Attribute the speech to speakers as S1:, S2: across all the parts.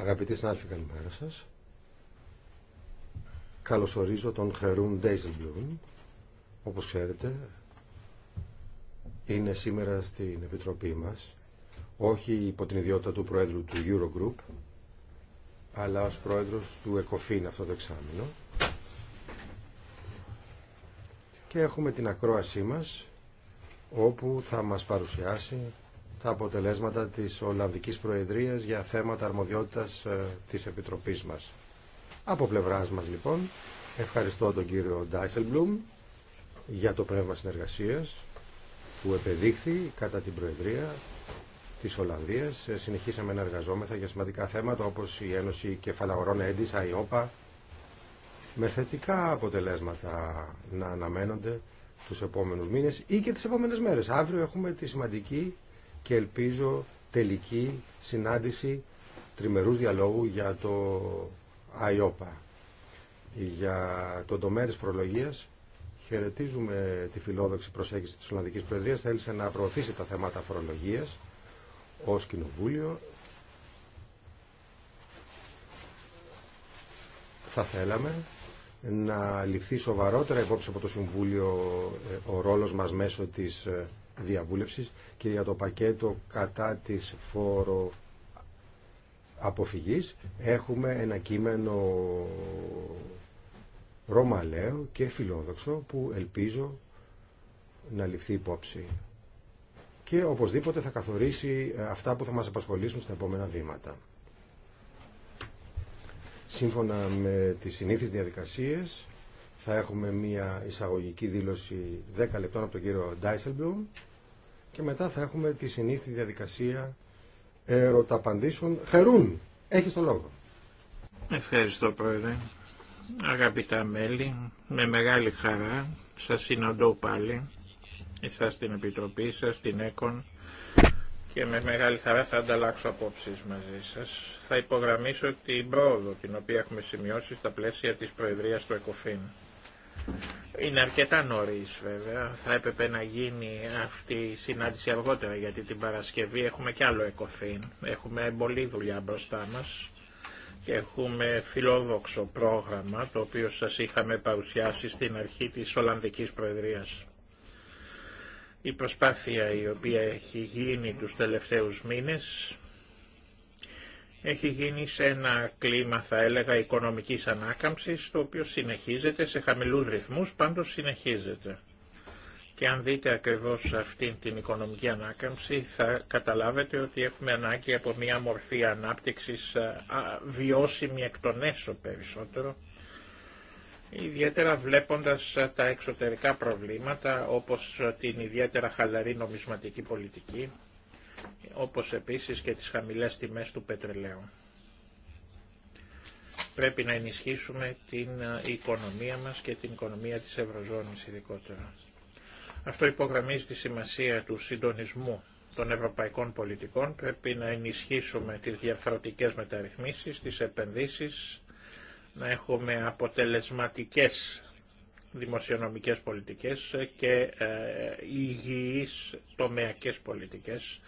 S1: Αγαπητοί συνάδελφοι, καλημέρα σας. Καλωσορίζω τον Χερούν Ντέιζελμπλουμ. Όπως ξέρετε, είναι σήμερα στην Επιτροπή μας, όχι υπό την ιδιότητα του Προέδρου του Eurogroup, αλλά ως Πρόεδρος του ΕΚΟΦΗΝ αυτό το εξάμεινο. Και έχουμε την ακρόασή μας, όπου θα μας παρουσιάσει τα αποτελέσματα της Ολλανδικής Προεδρίας για θέματα αρμοδιότητας ε, της Επιτροπής μας. Από πλευράς μας λοιπόν, ευχαριστώ τον κύριο Ντάισελμπλουμ για το πνεύμα συνεργασίας που επεδείχθη κατά την Προεδρία της Ολλανδίας. Ε, συνεχίσαμε να εργαζόμεθα για σημαντικά θέματα όπως η Ένωση Κεφαλαγορών Έντις, ΑΙΟΠΑ, με θετικά αποτελέσματα να αναμένονται τους επόμενους μήνες ή και τις επόμενες μέρες. Αύριο έχουμε τη σημαντική και ελπίζω τελική συνάντηση τριμερούς διαλόγου για το ΑΙΟΠΑ. Για τον τομέα της προλογίας χαιρετίζουμε τη φιλόδοξη προσέγγιση της Ολλανδικής Προεδρίας. Θέλησε να προωθήσει τα θέματα φορολογίας ως Κοινοβούλιο. Θα θέλαμε να ληφθεί σοβαρότερα υπόψη από το Συμβούλιο ε, ο ρόλος μας μέσω της ε, διαβούλευσης και για το πακέτο κατά της φόρο αποφυγής έχουμε ένα κείμενο ρωμαλαίο και φιλόδοξο που ελπίζω να ληφθεί υπόψη και οπωσδήποτε θα καθορίσει ε, αυτά που θα μας απασχολήσουν στα επόμενα βήματα. Σύμφωνα με τις συνήθεις διαδικασίες θα έχουμε μία εισαγωγική δήλωση 10 λεπτών από τον κύριο Ντάισελμπλουμ και μετά θα έχουμε τη συνήθη διαδικασία ερωταπαντήσεων. Χαιρούν, έχεις το λόγο.
S2: Ευχαριστώ πρόεδρε. Αγαπητά μέλη, με μεγάλη χαρά σας συναντώ πάλι εσάς στην Επιτροπή σας, την ΕΚΟΝ και με μεγάλη χαρά θα ανταλλάξω απόψεις μαζί σας. Θα υπογραμμίσω την πρόοδο την οποία έχουμε σημειώσει στα πλαίσια της Προεδρίας του ΕΚΟΦΗΝ. Είναι αρκετά νωρίς βέβαια, θα έπρεπε να γίνει αυτή η συνάντηση αργότερα γιατί την Παρασκευή έχουμε κι άλλο εκοφήν, έχουμε πολλή δουλειά μπροστά μας και έχουμε φιλόδοξο πρόγραμμα το οποίο σας είχαμε παρουσιάσει στην αρχή της Ολλανδικής Προεδρίας. Η προσπάθεια η οποία έχει γίνει τους τελευταίους μήνες έχει γίνει σε ένα κλίμα, θα έλεγα, οικονομικής ανάκαμψης, το οποίο συνεχίζεται σε χαμηλούς ρυθμούς, πάντως συνεχίζεται. Και αν δείτε ακριβώς αυτή την οικονομική ανάκαμψη, θα καταλάβετε ότι έχουμε ανάγκη από μια μορφή ανάπτυξης βιώσιμη εκ των έσω περισσότερο, ιδιαίτερα βλέποντας τα εξωτερικά προβλήματα, όπως την ιδιαίτερα χαλαρή νομισματική πολιτική, όπως επίσης και τις χαμηλές τιμές του πετρελαίου. Πρέπει να ενισχύσουμε την ε, οικονομία μας και την οικονομία της Ευρωζώνης ειδικότερα. Αυτό υπογραμμίζει τη σημασία του συντονισμού των ευρωπαϊκών πολιτικών. Πρέπει να ενισχύσουμε τις διαφορετικές μεταρρυθμίσεις, τις επενδύσεις, να έχουμε αποτελεσματικές δημοσιονομικές πολιτικές και ε, ε, υγιείς τομεακές πολιτικές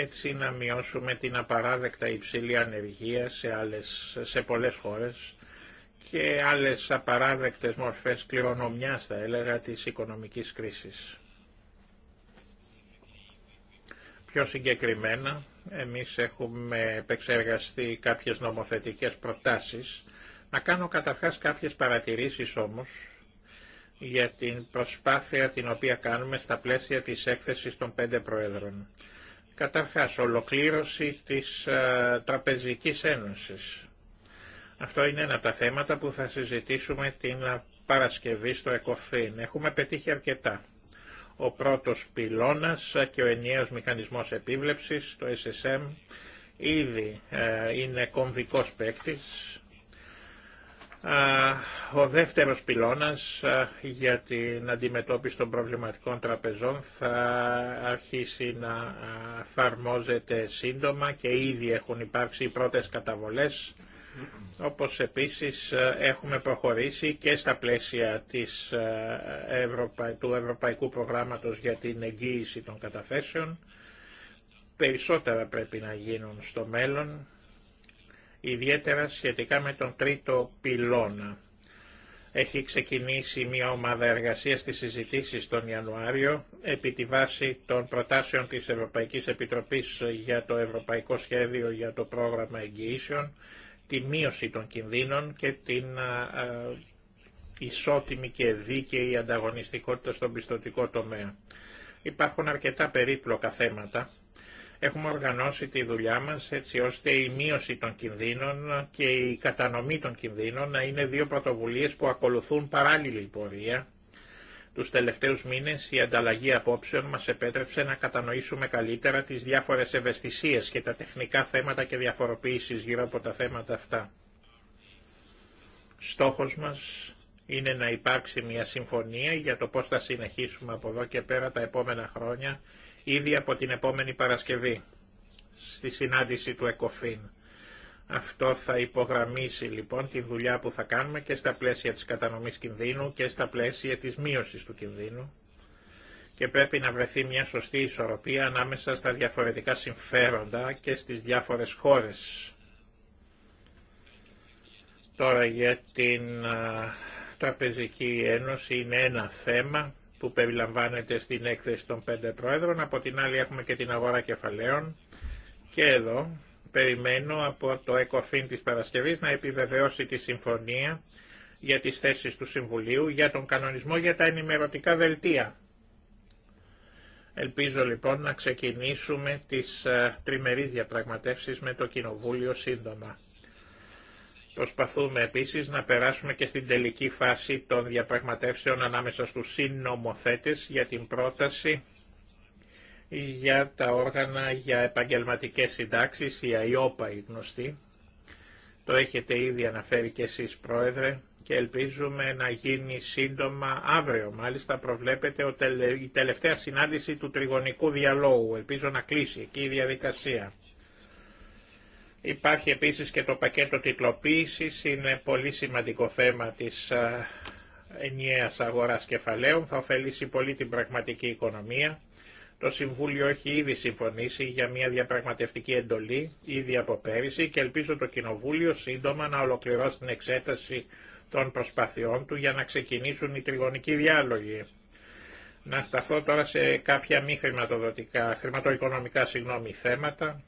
S2: έτσι να μειώσουμε την απαράδεκτα υψηλή ανεργία σε, άλλες, σε πολλές χώρες και άλλες απαράδεκτες μορφές κληρονομιάς, θα έλεγα, της οικονομικής κρίσης. Πιο συγκεκριμένα, εμείς έχουμε επεξεργαστεί κάποιες νομοθετικές προτάσεις. Να κάνω καταρχάς κάποιες παρατηρήσεις όμως για την προσπάθεια την οποία κάνουμε στα πλαίσια της έκθεσης των πέντε Προέδρων. Καταρχάς, ολοκλήρωση της ε, Τραπεζικής Ένωσης. Αυτό είναι ένα από τα θέματα που θα συζητήσουμε την ε, Παρασκευή στο ΕΚΟΦΗΝ. Έχουμε πετύχει αρκετά. Ο πρώτος πυλώνας και ο ενιαίος μηχανισμός επίβλεψης, το SSM, ήδη ε, είναι κομβικός παίκτης ο δεύτερος πυλώνας για την αντιμετώπιση των προβληματικών τραπεζών θα αρχίσει να εφαρμόζεται σύντομα και ήδη έχουν υπάρξει οι πρώτες καταβολές όπως επίσης έχουμε προχωρήσει και στα πλαίσια της Ευρωπα... του Ευρωπαϊκού Προγράμματος για την Εγγύηση των Καταθέσεων. Περισσότερα πρέπει να γίνουν στο μέλλον ιδιαίτερα σχετικά με τον τρίτο πυλώνα. Έχει ξεκινήσει μια ομάδα εργασίας της συζητήσεις τον Ιανουάριο επί τη βάση των προτάσεων της Ευρωπαϊκής Επιτροπής για το Ευρωπαϊκό Σχέδιο για το Πρόγραμμα Εγγυήσεων, τη μείωση των κινδύνων και την ισότιμη και δίκαιη ανταγωνιστικότητα στον πιστοτικό τομέα. Υπάρχουν αρκετά περίπλοκα θέματα Έχουμε οργανώσει τη δουλειά μας έτσι ώστε η μείωση των κινδύνων και η κατανομή των κινδύνων να είναι δύο πρωτοβουλίες που ακολουθούν παράλληλη πορεία. Τους τελευταίους μήνες η ανταλλαγή απόψεων μας επέτρεψε να κατανοήσουμε καλύτερα τις διάφορες ευαισθησίες και τα τεχνικά θέματα και διαφοροποίησεις γύρω από τα θέματα αυτά. Στόχος μας είναι να υπάρξει μια συμφωνία για το πώς θα συνεχίσουμε από εδώ και πέρα τα επόμενα χρόνια ήδη από την επόμενη Παρασκευή στη συνάντηση του ΕΚΟΦΗΝ. Αυτό θα υπογραμμίσει λοιπόν τη δουλειά που θα κάνουμε και στα πλαίσια της κατανομής κινδύνου και στα πλαίσια της μείωσης του κινδύνου και πρέπει να βρεθεί μια σωστή ισορροπία ανάμεσα στα διαφορετικά συμφέροντα και στις διάφορες χώρες. Τώρα για την Τραπεζική Ένωση είναι ένα θέμα που περιλαμβάνεται στην έκθεση των πέντε πρόεδρων. Από την άλλη έχουμε και την αγορά κεφαλαίων. Και εδώ περιμένω από το ΕΚΟΦΗΝ της Παρασκευής να επιβεβαιώσει τη συμφωνία για τις θέσεις του Συμβουλίου, για τον κανονισμό για τα ενημερωτικά δελτία. Ελπίζω λοιπόν να ξεκινήσουμε τις ε, τριμερείς διαπραγματεύσεις με το Κοινοβούλιο σύντομα. Προσπαθούμε επίσης να περάσουμε και στην τελική φάση των διαπραγματεύσεων ανάμεσα στους συνομοθέτες για την πρόταση για τα όργανα για επαγγελματικές συντάξεις, η ΑΙΟΠΑ η γνωστή. Το έχετε ήδη αναφέρει και εσείς Πρόεδρε και ελπίζουμε να γίνει σύντομα αύριο. Μάλιστα προβλέπεται η τελευταία συνάντηση του τριγωνικού διαλόγου. Ελπίζω να κλείσει εκεί η διαδικασία. Υπάρχει επίσης και το πακέτο τιτλοποίησης, είναι πολύ σημαντικό θέμα της ενιαίας αγοράς κεφαλαίων, θα ωφελήσει πολύ την πραγματική οικονομία. Το Συμβούλιο έχει ήδη συμφωνήσει για μια διαπραγματευτική εντολή, ήδη από πέρυσι, και ελπίζω το Κοινοβούλιο σύντομα να ολοκληρώσει την εξέταση των προσπαθειών του για να ξεκινήσουν οι τριγωνικοί διάλογοι. Να σταθώ τώρα σε κάποια μη χρηματοδοτικά, χρηματοοικονομικά συγγνώμη, θέματα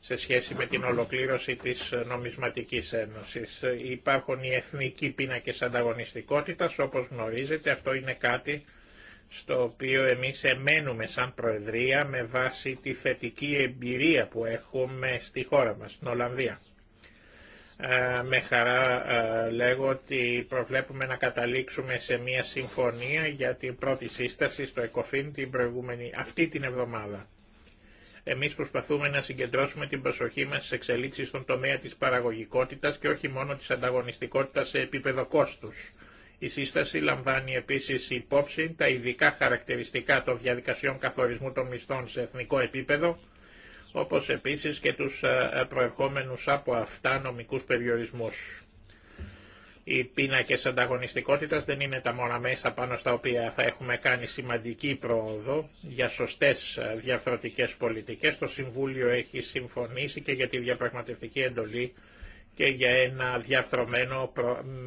S2: σε σχέση με την ολοκλήρωση της νομισματικής ένωσης. Υπάρχουν οι εθνικοί πίνακες ανταγωνιστικότητας, όπως γνωρίζετε, αυτό είναι κάτι στο οποίο εμείς εμένουμε σαν Προεδρία με βάση τη θετική εμπειρία που έχουμε στη χώρα μας, στην Ολλανδία. Ε, με χαρά ε, λέγω ότι προβλέπουμε να καταλήξουμε σε μια συμφωνία για την πρώτη σύσταση στο ΕΚΟΦΗΝ την προηγούμενη, αυτή την εβδομάδα. Εμείς προσπαθούμε να συγκεντρώσουμε την προσοχή μας στις εξελίξεις στον τομέα της παραγωγικότητας και όχι μόνο της ανταγωνιστικότητας σε επίπεδο κόστους. Η σύσταση λαμβάνει επίσης υπόψη τα ειδικά χαρακτηριστικά των διαδικασιών καθορισμού των μισθών σε εθνικό επίπεδο, όπως επίσης και τους ε, προερχόμενους από αυτά νομικούς περιορισμούς. Οι πίνακες ανταγωνιστικότητας δεν είναι τα μόνα μέσα πάνω στα οποία θα έχουμε κάνει σημαντική πρόοδο για σωστές διαφορετικέ πολιτικές. Το Συμβούλιο έχει συμφωνήσει και για τη διαπραγματευτική εντολή και για ένα διαφθρωμένο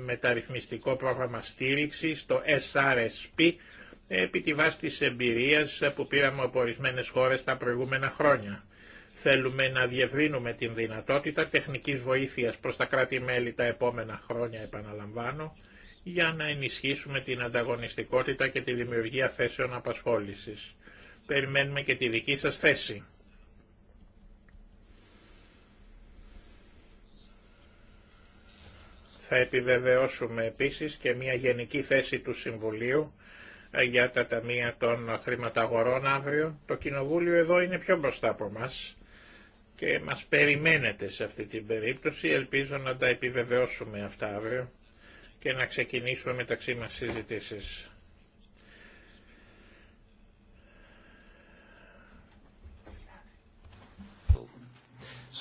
S2: μεταρρυθμιστικό πρόγραμμα στήριξη το SRSP, επί τη βάση τη εμπειρία που πήραμε από ορισμένε χώρε τα προηγούμενα χρόνια. Θέλουμε να διευρύνουμε την δυνατότητα τεχνικής βοήθειας προς τα κράτη-μέλη τα επόμενα χρόνια, επαναλαμβάνω, για να ενισχύσουμε την ανταγωνιστικότητα και τη δημιουργία θέσεων απασχόλησης. Περιμένουμε και τη δική σας θέση. Θα επιβεβαιώσουμε επίσης και μια γενική θέση του Συμβουλίου ε, για τα ταμεία των χρηματαγορών αύριο. Το Κοινοβούλιο εδώ είναι πιο μπροστά από μας και μας περιμένετε σε αυτή την περίπτωση. Ελπίζω να τα επιβεβαιώσουμε αυτά αύριο και να ξεκινήσουμε μεταξύ μας συζητήσεις.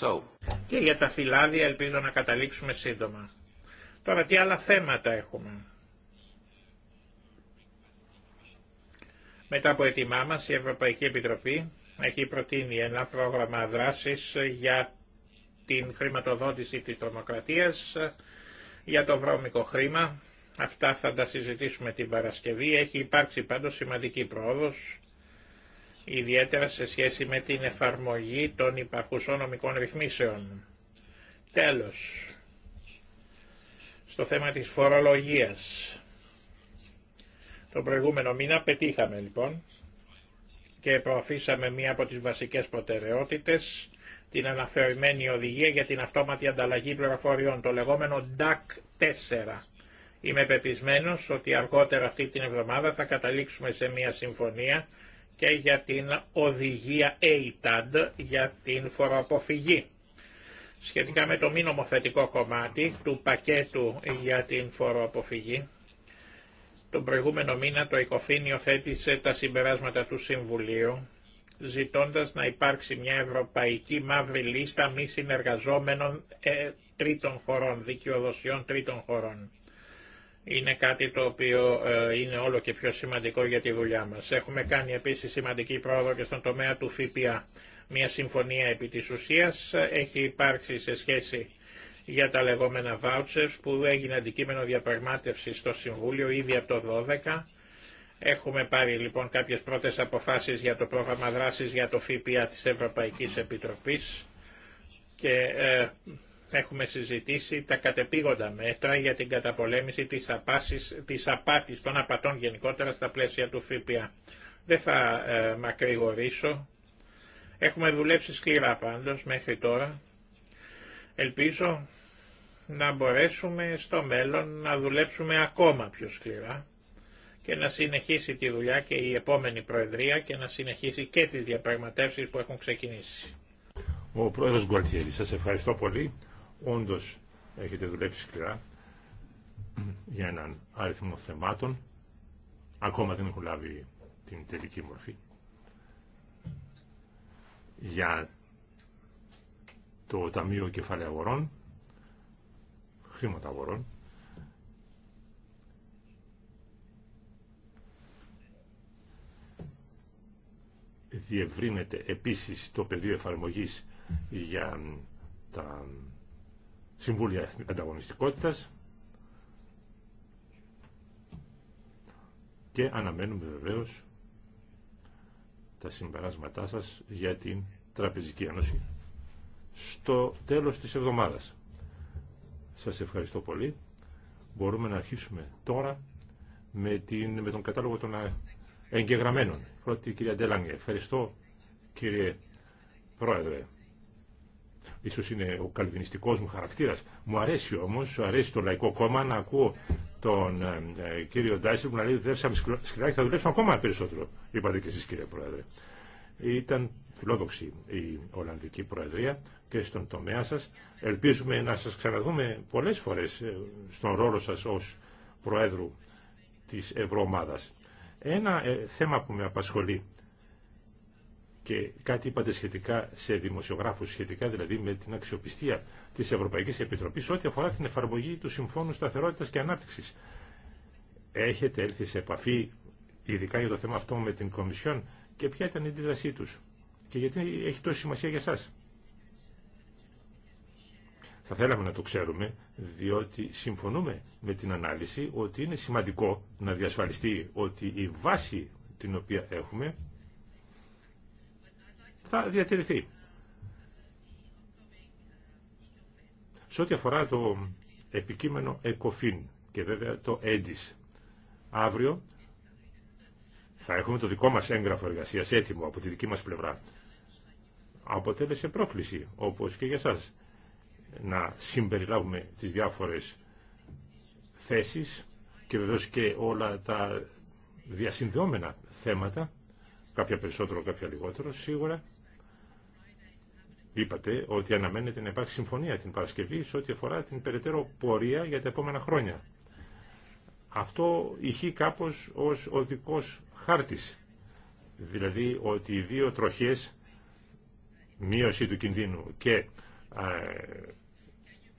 S2: So. Και για τα φυλάδια ελπίζω να καταλήξουμε σύντομα. Τώρα τι άλλα θέματα έχουμε. Μετά από ετοιμά μας η Ευρωπαϊκή Επιτροπή έχει προτείνει ένα πρόγραμμα δράσης για την χρηματοδότηση της τρομοκρατίας, για το βρώμικο χρήμα. Αυτά θα τα συζητήσουμε την Παρασκευή. Έχει υπάρξει πάντως σημαντική πρόοδος, ιδιαίτερα σε σχέση με την εφαρμογή των υπαρχουσών νομικών ρυθμίσεων. Τέλος, στο θέμα της φορολογίας. Το προηγούμενο μήνα πετύχαμε λοιπόν και προωθήσαμε μία από τις βασικές προτεραιότητες, την αναθεωρημένη οδηγία για την αυτόματη ανταλλαγή πληροφοριών, το λεγόμενο DAC4. Είμαι πεπισμένος ότι αργότερα αυτή την εβδομάδα θα καταλήξουμε σε μία συμφωνία και για την οδηγία ATAD για την φοροαποφυγή. Σχετικά με το μη νομοθετικό κομμάτι του πακέτου για την φοροαποφυγή, τον προηγούμενο μήνα το ΕΚΟΦΗΝ θέτησε τα συμπεράσματα του Συμβουλίου ζητώντας να υπάρξει μια ευρωπαϊκή μαύρη λίστα μη συνεργαζόμενων ε, τρίτων χωρών, δικαιοδοσιών τρίτων χωρών. Είναι κάτι το οποίο ε, είναι όλο και πιο σημαντικό για τη δουλειά μας. Έχουμε κάνει επίσης σημαντική πρόοδο και στον τομέα του ΦΠΑ. Μια συμφωνία επί της ουσίας έχει υπάρξει σε σχέση για τα λεγόμενα vouchers που έγινε αντικείμενο διαπραγμάτευση στο Συμβούλιο ήδη από το 2012. Έχουμε πάρει λοιπόν κάποιες πρώτες αποφάσεις για το πρόγραμμα δράσης για το ΦΠΑ της Ευρωπαϊκής Επιτροπής και ε, έχουμε συζητήσει τα κατεπήγοντα μέτρα για την καταπολέμηση της, απάσης, της απάτης των απατών γενικότερα στα πλαίσια του ΦΠΑ. Δεν θα ε, μακρηγορήσω. Έχουμε δουλέψει σκληρά πάντως μέχρι τώρα Ελπίζω να μπορέσουμε στο μέλλον να δουλέψουμε ακόμα πιο σκληρά και να συνεχίσει τη δουλειά και η επόμενη Προεδρία και να συνεχίσει και τις διαπραγματεύσεις που έχουν ξεκινήσει.
S3: Ο Πρόεδρος Γκουαλτιέρη, σας ευχαριστώ πολύ. Όντως έχετε δουλέψει σκληρά για έναν αριθμό θεμάτων. Ακόμα δεν έχω λάβει την τελική μορφή. Για το Ταμείο Κεφαλαίου Αγορών, χρήματα αγορών, διευρύνεται επίσης το πεδίο εφαρμογής για τα Συμβούλια Ανταγωνιστικότητας και αναμένουμε βεβαίως τα συμπεράσματά σας για την Τραπεζική Ένωση στο τέλος της εβδομάδας. Σας ευχαριστώ πολύ. Μπορούμε να αρχίσουμε τώρα με, την, με τον κατάλογο των εγγεγραμμένων. Πρώτη κυρία Ντέλαγκε. Ευχαριστώ κύριε Πρόεδρε. Ίσως είναι ο καλβινιστικός μου χαρακτήρας. Μου αρέσει όμως, αρέσει το Λαϊκό Κόμμα να ακούω τον ε, ε, κύριο Ντάισερ που να λέει ότι δουλέψαμε θα δουλέψουμε ακόμα περισσότερο. Είπατε και εσείς κύριε Πρόεδρε. Ήταν φιλόδοξη η Ολλανδική Προεδρία και στον τομέα σας. Ελπίζουμε να σας ξαναδούμε πολλές φορές ε, στον ρόλο σας ως Προέδρου της Ευρωομάδας. Ένα ε, θέμα που με απασχολεί και κάτι είπατε σχετικά σε δημοσιογράφους, σχετικά δηλαδή με την αξιοπιστία της Ευρωπαϊκής Επιτροπής ό,τι αφορά την εφαρμογή του Συμφώνου Σταθερότητας και Ανάπτυξης. Έχετε έλθει σε επαφή ειδικά για το θέμα αυτό με την Κομισιόν και ποια ήταν η αντίδρασή τους και γιατί έχει τόση σημασία για σας. Θα θέλαμε να το ξέρουμε, διότι συμφωνούμε με την ανάλυση ότι είναι σημαντικό να διασφαλιστεί ότι η βάση την οποία έχουμε θα διατηρηθεί. Σε ό,τι αφορά το επικείμενο ΕΚΟΦΗΝ... και βέβαια το ΕΝΤΙΣ... αύριο θα έχουμε το δικό μας έγγραφο εργασίας έτοιμο από τη δική μας πλευρά. Αποτέλεσε πρόκληση, όπως και για σας, να συμπεριλάβουμε τις διάφορες θέσεις και βεβαίως και όλα τα διασυνδεόμενα θέματα, κάποια περισσότερο, κάποια λιγότερο, σίγουρα. Είπατε ότι αναμένεται να υπάρχει συμφωνία την Παρασκευή σε ό,τι αφορά την περαιτέρω πορεία για τα επόμενα χρόνια αυτό ηχεί κάπως ως οδικός χάρτης. Δηλαδή ότι οι δύο τροχές, μείωση του κινδύνου και ε,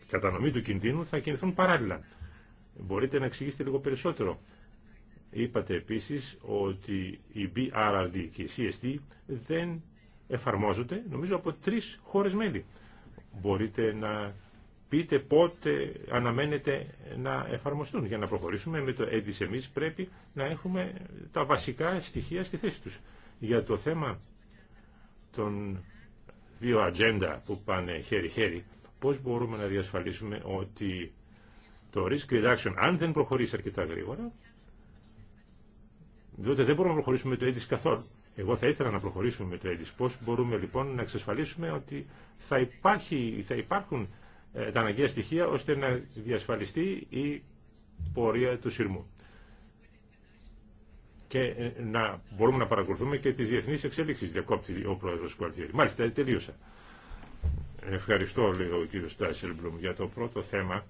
S3: κατανομή του κινδύνου θα κινηθούν παράλληλα. Μπορείτε να εξηγήσετε λίγο περισσότερο. Είπατε επίσης ότι η BRRD και η CSD δεν εφαρμόζονται, νομίζω από τρεις χώρες μέλη. Μπορείτε να πείτε πότε αναμένετε να εφαρμοστούν. Για να προχωρήσουμε με το έντις εμείς πρέπει να έχουμε τα βασικά στοιχεία στη θέση τους. Για το θέμα των δύο ατζέντα που πάνε χέρι-χέρι, πώς μπορούμε να διασφαλίσουμε ότι το risk reduction, αν δεν προχωρήσει αρκετά γρήγορα, διότι δεν μπορούμε να προχωρήσουμε με το έντις καθόλου. Εγώ θα ήθελα να προχωρήσουμε με το έντις. Πώς μπορούμε λοιπόν να εξασφαλίσουμε ότι θα, υπάρχει, θα υπάρχουν ε, τα αναγκαία στοιχεία ώστε να διασφαλιστεί η πορεία του σειρμού. Και ε, να μπορούμε να παρακολουθούμε και τις διεθνείς εξέλιξεις, διακόπτη ο πρόεδρος Κουαλτιέρη. Μάλιστα, τελείωσα. Ευχαριστώ, λέει ο κύριος Στάσελμπλουμ, για το πρώτο θέμα,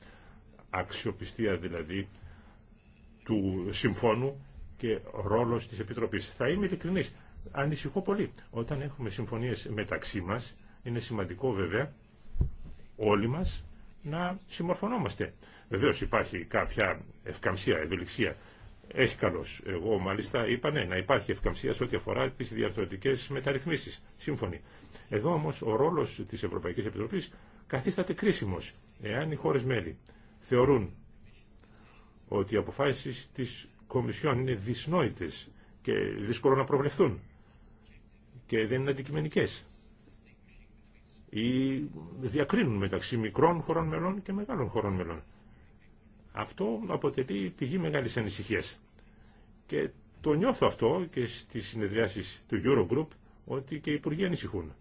S3: αξιοπιστία δηλαδή, του συμφώνου και ρόλος της Επιτροπής. Θα είμαι ειλικρινής. Ανησυχώ πολύ. Όταν έχουμε συμφωνίες μεταξύ μας, είναι σημαντικό βέβαια όλοι μας να συμμορφωνόμαστε. Βεβαίως υπάρχει κάποια ευκαμψία, ευελιξία. Έχει καλώς. Εγώ μάλιστα είπα ναι, να υπάρχει ευκαμψία σε ό,τι αφορά τις διαρθρωτικές μεταρρυθμίσεις. Σύμφωνοι. Εδώ όμως ο ρόλος της Ευρωπαϊκής Επιτροπής καθίσταται κρίσιμος. Εάν οι χώρες μέλη θεωρούν ότι οι αποφάσεις της Κομισιόν είναι δυσνόητες και δύσκολο να προβλεφθούν και δεν είναι αντικειμενικές ή διακρίνουν μεταξύ μικρών χωρών μελών και μεγάλων χωρών μελών. Αυτό αποτελεί πηγή μεγάλης ανησυχίας. Και το νιώθω αυτό και στις συνεδριάσεις του Eurogroup ότι και οι υπουργοί ανησυχούν.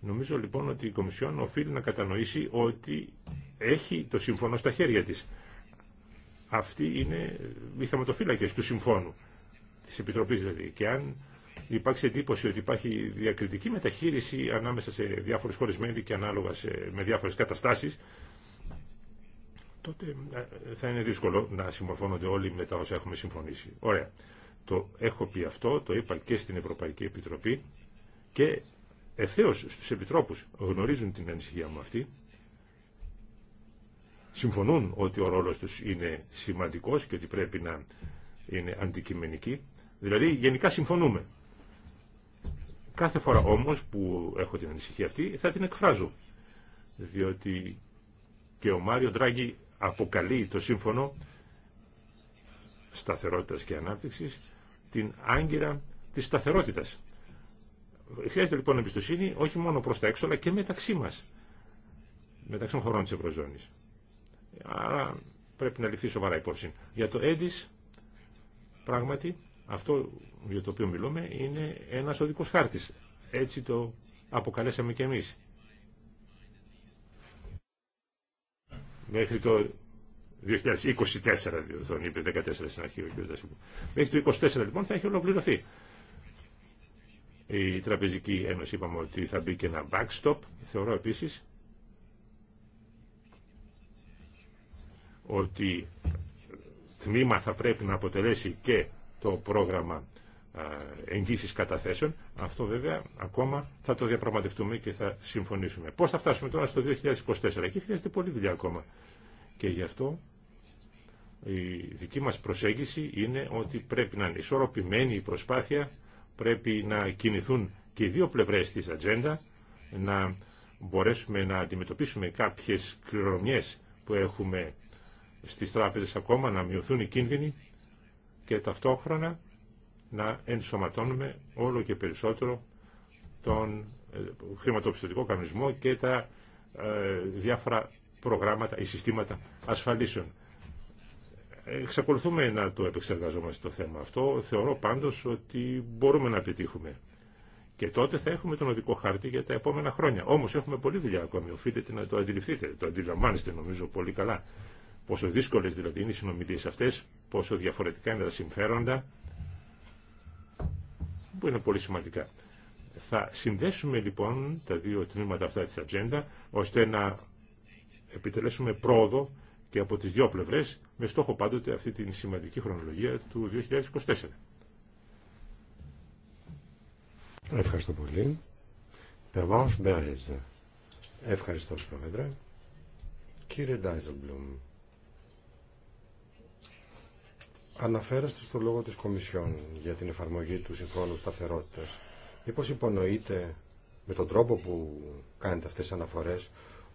S3: Νομίζω λοιπόν ότι η Κομισιόν οφείλει να κατανοήσει ότι έχει το σύμφωνο στα χέρια της. Αυτή είναι οι θεματοφύλακες του συμφώνου, της Επιτροπής δηλαδή. Υπάρχει εντύπωση ότι υπάρχει διακριτική μεταχείριση ανάμεσα σε διάφορε χώρε μέλη και ανάλογα σε, με διάφορε καταστάσει. τότε ε, θα είναι δύσκολο να συμμορφώνονται όλοι με τα όσα έχουμε συμφωνήσει. Ωραία. Το έχω πει αυτό, το είπα και στην Ευρωπαϊκή Επιτροπή και ευθέω στου επιτρόπου γνωρίζουν την ανησυχία μου αυτή. Συμφωνούν ότι ο ρόλος τους είναι σημαντικός και ότι πρέπει να είναι αντικειμενικοί. Δηλαδή γενικά συμφωνούμε. Κάθε φορά όμως που έχω την ανησυχία αυτή θα την εκφράζω. Διότι και ο Μάριο Ντράγκη αποκαλεί το σύμφωνο σταθερότητας και ανάπτυξης την άγκυρα της σταθερότητας. Χρειάζεται λοιπόν εμπιστοσύνη όχι μόνο προς τα έξω αλλά και μεταξύ μας, μεταξύ των χωρών της Ευρωζώνης. Άρα πρέπει να ληφθεί σοβαρά υπόψη. Για το έντις πράγματι αυτό για το οποίο μιλούμε είναι ένας οδικός χάρτης. Έτσι το αποκαλέσαμε και εμείς. Μέχρι το 2024, τον είπε 14 στην αρχή ο Μέχρι το 2024 λοιπόν θα έχει ολοκληρωθεί. Η Τραπεζική Ένωση είπαμε ότι θα μπει και ένα backstop. Θεωρώ επίσης ότι τμήμα θα πρέπει να αποτελέσει και το πρόγραμμα εγγύσεις καταθέσεων. Αυτό βέβαια ακόμα θα το διαπραγματευτούμε και θα συμφωνήσουμε. Πώς θα φτάσουμε τώρα στο 2024. Εκεί χρειάζεται πολύ δουλειά ακόμα. Και γι' αυτό η δική μας προσέγγιση είναι ότι πρέπει να είναι ισορροπημένη η προσπάθεια, πρέπει να κινηθούν και οι δύο πλευρές της ατζέντα, να μπορέσουμε να αντιμετωπίσουμε κάποιες κληρονομιές που έχουμε στις τράπεζες ακόμα, να μειωθούν οι κίνδυνοι και ταυτόχρονα να ενσωματώνουμε όλο και περισσότερο τον ε, χρηματοπιστωτικό κανονισμό και τα ε, διάφορα προγράμματα ή συστήματα ασφαλίσεων. Εξακολουθούμε να το επεξεργαζόμαστε το θέμα αυτό. Θεωρώ πάντως ότι μπορούμε να πετύχουμε. Και τότε θα έχουμε τον οδικό χάρτη για τα επόμενα χρόνια. Όμως έχουμε πολλή δουλειά ακόμη. Οφείλετε να το αντιληφθείτε. Το αντιλαμβάνεστε νομίζω πολύ καλά πόσο δύσκολες δηλαδή είναι οι συνομιλίες αυτές, πόσο διαφορετικά είναι τα συμφέροντα, που είναι πολύ σημαντικά. Θα συνδέσουμε λοιπόν τα δύο τμήματα αυτά της ατζέντα, ώστε να επιτελέσουμε πρόοδο και από τις δύο πλευρές, με στόχο πάντοτε αυτή τη σημαντική χρονολογία του 2024.
S1: Ευχαριστώ πολύ. Ευχαριστώ, Πρόεδρε. Κύριε Ντάιζελμπλουμ, Αναφέραστε στο λόγο της Κομισιόν για την εφαρμογή του Συμφώνου Σταθερότητας. Μήπως υπονοείτε με τον τρόπο που κάνετε αυτές τις αναφορές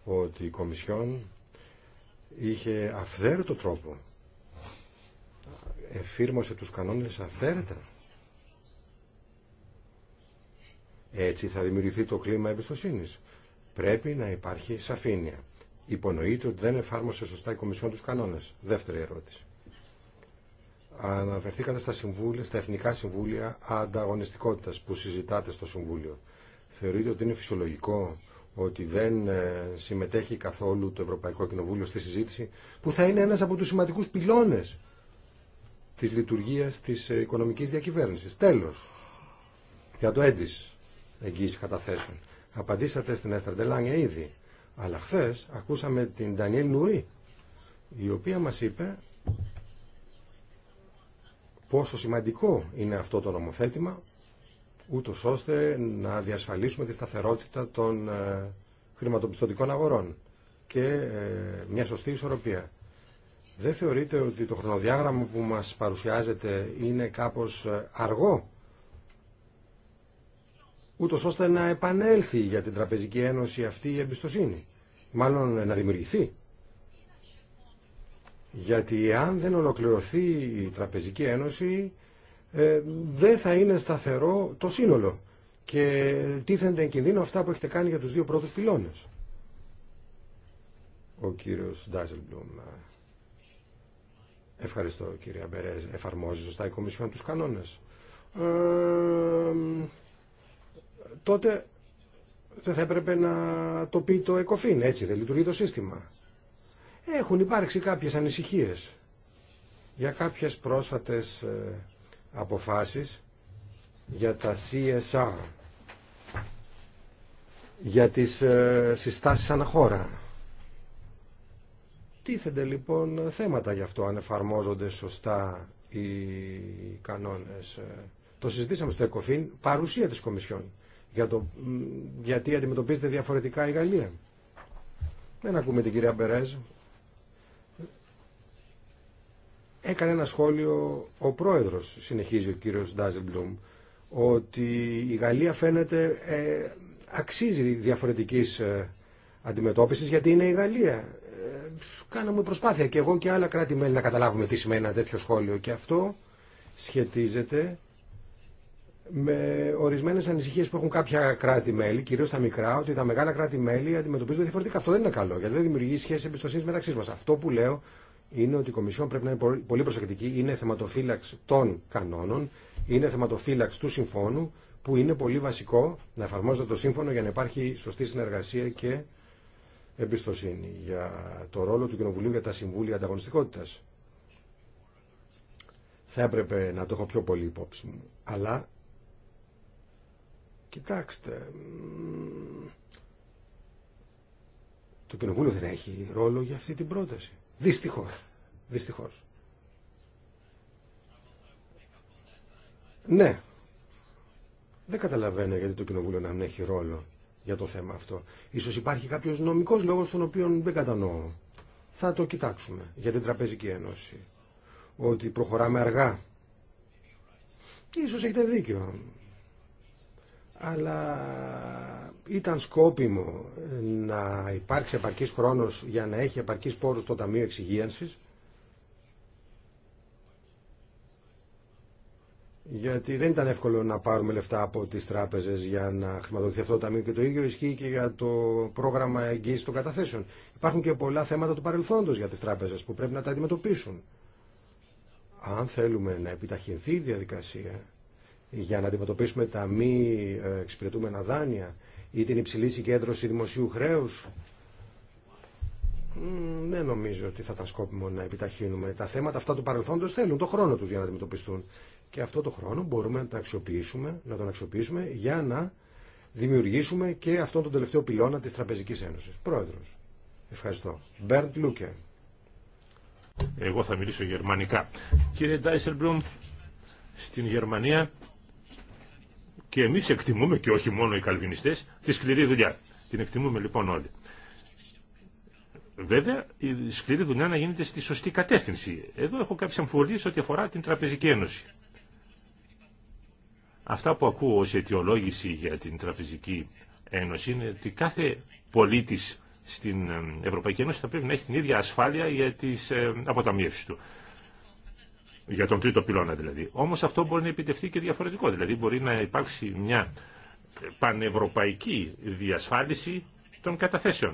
S1: ότι η Κομισιόν είχε αυθαίρετο τρόπο εφήρμοσε τους κανόνες αυθαίρετα. Έτσι θα δημιουργηθεί το κλίμα εμπιστοσύνης. Πρέπει να υπάρχει σαφήνεια. Υπονοείται ότι δεν εφάρμοσε σωστά η Κομισιόν τους κανόνες. Δεύτερη ερώτηση. Αναφερθήκατε στα, συμβούλια, στα Εθνικά Συμβούλια Ανταγωνιστικότητας που συζητάτε στο Συμβούλιο. Θεωρείτε ότι είναι φυσιολογικό ότι δεν ε, συμμετέχει καθόλου το Ευρωπαϊκό Κοινοβούλιο στη συζήτηση που θα είναι ένας από τους σημαντικούς πυλώνες της λειτουργίας της ε, οικονομικής διακυβέρνησης. Τέλος, για το έντις εγγύηση καταθέσεων. Απαντήσατε στην Ντελάνια ήδη, αλλά χθε ακούσαμε την Ντανιέλ Νουρή, η οποία μας είπε πόσο σημαντικό είναι αυτό το νομοθέτημα, ούτως ώστε να διασφαλίσουμε τη σταθερότητα των ε, χρηματοπιστωτικών αγορών και ε, μια σωστή ισορροπία. Δεν θεωρείτε ότι το χρονοδιάγραμμα που μας παρουσιάζεται είναι κάπως ε, αργό, ούτω ώστε να επανέλθει για την Τραπεζική Ένωση αυτή η εμπιστοσύνη, μάλλον να δημιουργηθεί. Γιατί αν δεν ολοκληρωθεί η Τραπεζική Ένωση ε, δεν θα είναι σταθερό το σύνολο και τίθενται εν κινδύνο αυτά που έχετε κάνει για τους δύο πρώτους πυλώνες. Ο κύριος Ντάζελμπλουμ. Ευχαριστώ κύριε Μπερέζ. Εφαρμόζει σωστά η Κομισιόν τους κανόνες. Ε, τότε δεν θα έπρεπε να το πει το ΕΚΟΦΗΝ. Έτσι δεν λειτουργεί το σύστημα. Έχουν υπάρξει κάποιες ανησυχίες για κάποιες πρόσφατες ε, αποφάσεις για τα CSR, για τις ε, συστάσεις αναχώρα. Τίθενται λοιπόν θέματα γι' αυτό αν εφαρμόζονται σωστά οι κανόνες. Ε. Το συζητήσαμε στο ΕΚΟΦΗΝ, παρουσία της Κομισιόν, για το, γιατί αντιμετωπίζεται διαφορετικά η Γαλλία. Δεν ακούμε την κυρία Μπερέζ έκανε ένα σχόλιο ο πρόεδρος, συνεχίζει ο κύριος Ντάζεμπλουμ, ότι η Γαλλία φαίνεται ε, αξίζει διαφορετικής ε, αντιμετώπισης γιατί είναι η Γαλλία. Ε, κάναμε προσπάθεια και εγώ και άλλα κράτη-μέλη να καταλάβουμε τι σημαίνει ένα τέτοιο σχόλιο και αυτό σχετίζεται με ορισμένες ανησυχίες που έχουν κάποια κράτη-μέλη, κυρίω τα μικρά, ότι τα μεγάλα κράτη-μέλη αντιμετωπίζονται διαφορετικά. Αυτό δεν είναι καλό, γιατί δεν δημιουργεί σχέση εμπιστοσύνη μεταξύ μα. Αυτό που λέω είναι ότι η Κομισιόν πρέπει να είναι πολύ προσεκτική. Είναι θεματοφύλαξη των κανόνων, είναι θεματοφύλαξη του συμφώνου, που είναι πολύ βασικό να εφαρμόζεται το σύμφωνο για να υπάρχει σωστή συνεργασία και εμπιστοσύνη για το ρόλο του Κοινοβουλίου για τα Συμβούλια ανταγωνιστικότητα. Θα έπρεπε να το έχω πιο πολύ υπόψη μου. Αλλά, κοιτάξτε, το Κοινοβούλιο δεν έχει ρόλο για αυτή την πρόταση. Δυστυχώς. Δυστυχώς. Ναι. Δεν καταλαβαίνω γιατί το Κοινοβούλιο να μην έχει ρόλο για το θέμα αυτό. Ίσως υπάρχει κάποιος νομικός λόγος τον οποίο δεν κατανοώ. Θα το κοιτάξουμε για την Τραπεζική Ένωση. Ότι προχωράμε αργά. Ίσως έχετε δίκιο αλλά ήταν σκόπιμο να υπάρξει επαρκής χρόνος για να έχει επαρκής πόρους το Ταμείο Εξυγίανσης γιατί δεν ήταν εύκολο να πάρουμε λεφτά από τις τράπεζες για να χρηματοδοτηθεί αυτό το Ταμείο και το ίδιο ισχύει και για το πρόγραμμα εγγύησης των καταθέσεων. Υπάρχουν και πολλά θέματα του παρελθόντος για τις τράπεζες που πρέπει να τα αντιμετωπίσουν. Αν θέλουμε να επιταχυνθεί η διαδικασία για να αντιμετωπίσουμε τα μη ε, εξυπηρετούμενα δάνεια ή την υψηλή συγκέντρωση δημοσίου χρέους. Δεν νομίζω ότι θα τα σκόπιμο να επιταχύνουμε. Τα θέματα αυτά του παρελθόντος θέλουν το χρόνο τους για να αντιμετωπιστούν. Και αυτό το χρόνο μπορούμε να, τα αξιοποιήσουμε, να τον αξιοποιήσουμε για να δημιουργήσουμε και αυτόν τον τελευταίο πυλώνα της Τραπεζικής Ένωσης. Πρόεδρος. Ευχαριστώ.
S3: Μπέρντ Λούκε. Εγώ θα μιλήσω γερμανικά. Κύριε Ντάισελμπλουμ, στην Γερμανία και εμείς εκτιμούμε και όχι μόνο οι καλβινιστές τη σκληρή δουλειά. Την εκτιμούμε λοιπόν όλοι. Βέβαια, η σκληρή δουλειά να γίνεται στη σωστή κατεύθυνση. Εδώ έχω κάποιες αμφιβολίες ό,τι αφορά την Τραπεζική Ένωση. Αυτά που ακούω ως αιτιολόγηση για την Τραπεζική Ένωση είναι ότι κάθε πολίτης στην ε, Ευρωπαϊκή Ένωση θα πρέπει να έχει την ίδια ασφάλεια για τις ε, αποταμιεύσεις του για τον τρίτο πυλώνα δηλαδή. Όμως αυτό μπορεί να επιτευχθεί και διαφορετικό, δηλαδή μπορεί να υπάρξει μια πανευρωπαϊκή διασφάλιση των καταθέσεων.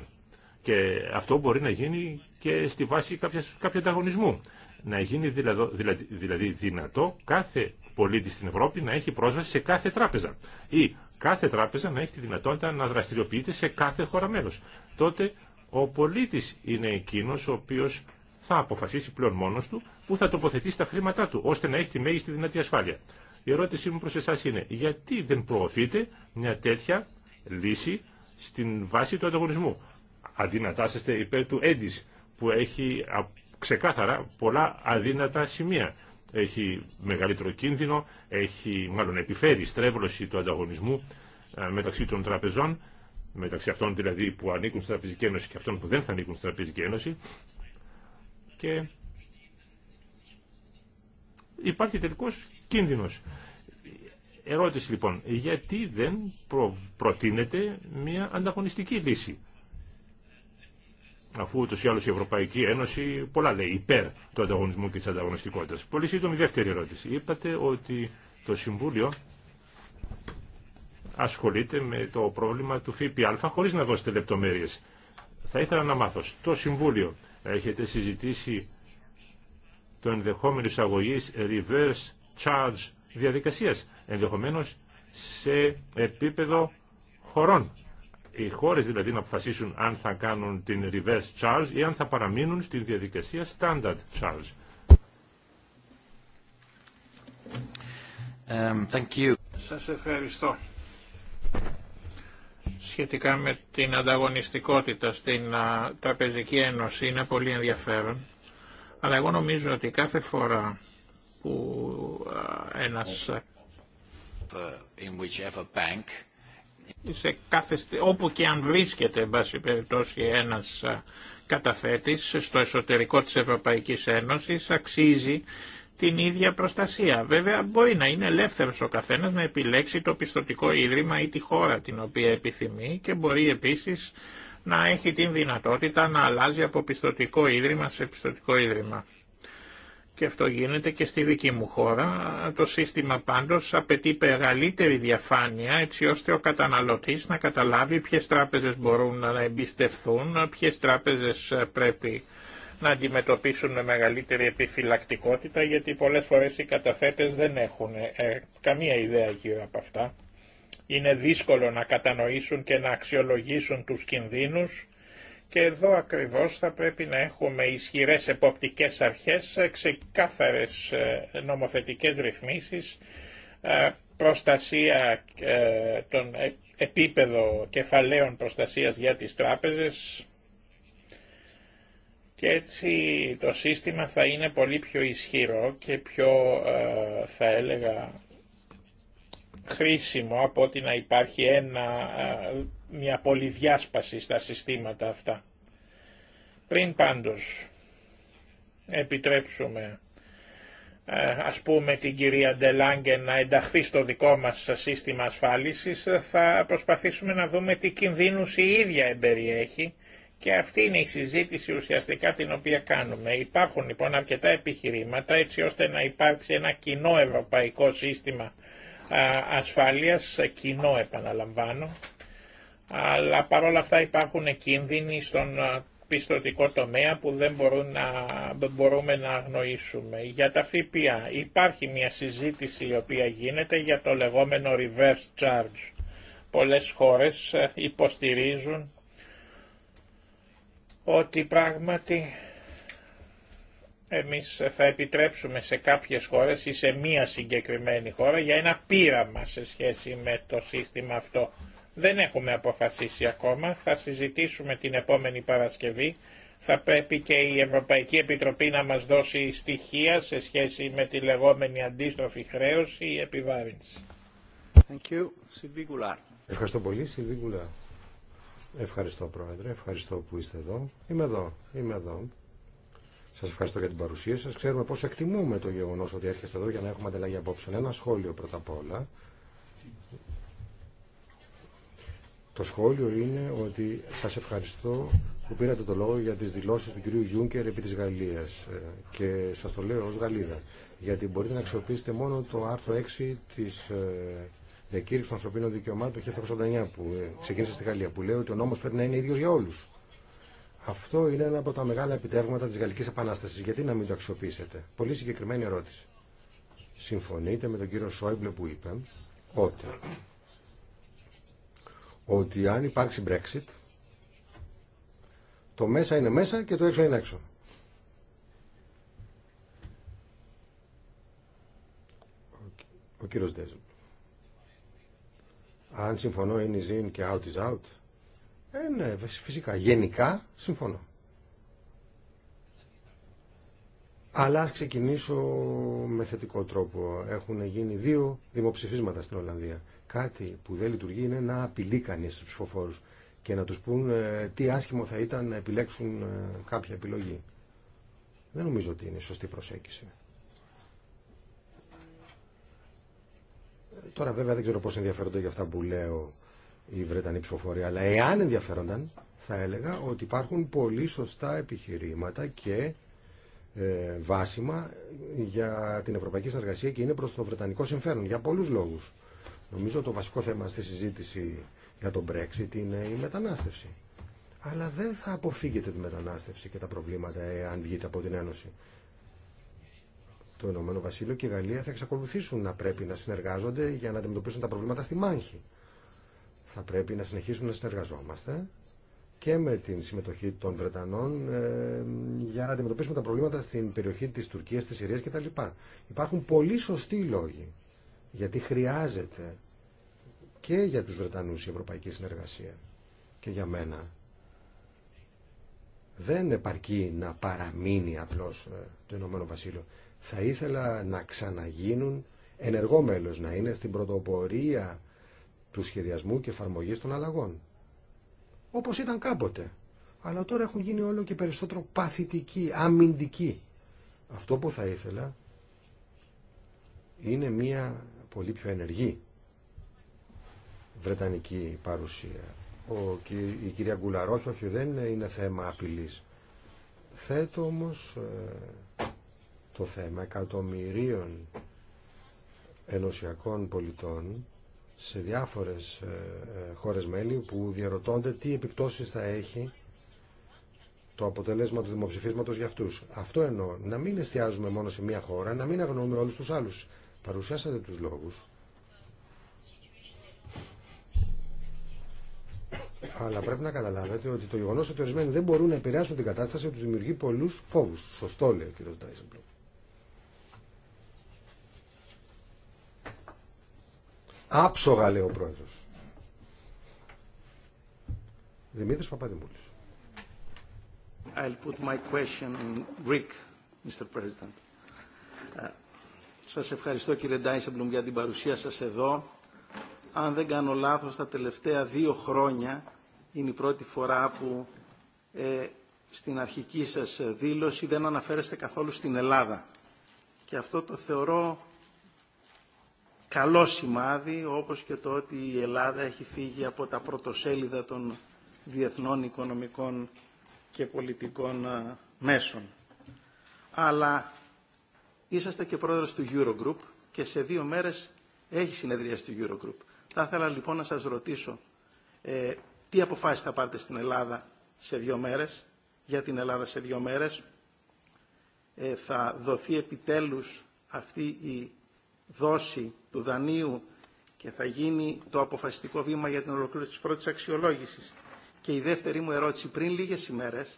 S3: Και αυτό μπορεί να γίνει και στη βάση κάποιου ανταγωνισμού. Να γίνει δηλαδή, δηλαδή, δηλαδή, δυνατό κάθε πολίτη στην Ευρώπη να έχει πρόσβαση σε κάθε τράπεζα. Ή κάθε τράπεζα να έχει τη δυνατότητα να δραστηριοποιείται σε κάθε χώρα μέλο. Τότε ο πολίτης είναι εκείνος ο οποίος θα αποφασίσει πλέον μόνο του που θα τοποθετήσει τα χρήματά του, ώστε να έχει τη μέγιστη δυνατή ασφάλεια. Η ερώτησή μου προς εσά είναι, γιατί δεν προωθείτε μια τέτοια λύση στην βάση του ανταγωνισμού. Αντί υπέρ του έντις, που έχει ξεκάθαρα πολλά αδύνατα σημεία. Έχει μεγαλύτερο κίνδυνο, έχει μάλλον επιφέρει στρέβλωση του ανταγωνισμού ε, μεταξύ των τραπεζών μεταξύ αυτών δηλαδή που ανήκουν στην Τραπεζική Ένωση και αυτών που δεν θα ανήκουν στην Τραπεζική Ένωση και υπάρχει τελικός κίνδυνος. Ερώτηση λοιπόν, γιατί δεν προ... προτείνεται μια ανταγωνιστική λύση αφού ούτως ή άλλως η Ευρωπαϊκή Ένωση πολλά λέει υπέρ του ανταγωνισμού και της ανταγωνιστικότητας. Πολύ σύντομη δεύτερη ερώτηση. Είπατε ότι το Συμβούλιο ασχολείται με το πρόβλημα του ΦΠΑ χωρίς να δώσετε λεπτομέρειες. Θα ήθελα να μάθω, στο Συμβούλιο έχετε συζητήσει το ενδεχόμενο εισαγωγή reverse charge διαδικασίας, ενδεχομένως σε επίπεδο χωρών. Οι χώρες δηλαδή να αποφασίσουν αν θα κάνουν την reverse charge ή αν θα παραμείνουν στην διαδικασία standard charge.
S4: Um, thank you.
S3: Σας ευχαριστώ
S2: σχετικά με την ανταγωνιστικότητα στην Τραπεζική Ένωση είναι πολύ ενδιαφέρον. Αλλά εγώ νομίζω ότι κάθε φορά που ένας In whichever Σε κάθε, όπου και αν βρίσκεται εν πάση περιπτώσει ένας καταθέτης στο εσωτερικό της Ευρωπαϊκής Ένωσης αξίζει την ίδια προστασία. Βέβαια μπορεί να είναι ελεύθερο ο καθένα να επιλέξει το πιστοτικό ίδρυμα ή τη χώρα την οποία επιθυμεί και μπορεί επίσης να έχει την δυνατότητα να αλλάζει από πιστοτικό ίδρυμα σε πιστοτικό ίδρυμα. Και αυτό γίνεται και στη δική μου χώρα. Το σύστημα πάντως απαιτεί μεγαλύτερη διαφάνεια έτσι ώστε ο καταναλωτής να καταλάβει ποιες τράπεζες μπορούν να εμπιστευθούν, ποιες τράπεζες πρέπει να αντιμετωπίσουν με μεγαλύτερη επιφυλακτικότητα γιατί πολλές φορές οι καταθέτες δεν έχουν ε, καμία ιδέα γύρω από αυτά. Είναι δύσκολο να κατανοήσουν και να αξιολογήσουν τους κινδύνους και εδώ ακριβώς θα πρέπει να έχουμε ισχυρές εποπτικές αρχές, ε, ξεκάθαρες ε, νομοθετικές ρυθμίσεις, προστασία των επίπεδο κεφαλαίων προστασίας για τις τράπεζες, και έτσι το σύστημα θα είναι πολύ πιο ισχυρό και πιο ε, θα έλεγα χρήσιμο από ότι να υπάρχει ένα, ε, μια πολυδιάσπαση στα συστήματα αυτά. Πριν πάντως επιτρέψουμε ε, ας πούμε την κυρία Ντελάγκε να ενταχθεί στο δικό μας σύστημα ασφάλισης θα προσπαθήσουμε να δούμε τι κινδύνους η ίδια εμπεριέχει και αυτή είναι η συζήτηση ουσιαστικά την οποία κάνουμε. Υπάρχουν λοιπόν αρκετά επιχειρήματα έτσι ώστε να υπάρξει ένα κοινό ευρωπαϊκό σύστημα ασφάλειας, κοινό επαναλαμβάνω, αλλά παρόλα αυτά υπάρχουν κίνδυνοι στον πιστοτικό τομέα που δεν να, μπορούμε να αγνοήσουμε. Για τα ΦΠΑ υπάρχει μια συζήτηση η οποία γίνεται για το λεγόμενο reverse charge. Πολλές χώρες ε, υποστηρίζουν ότι πράγματι εμείς θα επιτρέψουμε σε κάποιες χώρες ή σε μία συγκεκριμένη χώρα για ένα πείραμα σε σχέση με το σύστημα αυτό. Δεν έχουμε αποφασίσει ακόμα, θα συζητήσουμε την επόμενη Παρασκευή. Θα πρέπει και η Ευρωπαϊκή Επιτροπή να μας δώσει στοιχεία σε σχέση με τη λεγόμενη αντίστροφη χρέωση ή επιβάρυνση. Thank you.
S1: Ευχαριστώ πολύ, Ευχαριστώ Πρόεδρε, ευχαριστώ που είστε εδώ. Είμαι εδώ, είμαι εδώ. Σας ευχαριστώ για την παρουσία σας. Ξέρουμε πόσο εκτιμούμε το γεγονός ότι έρχεστε εδώ για να έχουμε ανταλλαγή απόψεων. Ένα σχόλιο πρώτα απ' όλα. Το σχόλιο είναι ότι σας ευχαριστώ που πήρατε το λόγο για τις δηλώσεις του κυρίου Γιούγκερ επί της Γαλλίας ε, και σας το λέω ως Γαλλίδα γιατί μπορείτε να αξιοποιήσετε μόνο το άρθρο 6 της ε, διακήρυξη των ανθρωπίνων δικαιωμάτων του 1989 που ε, ξεκίνησε στη Γαλλία, που λέει ότι ο νόμο πρέπει να είναι ίδιο για όλου. Αυτό είναι ένα από τα μεγάλα επιτεύγματα τη Γαλλική Επανάσταση. Γιατί να μην το αξιοποιήσετε. Πολύ συγκεκριμένη ερώτηση. Συμφωνείτε με τον κύριο Σόιμπλε που είπε ότι, ότι αν υπάρξει Brexit, το μέσα είναι μέσα και το έξω είναι έξω. Ο κύριος Ντέζελ. Αν συμφωνώ in is in και out is out. Ε, ναι, φυσικά. Γενικά συμφωνώ. Αλλά ας ξεκινήσω με θετικό τρόπο. Έχουν γίνει δύο δημοψηφίσματα στην Ολλανδία. Κάτι που δεν λειτουργεί είναι να απειλεί κανείς τους ψηφοφόρους και να τους πούν ε, τι άσχημο θα ήταν να επιλέξουν ε, κάποια επιλογή. Δεν νομίζω ότι είναι σωστή προσέγγιση. Τώρα βέβαια δεν ξέρω πώς ενδιαφέρονται για αυτά που λέω οι Βρετανοί ψηφοφόροι, αλλά εάν ενδιαφέρονταν θα έλεγα ότι υπάρχουν πολύ σωστά επιχειρήματα και ε, βάσιμα για την ευρωπαϊκή συνεργασία και είναι προς το βρετανικό συμφέρον για πολλούς λόγους. Νομίζω το βασικό θέμα στη συζήτηση για τον Brexit είναι η μετανάστευση. Αλλά δεν θα αποφύγετε τη μετανάστευση και τα προβλήματα εάν βγείτε από την Ένωση. Το Ηνωμένο Βασίλειο και η Γαλλία θα εξακολουθήσουν να πρέπει να συνεργάζονται για να αντιμετωπίσουν τα προβλήματα στη μάχη. Θα πρέπει να συνεχίσουν να συνεργαζόμαστε και με την συμμετοχή των Βρετανών ε, για να αντιμετωπίσουμε τα προβλήματα στην περιοχή της Τουρκίας, της Συρίας κτλ. Υπάρχουν πολύ σωστοί λόγοι γιατί χρειάζεται και για τους Βρετανούς η ευρωπαϊκή συνεργασία και για μένα. Δεν επαρκεί να παραμείνει απλώς ε, το Ηνωμένο Βασίλειο θα ήθελα να ξαναγίνουν ενεργό μέλος, να είναι στην πρωτοπορία του σχεδιασμού και εφαρμογή των αλλαγών. Όπως ήταν κάποτε. Αλλά τώρα έχουν γίνει όλο και περισσότερο παθητικοί, αμυντικοί. Αυτό που θα ήθελα είναι μια πολύ πιο ενεργή βρετανική παρουσία. Ο, η κυρία Γκουλαρόχη, όχι δεν είναι θέμα απειλής. Θέτω όμως ε, το θέμα εκατομμυρίων ενωσιακών πολιτών σε διάφορες ε, ε, χώρες μέλη που διαρωτώνται τι επιπτώσεις θα έχει το αποτελέσμα του δημοψηφίσματος για αυτούς. Αυτό εννοώ. Να μην εστιάζουμε μόνο σε μία χώρα, να μην αγνοούμε όλους τους άλλους. Παρουσιάσατε τους λόγους. Αλλά πρέπει να καταλάβετε ότι το γεγονό ότι ορισμένοι δεν μπορούν να επηρεάσουν την κατάσταση του δημιουργεί πολλού φόβου. Σωστό λέει ο κ. Ντάισεμπλουμ. Άψογα, λέει ο πρόεδρος.
S5: Δημήτρης Παπαδημούλης. I'll put my question in Greek, Mr. President. Ε, σας ευχαριστώ κύριε Ντάισεμπλουμ για την παρουσία σας εδώ. Αν δεν κάνω λάθος, τα τελευταία δύο χρόνια είναι η πρώτη φορά που ε, στην αρχική σας δήλωση δεν αναφέρεστε καθόλου στην Ελλάδα. Και αυτό το θεωρώ καλό σημάδι, όπως και το ότι η Ελλάδα έχει φύγει από τα πρωτοσέλιδα των διεθνών οικονομικών και πολιτικών ε, μέσων. Αλλά είσαστε και πρόεδρος του Eurogroup και σε δύο μέρες έχει συνεδρία στο Eurogroup. Θα ήθελα λοιπόν να σας ρωτήσω ε, τι αποφάσεις θα πάρετε στην Ελλάδα σε δύο μέρες, για την Ελλάδα σε δύο μέρες. Ε, θα δοθεί επιτέλους αυτή η δόση του δανείου και θα γίνει το αποφασιστικό βήμα για την ολοκλήρωση της πρώτης αξιολόγησης. Και η δεύτερη μου ερώτηση, πριν λίγες ημέρες,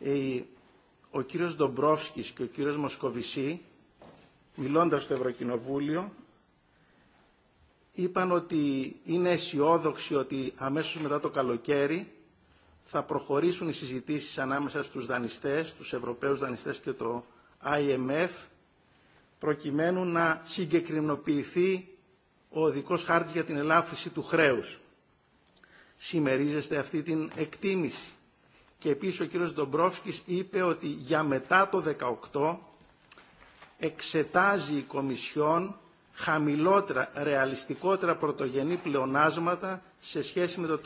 S5: ε, ο κύριος Ντομπρόφσκης και ο κύριος Μοσκοβισή, μιλώντας στο Ευρωκοινοβούλιο, είπαν ότι είναι αισιόδοξοι ότι αμέσως μετά το καλοκαίρι θα προχωρήσουν οι συζητήσεις ανάμεσα στους δανειστές, τους Ευρωπαίους δανειστές και το IMF προκειμένου να συγκεκριμενοποιηθεί ο οδικός χάρτης για την ελάφρυση του χρέους. Σημερίζεστε αυτή την εκτίμηση. Και επίσης ο κύριος Ντομπρόφσκης είπε ότι για μετά το 2018 εξετάζει η Κομισιόν χαμηλότερα, ρεαλιστικότερα πρωτογενή πλεονάσματα σε σχέση με το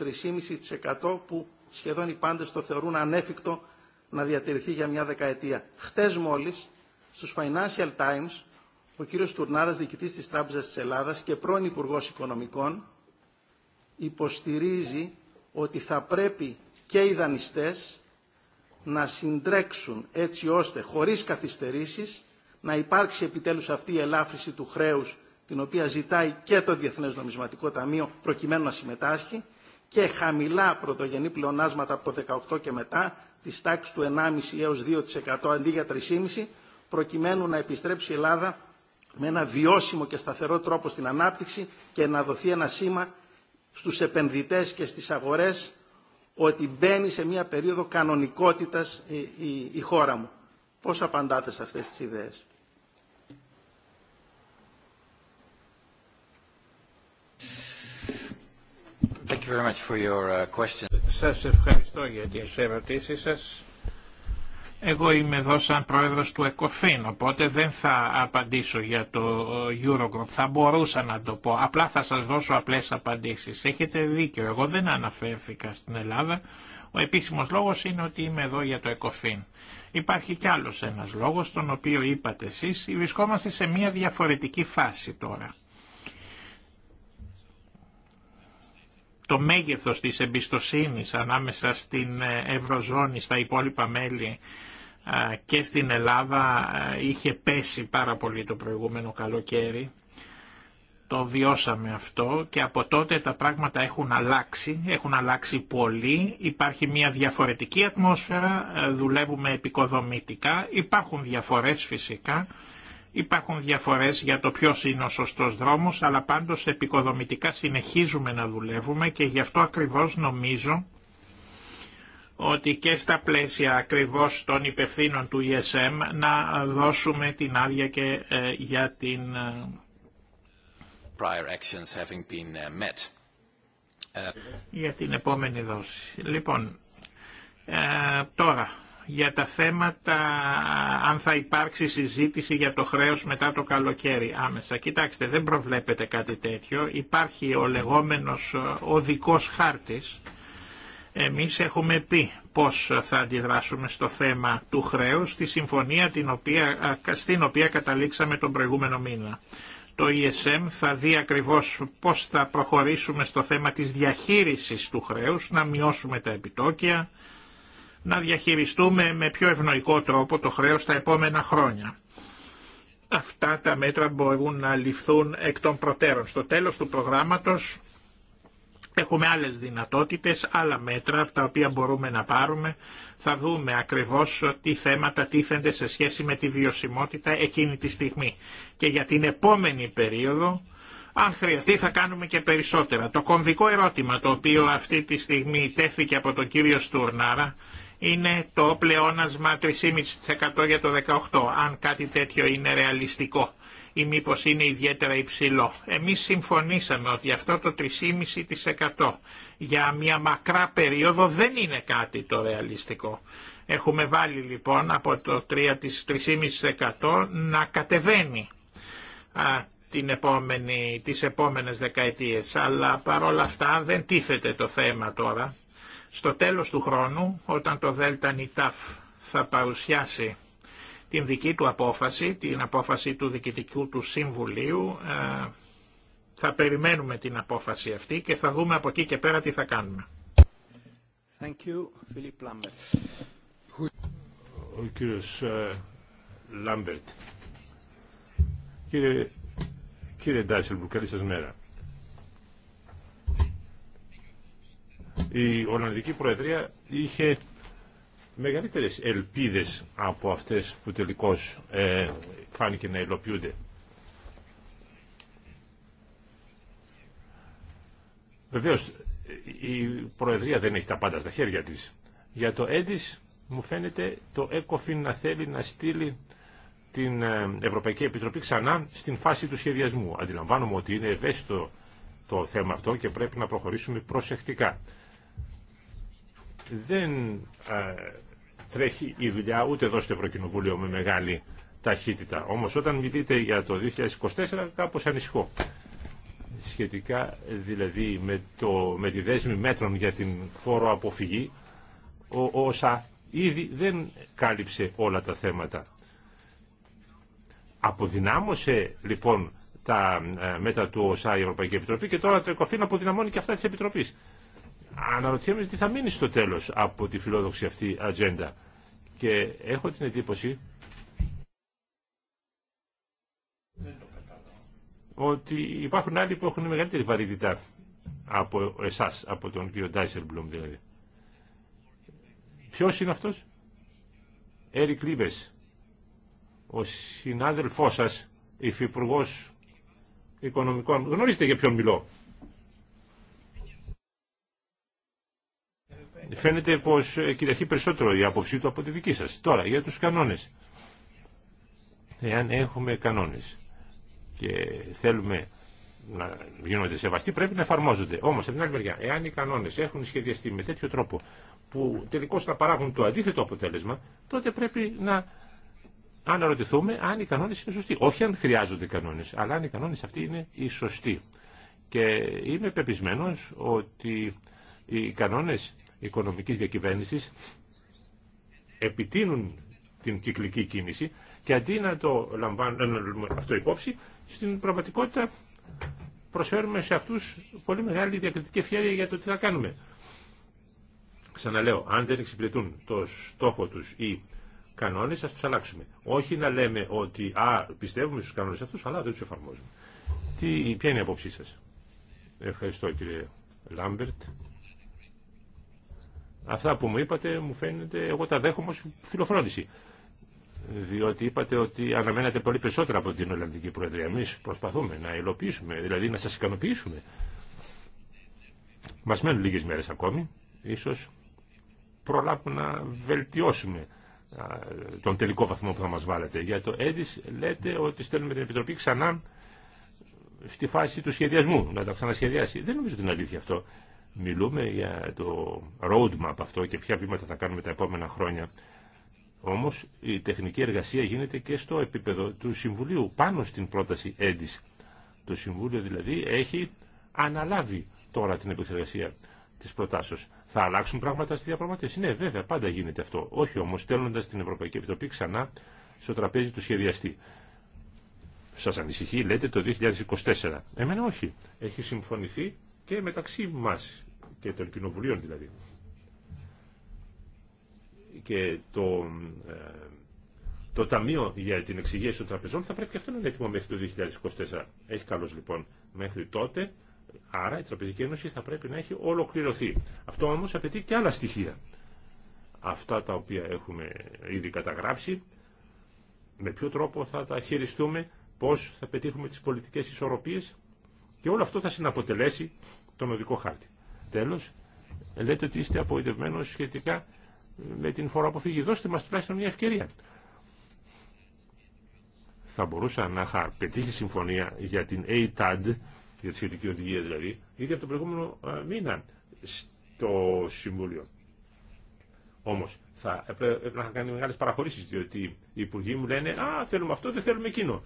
S5: 3,5% που σχεδόν οι πάντες το θεωρούν ανέφικτο να διατηρηθεί για μια δεκαετία. Χτες μόλις στους Financial Times ο κύριος Τουρνάρας, διοικητής της Τράπεζας της Ελλάδας και πρώην υπουργό Οικονομικών, υποστηρίζει ότι θα πρέπει και οι δανειστές να συντρέξουν έτσι ώστε χωρίς καθυστερήσεις να υπάρξει επιτέλους αυτή η ελάφρυση του χρέους την οποία ζητάει και το Διεθνές Νομισματικό Ταμείο προκειμένου να συμμετάσχει και χαμηλά πρωτογενή πλεονάσματα από το 18 και μετά της τάξης του 1,5 έως 2% αντί για 3,5 προκειμένου να επιστρέψει η Ελλάδα με ένα βιώσιμο και σταθερό τρόπο στην ανάπτυξη και να δοθεί ένα σήμα στους επενδυτές και στις αγορές ότι μπαίνει σε μια περίοδο κανονικότητας η, η, χώρα μου. Πώς απαντάτε σε αυτές τις ιδέες.
S2: Thank uh, Σας ευχαριστώ για τις ερωτήσεις σας. Εγώ είμαι εδώ σαν πρόεδρος του ΕΚΟΦΗΝ, οπότε δεν θα απαντήσω για το Eurogroup. Θα μπορούσα να το πω. Απλά θα σας δώσω απλές απαντήσεις. Έχετε δίκιο. Εγώ δεν αναφέρθηκα στην Ελλάδα. Ο επίσημος λόγος είναι ότι είμαι εδώ για το ΕΚΟΦΗΝ. Υπάρχει κι άλλος ένας λόγος, τον οποίο είπατε εσείς. Βρισκόμαστε σε μια διαφορετική φάση τώρα. το μέγεθος της εμπιστοσύνης ανάμεσα στην Ευρωζώνη, στα υπόλοιπα μέλη και στην Ελλάδα είχε πέσει πάρα πολύ το προηγούμενο καλοκαίρι. Το βιώσαμε αυτό και από τότε τα πράγματα έχουν αλλάξει, έχουν αλλάξει πολύ, υπάρχει μια διαφορετική ατμόσφαιρα, δουλεύουμε επικοδομητικά, υπάρχουν διαφορές φυσικά, υπάρχουν διαφορές για το ποιος είναι ο σωστός δρόμος, αλλά πάντως επικοδομητικά συνεχίζουμε να
S1: δουλεύουμε
S2: και γι' αυτό ακριβώς νομίζω ότι και στα πλαίσια ακριβώς των υπευθύνων του ESM να δώσουμε την άδεια και ε, για την... Ε, Prior uh, ε, Για την επόμενη δόση. Λοιπόν, τώρα για τα θέματα αν θα υπάρξει συζήτηση για το χρέος μετά το καλοκαίρι άμεσα. Κοιτάξτε, δεν προβλέπεται κάτι τέτοιο. Υπάρχει ο λεγόμενος οδικός χάρτης εμείς έχουμε πει πώς θα αντιδράσουμε στο θέμα του χρέους, στη συμφωνία την οποία, στην οποία καταλήξαμε τον προηγούμενο μήνα. Το ESM θα δει ακριβώς πώς θα προχωρήσουμε στο θέμα της διαχείρισης του χρέους, να μειώσουμε τα επιτόκια, να διαχειριστούμε με πιο ευνοϊκό τρόπο το χρέος τα επόμενα χρόνια. Αυτά τα μέτρα μπορούν να ληφθούν εκ των προτέρων. Στο τέλος του προγράμματος Έχουμε άλλες δυνατότητες, άλλα μέτρα από τα οποία μπορούμε να πάρουμε. Θα δούμε ακριβώς τι θέματα τίθενται σε σχέση με τη βιωσιμότητα εκείνη τη στιγμή. Και για την επόμενη περίοδο, αν χρειαστεί θα κάνουμε και περισσότερα. Το κομβικό ερώτημα το οποίο αυτή τη στιγμή τέθηκε από τον κύριο Στουρνάρα είναι το πλεόνασμα 3,5% για το 18, αν κάτι τέτοιο είναι ρεαλιστικό ή μήπω είναι ιδιαίτερα υψηλό. Εμείς συμφωνήσαμε ότι αυτό το 3,5% για μια μακρά περίοδο δεν είναι κάτι το ρεαλιστικό. Έχουμε βάλει λοιπόν από το 3,5% να κατεβαίνει την επόμενη, τις επόμενες δεκαετίες. Αλλά παρόλα αυτά δεν τίθεται το θέμα τώρα. Στο τέλος του χρόνου, όταν το ΔΝΤ θα παρουσιάσει την δική του απόφαση, την απόφαση του Διοικητικού του Συμβουλίου. Ε, θα περιμένουμε την απόφαση αυτή και θα δούμε
S3: από εκεί και πέρα τι θα κάνουμε.
S5: Thank you, Philip
S3: Ο κύριος Λάμπερτ. Κύριε, κύριε Ντάσελμπου, καλή σας μέρα. Η Ολλανδική Προεδρία είχε μεγαλύτερες ελπίδες από αυτές που τελικώς ε, φάνηκε να υλοποιούνται. Βεβαίως, η Προεδρία δεν έχει τα πάντα στα χέρια της. Για το έντις μου φαίνεται το έκοφιν να θέλει να στείλει την ε, Ευρωπαϊκή Επιτροπή ξανά στην φάση του σχεδιασμού. Αντιλαμβάνομαι ότι είναι ευαίσθητο το θέμα αυτό και πρέπει να προχωρήσουμε προσεκτικά δεν ε, τρέχει η δουλειά ούτε εδώ στο Ευρωκοινοβούλιο με μεγάλη ταχύτητα. Όμως όταν μιλείτε για το 2024 κάπως ανησυχώ. Σχετικά δηλαδή με, το, με τη δέσμη μέτρων για την φόρο αποφυγή, ο, όσα ήδη δεν κάλυψε όλα τα θέματα. Αποδυνάμωσε λοιπόν τα ε, μέτρα του ΩΣΑ η Ευρωπαϊκή Επιτροπή και τώρα το ΕΚΟΦΗΝ αποδυναμώνει και αυτά της Επιτροπής αναρωτιέμαι τι θα μείνει στο τέλος από τη φιλόδοξη αυτή ατζέντα. Και έχω την εντύπωση ότι υπάρχουν άλλοι που έχουν μεγαλύτερη βαρύτητα από εσάς, από τον κύριο Ντάισερμπλουμ δηλαδή. Ποιος είναι αυτός? Έρικ Λίβες, ο συνάδελφός σας, υφυπουργός οικονομικών. Γνωρίζετε για ποιον μιλώ. φαίνεται πως κυριαρχεί περισσότερο η άποψή του από τη δική σας. Τώρα, για τους κανόνες. Εάν έχουμε κανόνες και θέλουμε να γίνονται σεβαστοί, πρέπει να εφαρμόζονται. Όμως, από την άλλη μεριά, εάν οι κανόνες έχουν σχεδιαστεί με τέτοιο τρόπο που τελικώς θα παράγουν το αντίθετο αποτέλεσμα, τότε πρέπει να αναρωτηθούμε αν οι κανόνες είναι σωστοί. Όχι αν χρειάζονται κανόνες, αλλά αν οι κανόνες αυτοί είναι οι σωστοί. Και είμαι πεπισμένος ότι οι κανόνες οικονομικής διακυβέρνησης επιτείνουν την κυκλική κίνηση και αντί να το λαμβάνουμε αυτό υπόψη, στην πραγματικότητα προσφέρουμε σε αυτούς πολύ μεγάλη διακριτική ευχαίρεια για το τι θα κάνουμε. Ξαναλέω, αν δεν εξυπηρετούν το στόχο τους οι κανόνες, ας τους αλλάξουμε. Όχι να λέμε ότι α, πιστεύουμε στους κανόνες αυτού, αλλά δεν του εφαρμόζουμε. Τι, ποια είναι η απόψή σα. Ευχαριστώ κύριε Λάμπερτ. Αυτά που μου είπατε μου φαίνεται, εγώ τα δέχομαι ως φιλοφρόνηση. Διότι είπατε ότι αναμένατε πολύ περισσότερα από την Ολλανδική Προεδρία. Εμεί προσπαθούμε να υλοποιήσουμε, δηλαδή να σας ικανοποιήσουμε. Μα μένουν λίγε μέρε ακόμη, ίσως προλάβουμε να βελτιώσουμε τον τελικό βαθμό που θα μας βάλετε. Για το ΕΔΙΣ λέτε ότι στέλνουμε την Επιτροπή ξανά στη φάση του σχεδιασμού, να τα ξανασχεδιάσει. Δεν νομίζω την αλήθεια αυτό. Μιλούμε για το roadmap αυτό και ποια βήματα θα κάνουμε τα επόμενα χρόνια. Όμως η τεχνική εργασία γίνεται και στο επίπεδο του Συμβουλίου πάνω στην πρόταση έντις. Το Συμβούλιο δηλαδή έχει αναλάβει τώρα την επεξεργασία της προτάσεως Θα αλλάξουν πράγματα στη διαπραγματεύση. Ναι, βέβαια, πάντα γίνεται αυτό. Όχι όμως στέλνοντας την Ευρωπαϊκή Επιτροπή ξανά στο τραπέζι του σχεδιαστή. σας ανησυχεί, λέτε, το 2024. Εμένα όχι. Έχει συμφωνηθεί και μεταξύ μας και των κοινοβουλίων δηλαδή. Και το, ε, το Ταμείο για την εξηγήση των Τραπεζών θα πρέπει και αυτό να είναι έτοιμο μέχρι το 2024. Έχει καλώς λοιπόν μέχρι τότε, άρα η Τραπεζική Ένωση θα πρέπει να έχει ολοκληρωθεί. Αυτό όμως απαιτεί και άλλα στοιχεία. Αυτά τα οποία έχουμε ήδη καταγράψει, με ποιο τρόπο θα τα χειριστούμε, πώς θα πετύχουμε τις πολιτικές ισορροπίες και όλο αυτό θα συναποτελέσει τον οδικό χάρτη. Τέλος, λέτε ότι είστε απογοητευμένο σχετικά με την φορά φοροαποφυγή. Δώστε μας τουλάχιστον μια ευκαιρία. Θα μπορούσα να είχα πετύχει συμφωνία για την ATAD, για τη σχετική οδηγία δηλαδή, ήδη από τον προηγούμενο μήνα στο Συμβούλιο. Όμως, θα έπρεπε να είχα κάνει μεγάλες παραχωρήσεις, διότι οι υπουργοί μου λένε «Α, θέλουμε αυτό, δεν θέλουμε εκείνο».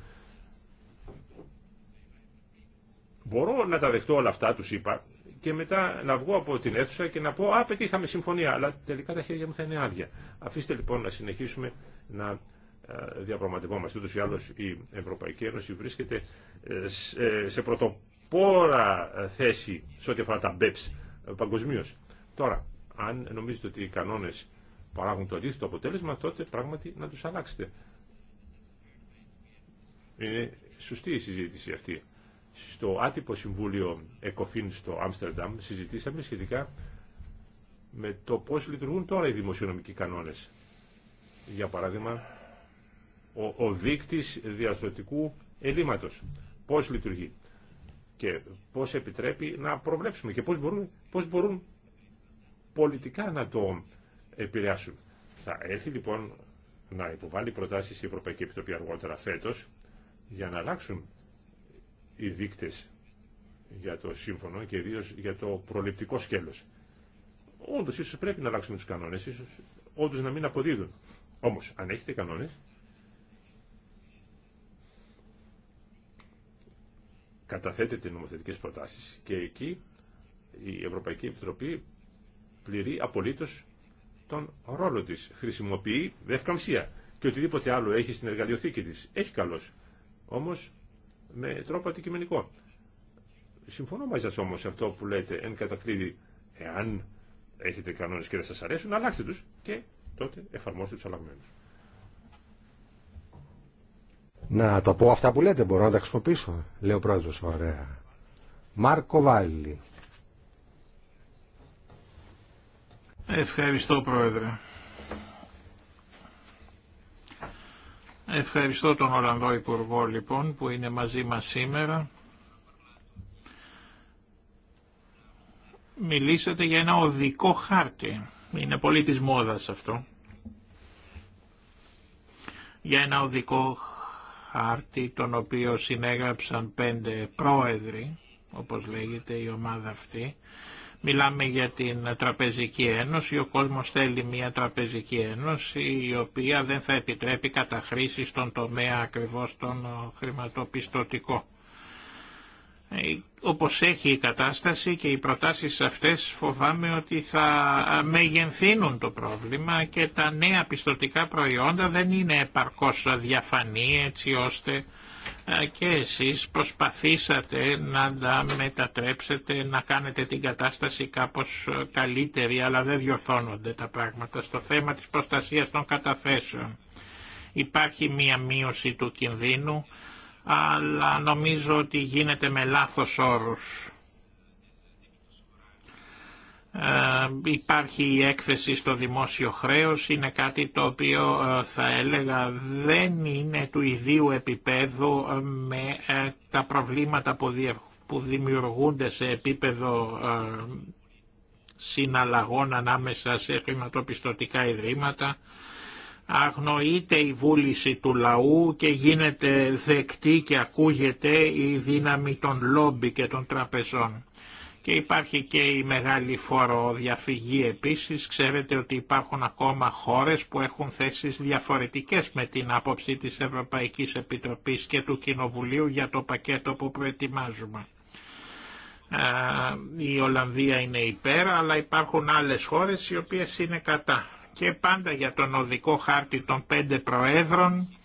S3: Μπορώ να τα δεχτώ όλα αυτά, τους είπα, και μετά να βγω από την αίθουσα και να πω «Α, πετύχαμε συμφωνία», αλλά τελικά τα χέρια μου θα είναι άδεια. Αφήστε λοιπόν να συνεχίσουμε να ε, διαπραγματευόμαστε. Ούτως ή άλλω η αλλω η Ένωση βρίσκεται ε, ε, σε πρωτοπόρα θέση σε ό,τι αφορά τα BEPS παγκοσμίω. Τώρα, αν νομίζετε ότι οι κανόνε παράγουν το αντίθετο αποτέλεσμα, τότε πράγματι να του αλλάξετε. Είναι σωστή η συζήτηση αυτή στο άτυπο συμβούλιο ΕΚΟΦΗΝ στο Άμστερνταμ συζητήσαμε σχετικά με το πώς λειτουργούν τώρα οι δημοσιονομικοί κανόνες. Για παράδειγμα, ο, ο δείκτης διαστοτικού ελλείμματος. Πώς λειτουργεί και πώς επιτρέπει να προβλέψουμε και πώς μπορούν, πώς μπορούν πολιτικά να το επηρεάσουν. Θα έρθει λοιπόν να υποβάλει προτάσεις η Ευρωπαϊκή Επιτροπή αργότερα φέτος για να αλλάξουν οι δείκτες για το σύμφωνο και ιδίω για το προληπτικό σκέλος. Όντω, ίσω πρέπει να αλλάξουμε του κανόνε, ίσω όντω να μην αποδίδουν. Όμω, αν έχετε κανόνε, καταθέτετε νομοθετικέ προτάσει και εκεί η Ευρωπαϊκή Επιτροπή πληρεί απολύτω τον ρόλο τη. Χρησιμοποιεί δευκαμψία και οτιδήποτε άλλο έχει στην εργαλειοθήκη τη. Έχει καλώ. Όμω, με τρόπο αντικειμενικό. Συμφωνώ μαζί σας όμως σε αυτό που λέτε εν κατακλείδη εάν έχετε κανόνες και δεν σας αρέσουν αλλάξτε τους και τότε εφαρμόστε τους αλλαγμένους.
S1: Να το πω αυτά που λέτε, μπορώ να τα χρησιμοποιήσω, λέει ο πρόεδρος, ωραία. Μάρκο Βάλλη.
S2: Ευχαριστώ πρόεδρε. Ευχαριστώ τον Ολλανδό Υπουργό λοιπόν που είναι μαζί μας σήμερα. Μιλήσατε για ένα οδικό χάρτη. Είναι πολύ της μόδας αυτό. Για ένα οδικό χάρτη τον οποίο συνέγραψαν πέντε πρόεδροι, όπως λέγεται η ομάδα αυτή, Μιλάμε για την Τραπεζική Ένωση, ο κόσμος θέλει μια Τραπεζική Ένωση η οποία δεν θα επιτρέπει καταχρήσει στον τομέα ακριβώς τον χρηματοπιστωτικό όπως έχει η κατάσταση και οι προτάσεις αυτές φοβάμαι ότι θα μεγενθύνουν το πρόβλημα και τα νέα πιστοτικά προϊόντα δεν είναι επαρκώς διαφανή έτσι ώστε και εσείς προσπαθήσατε να τα μετατρέψετε, να κάνετε την κατάσταση κάπως καλύτερη αλλά δεν διορθώνονται τα πράγματα στο θέμα της προστασίας των καταθέσεων. Υπάρχει μία μείωση του κινδύνου αλλά νομίζω ότι γίνεται με λάθος όρους. Ε, υπάρχει η έκθεση στο δημόσιο χρέος, είναι κάτι το οποίο ε, θα έλεγα δεν είναι του ιδίου επίπεδου ε, με τα προβλήματα που δημιουργούνται σε επίπεδο συναλλαγών ανάμεσα σε χρηματοπιστωτικά ιδρύματα αγνοείται η βούληση του λαού και γίνεται δεκτή και ακούγεται η δύναμη των λόμπι και των τραπεζών. Και υπάρχει και η μεγάλη φοροδιαφυγή επίσης. Ξέρετε ότι υπάρχουν ακόμα χώρες που έχουν θέσεις διαφορετικές με την άποψη της Ευρωπαϊκής Επιτροπής και του Κοινοβουλίου για το πακέτο που προετοιμάζουμε. Ε, η Ολλανδία είναι υπέρα αλλά υπάρχουν άλλες χώρες οι οποίες είναι κατά και πάντα για τον οδικό χάρτη των πέντε προέδρων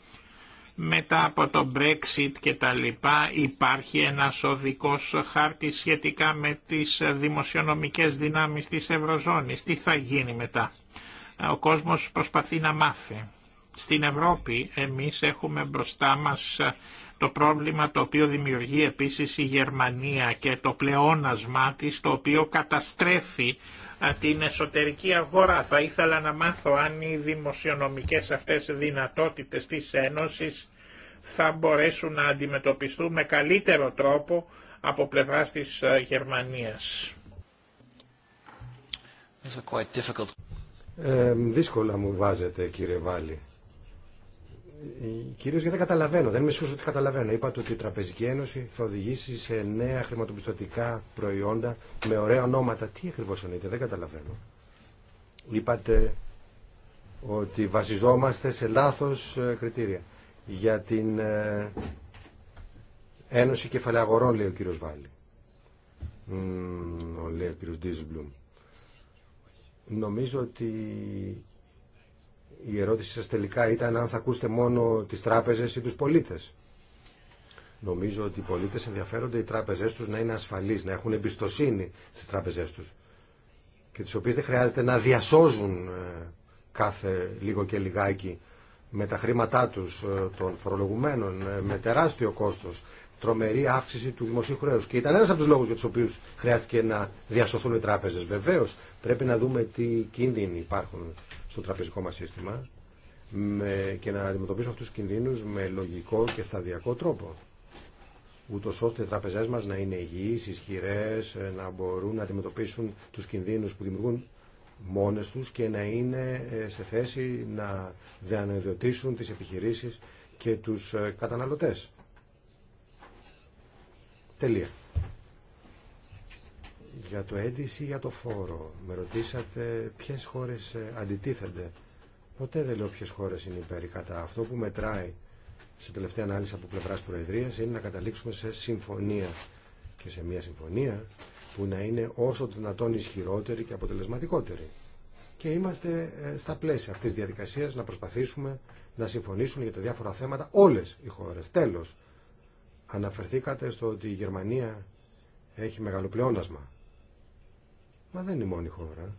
S2: μετά από το Brexit και τα λοιπά υπάρχει ένας οδικός χάρτης σχετικά με τις δημοσιονομικές δυνάμεις της Ευρωζώνης. Τι θα γίνει μετά. Ο κόσμος προσπαθεί να μάθει. Στην Ευρώπη εμείς έχουμε μπροστά μας το πρόβλημα το οποίο δημιουργεί επίσης η Γερμανία και το πλεόνασμά της το οποίο καταστρέφει την εσωτερική αγορά. Θα ήθελα να μάθω αν οι δημοσιονομικές αυτές δυνατότητες της Ένωσης θα μπορέσουν να αντιμετωπιστούν με καλύτερο τρόπο από πλευράς της ε, Γερμανίας.
S1: Ε, δύσκολα μου βάζετε κύριε Βάλλη. Ε, Κυρίω γιατί δεν καταλαβαίνω, δεν είμαι σίγουρο ότι καταλαβαίνω. Είπατε ότι η Τραπεζική Ένωση θα οδηγήσει σε νέα χρηματοπιστωτικά προϊόντα με ωραία ονόματα. Τι ακριβώ εννοείτε, δεν καταλαβαίνω. Είπατε ότι βασιζόμαστε σε λάθος ε, κριτήρια. Για την ε,
S5: Ένωση Κεφαλαίου
S1: λέει ο κύριος Βάλλη.
S4: Mm,
S1: λέει ο κύριος Νομίζω ότι η ερώτησή σας τελικά ήταν αν θα ακούσετε μόνο τις τράπεζες ή τους πολίτες. Νομίζω ότι οι πολίτες ενδιαφέρονται οι τράπεζές τους να είναι ασφαλείς, να έχουν εμπιστοσύνη στις τράπεζές τους και τις οποίες δεν χρειάζεται να διασώζουν ε, κάθε λίγο και λιγάκι με τα χρήματά τους ε, των φορολογουμένων ε, με τεράστιο κόστος τρομερή αύξηση του δημοσίου χρέου. Και ήταν ένα από του λόγου για του οποίου χρειάστηκε να διασωθούν οι τράπεζε. Βεβαίω πρέπει να δούμε τι κίνδυνοι υπάρχουν στο τραπεζικό μα σύστημα και να αντιμετωπίσουμε αυτού του κινδύνου με λογικό και σταδιακό τρόπο. Ούτω ώστε οι τραπεζέ μα να είναι υγιεί, ισχυρέ, ε, να μπορούν να αντιμετωπίσουν του κινδύνου που δημιουργούν μόνες τους και να είναι ε, σε θέση να διανοηδιωτήσουν τις επιχειρήσεις και τους ε, καταναλωτές. Τελεία. Για το ή για το φόρο. Με ρωτήσατε ποιες χώρες ε, αντιτίθενται. Ποτέ δεν λέω ποιες χώρες είναι υπέρ κατά. Αυτό που μετράει σε τελευταία ανάλυση από πλευράς Προεδρίας είναι να καταλήξουμε σε συμφωνία και σε μια συμφωνία που να είναι όσο δυνατόν ισχυρότερη και αποτελεσματικότερη. Και είμαστε ε, στα πλαίσια αυτής της διαδικασίας να προσπαθήσουμε να συμφωνήσουν για τα διάφορα θέματα όλες οι χώρες. Τέλος, Αναφερθήκατε στο ότι η Γερμανία έχει μεγάλο πλεόνασμα. Μα δεν είναι η μόνη χώρα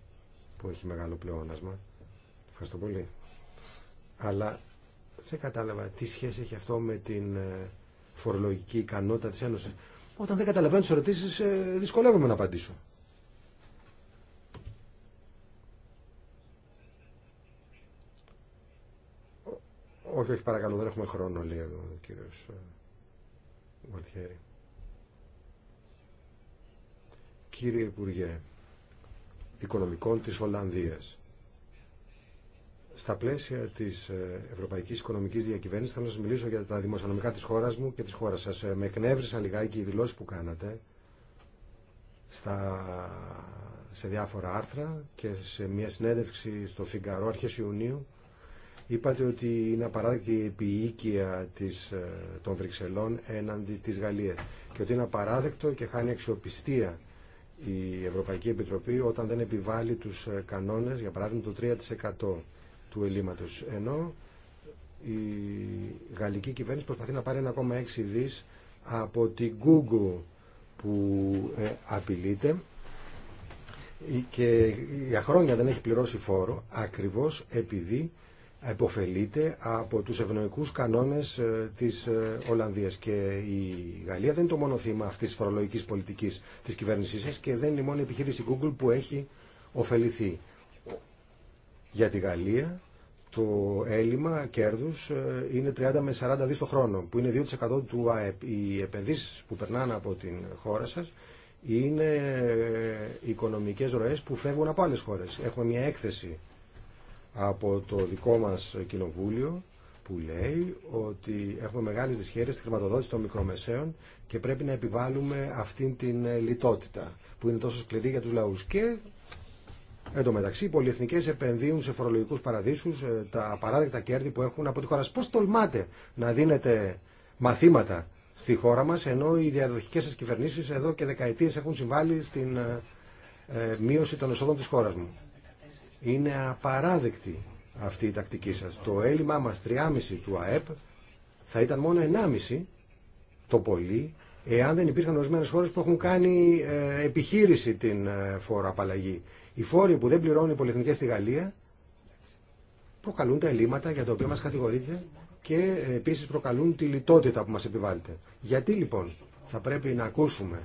S1: που έχει μεγάλο πλεόνασμα. Ευχαριστώ πολύ. Αλλά δεν κατάλαβα τι σχέση έχει αυτό με την ε, φορολογική ικανότητα της Ένωσης. Όταν δεν καταλαβαίνω τις ερωτήσεις ε, δυσκολεύομαι να απαντήσω. Όχι, όχι, παρακαλώ, δεν έχουμε χρόνο, λέει ο κύριος ε, Κύριε Υπουργέ Οικονομικών της Ολλανδίας, στα πλαίσια της ε, Ευρωπαϊκής Οικονομικής Διακυβέρνησης θα σας μιλήσω για τα δημοσιονομικά της χώρας μου και της χώρας σας. Ε, με εκνεύρισαν λιγάκι οι δηλώσεις που κάνατε στα, σε διάφορα άρθρα και σε μια συνέντευξη στο Φιγκαρό αρχές Ιουνίου Είπατε ότι είναι απαράδεκτη η επιοίκεια της, ε, των Βρυξελών έναντι της Γαλλίας και ότι είναι απαράδεκτο και χάνει αξιοπιστία η Ευρωπαϊκή Επιτροπή όταν δεν επιβάλλει τους ε, κανόνες, για παράδειγμα το 3% του ελλείμματος. Ενώ η γαλλική κυβέρνηση προσπαθεί να πάρει 1,6 δις από την Google που ε, απειλείται και για χρόνια δεν έχει πληρώσει φόρο ακριβώς επειδή εποφελείται από τους ευνοϊκούς κανόνες ε, της ε, Ολλανδίας και η Γαλλία δεν είναι το μόνο θύμα αυτής της φορολογικής πολιτικής της κυβέρνησής σας και δεν είναι η μόνη επιχείρηση Google που έχει ωφεληθεί. Για τη Γαλλία το έλλειμμα κέρδους ε, είναι 30 με 40 δις το χρόνο που είναι 2% του ΑΕΠ. Οι επενδύσεις που περνάνε από την χώρα σας είναι οικονομικές ροές που φεύγουν από άλλες χώρες. Έχουμε μια έκθεση από το δικό μας κοινοβούλιο που λέει ότι έχουμε μεγάλες δυσχέρειες στη χρηματοδότηση των μικρομεσαίων και πρέπει να επιβάλλουμε αυτήν την ε, λιτότητα που είναι τόσο σκληρή για τους λαούς. Και Εν τω μεταξύ, οι πολυεθνικέ επενδύουν σε φορολογικού παραδείσους ε, τα απαράδεκτα κέρδη που έχουν από τη χώρα πώς Πώ τολμάτε να δίνετε μαθήματα στη χώρα μας ενώ οι διαδοχικέ σας κυβερνήσεις εδώ και δεκαετίες έχουν συμβάλει στην ε, μείωση των εσόδων τη χώρα μου. Είναι απαράδεκτη αυτή η τακτική σας. Το έλλειμμά μας 3,5 του ΑΕΠ θα ήταν μόνο 1,5 το πολύ εάν δεν υπήρχαν ορισμένε χώρε που έχουν κάνει ε, επιχείρηση την ε, φόρο απαλλαγή. Οι φόροι που δεν πληρώνουν οι πολυεθνικές στη Γαλλία προκαλούν τα ελλείμματα για τα οποία μας κατηγορείτε και ε, επίσης προκαλούν τη λιτότητα που μας επιβάλλεται. Γιατί λοιπόν θα πρέπει να ακούσουμε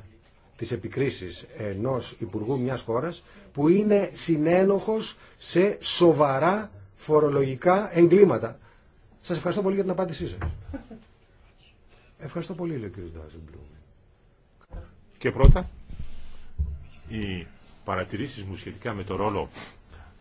S1: τις επικρίσεις ενός υπουργού μιας χώρας που είναι συνένοχος σε σοβαρά φορολογικά εγκλήματα. Σας ευχαριστώ πολύ για την απάντησή σας.
S3: Ευχαριστώ πολύ, λέει ο κ. Ντάζεμπλουμ. Και πρώτα, οι παρατηρήσεις μου σχετικά με το ρόλο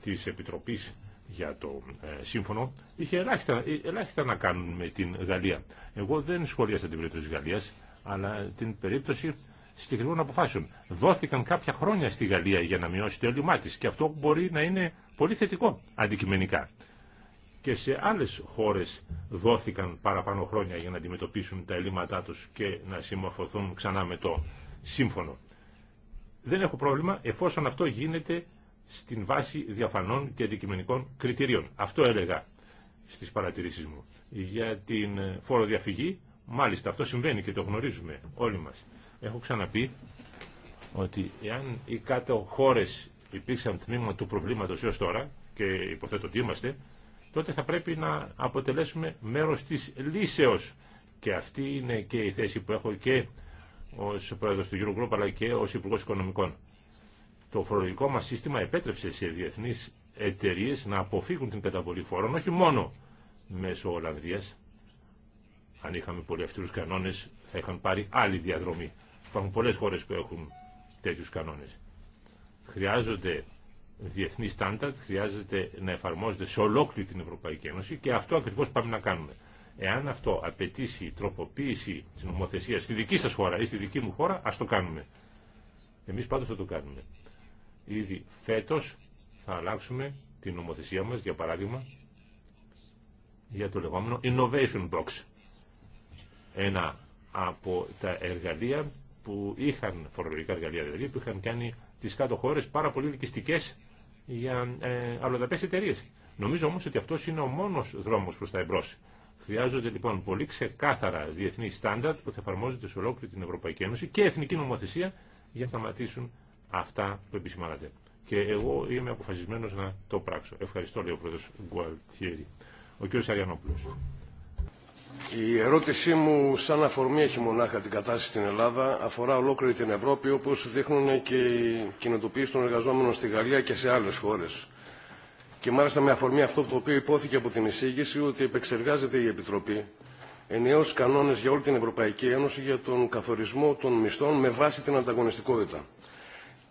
S3: της Επιτροπής για το ε, σύμφωνο είχε ελάχιστα, ε, ελάχιστα να κάνουν με την Γαλλία. Εγώ δεν σχολίασα την περίπτωση της Γαλλίας, αλλά την περίπτωση συγκεκριμένων αποφάσεων. Δόθηκαν κάποια χρόνια στη Γαλλία για να μειώσει το έλλειμμά τη και αυτό μπορεί να είναι πολύ θετικό αντικειμενικά. Και σε άλλε χώρε δόθηκαν παραπάνω χρόνια για να αντιμετωπίσουν τα έλλειμματά του και να συμμορφωθούν ξανά με το σύμφωνο. Δεν έχω πρόβλημα εφόσον αυτό γίνεται στην βάση διαφανών και αντικειμενικών κριτηρίων. Αυτό έλεγα στις παρατηρήσεις μου. Για την φοροδιαφυγή, μάλιστα αυτό συμβαίνει και το γνωρίζουμε όλοι μας. Έχω ξαναπεί ότι εάν οι κάτω χώρες υπήρξαν τμήμα του προβλήματος έως τώρα και υποθέτω ότι είμαστε, τότε θα πρέπει να αποτελέσουμε μέρος της λύσεως. Και αυτή είναι και η θέση που έχω και ως πρόεδρος του Eurogroup αλλά και ως Υπουργός Οικονομικών. Το φορολογικό μας σύστημα επέτρεψε σε διεθνείς εταιρείε να αποφύγουν την καταβολή φόρων, όχι μόνο μέσω Ολλανδίας. Αν είχαμε πολλοί αυτούς κανόνες θα είχαν πάρει άλλη διαδρομή. Υπάρχουν πολλέ χώρες που έχουν τέτοιους κανόνες. Χρειάζονται διεθνή στάνταρτ, χρειάζεται να εφαρμόζονται σε ολόκληρη την Ευρωπαϊκή Ένωση και αυτό ακριβώς πάμε να κάνουμε. Εάν αυτό απαιτήσει τροποποίηση τη νομοθεσία στη δική σας χώρα ή στη δική μου χώρα, α το κάνουμε. Εμείς πάντως θα το κάνουμε. Ήδη φέτος θα αλλάξουμε την νομοθεσία μα, για παράδειγμα, για το λεγόμενο Innovation Box. Ένα από τα εργαλεία που είχαν φορολογικά εργαλεία δηλαδή, που είχαν κάνει τι κάτω χώρε πάρα πολύ ελκυστικέ για ε, αλλοδαπές εταιρείε. Νομίζω όμω ότι αυτό είναι ο μόνο δρόμο προ τα εμπρό. Χρειάζονται λοιπόν πολύ ξεκάθαρα διεθνή στάνταρτ που θα εφαρμόζονται σε ολόκληρη την Ευρωπαϊκή Ένωση και εθνική νομοθεσία για να σταματήσουν αυτά που επισημάνατε. Και εγώ είμαι αποφασισμένο να το πράξω. Ευχαριστώ, λέει ο Πρόεδρο Γκουαλτιέρη. Ο κ. Αριανόπουλο.
S4: Η ερώτησή μου, σαν αφορμή έχει μονάχα την κατάσταση στην Ελλάδα, αφορά ολόκληρη την Ευρώπη, όπως δείχνουν και οι κινητοποιήσεις των εργαζόμενων στη Γαλλία και σε άλλες χώρες. Και μάλιστα με αφορμή αυτό το οποίο υπόθηκε από την εισήγηση, ότι επεξεργάζεται η Επιτροπή ενιαίους κανόνες για όλη την Ευρωπαϊκή Ένωση για τον καθορισμό των μισθών με βάση την ανταγωνιστικότητα.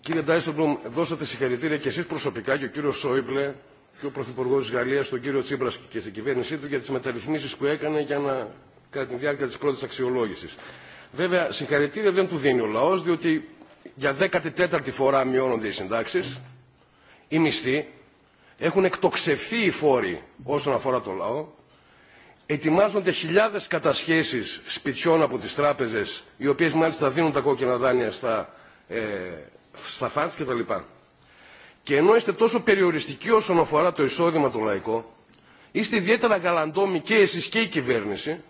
S4: Κύριε Ντάισελμπλουμ, δώσατε συγχαρητήρια και εσείς προσωπικά και ο κύριος Σόιμπλε και ο Πρωθυπουργό τη Γαλλία, τον κύριο Τσίπρα και στην κυβέρνησή του για τι μεταρρυθμίσει που έκανε για να, κατά τη διάρκεια τη πρώτη αξιολόγηση. Βέβαια, συγχαρητήρια δεν του δίνει ο λαό, διότι για 14η φορά μειώνονται οι συντάξει, οι μισθοί, έχουν εκτοξευθεί οι φόροι όσον αφορά το λαό, ετοιμάζονται χιλιάδε κατασχέσει σπιτιών από τι τράπεζε, οι οποίε μάλιστα δίνουν τα κόκκινα δάνεια στα, ε, στα κτλ. Και ενώ είστε τόσο περιοριστικοί όσον αφορά το εισόδημα το λαϊκό, είστε ιδιαίτερα γαλαντόμοι και εσείς και η κυβέρνηση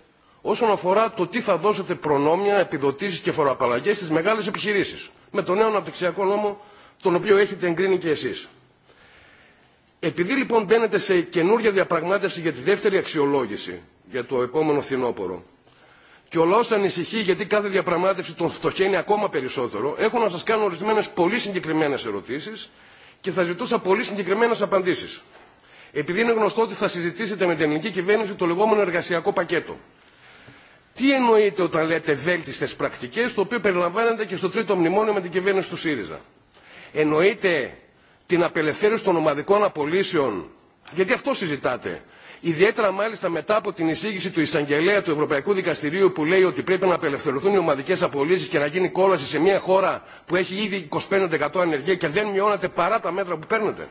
S4: όσον αφορά το τι θα δώσετε προνόμια, επιδοτήσει και φοροαπαλλαγές στι μεγάλε επιχειρήσει, με τον νέο αναπτυξιακό νόμο τον οποίο έχετε εγκρίνει και εσεί. Επειδή λοιπόν μπαίνετε σε καινούργια διαπραγμάτευση για τη δεύτερη αξιολόγηση για το επόμενο φθινόπωρο και ο λαός ανησυχεί γιατί κάθε διαπραγμάτευση τον φτωχαίνει ακόμα περισσότερο, έχω να σας κάνω ορισμένες πολύ συγκεκριμένες ερωτήσεις και θα ζητούσα πολύ συγκεκριμένε απαντήσει. Επειδή είναι γνωστό ότι θα συζητήσετε με την ελληνική κυβέρνηση το λεγόμενο εργασιακό πακέτο. Τι εννοείτε όταν λέτε βέλτιστε πρακτικέ, το οποίο περιλαμβάνεται και στο τρίτο μνημόνιο με την κυβέρνηση του ΣΥΡΙΖΑ. Εννοείτε την απελευθέρωση των ομαδικών απολύσεων, γιατί αυτό συζητάτε, ιδιαίτερα μάλιστα μετά από την εισήγηση του εισαγγελέα του Ευρωπαϊκού Δικαστηρίου που λέει ότι πρέπει να απελευθερωθούν οι ομαδικές απολύσεις και να γίνει κόλαση σε μια χώρα που έχει ήδη 25% ανεργία και δεν μειώνεται παρά τα μέτρα που παίρνετε.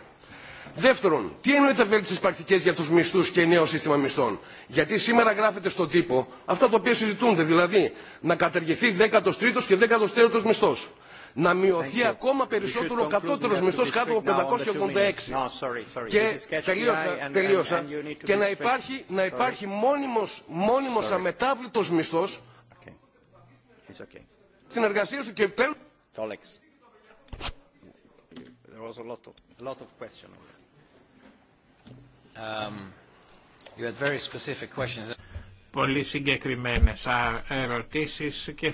S4: Δεύτερον, τι εννοείται βέλτιστε πρακτικέ για του μισθού και νέο σύστημα μισθών. Γιατί σήμερα γράφεται στον τύπο αυτά τα οποία συζητούνται, δηλαδή να κατεργηθει 13 13ο και 14ο μισθό να μειωθεί ακόμα περισσότερο ο κατώτερος μισθός κάτω από 586.
S1: Και τελείωσα, τελείωσα. Και να υπάρχει,
S4: να υπάρχει μόνιμος, μόνιμος αμετάβλητος μισθός στην εργασία σου και τέλος. Um,
S2: Πολύ συγκεκριμένες ερωτήσεις και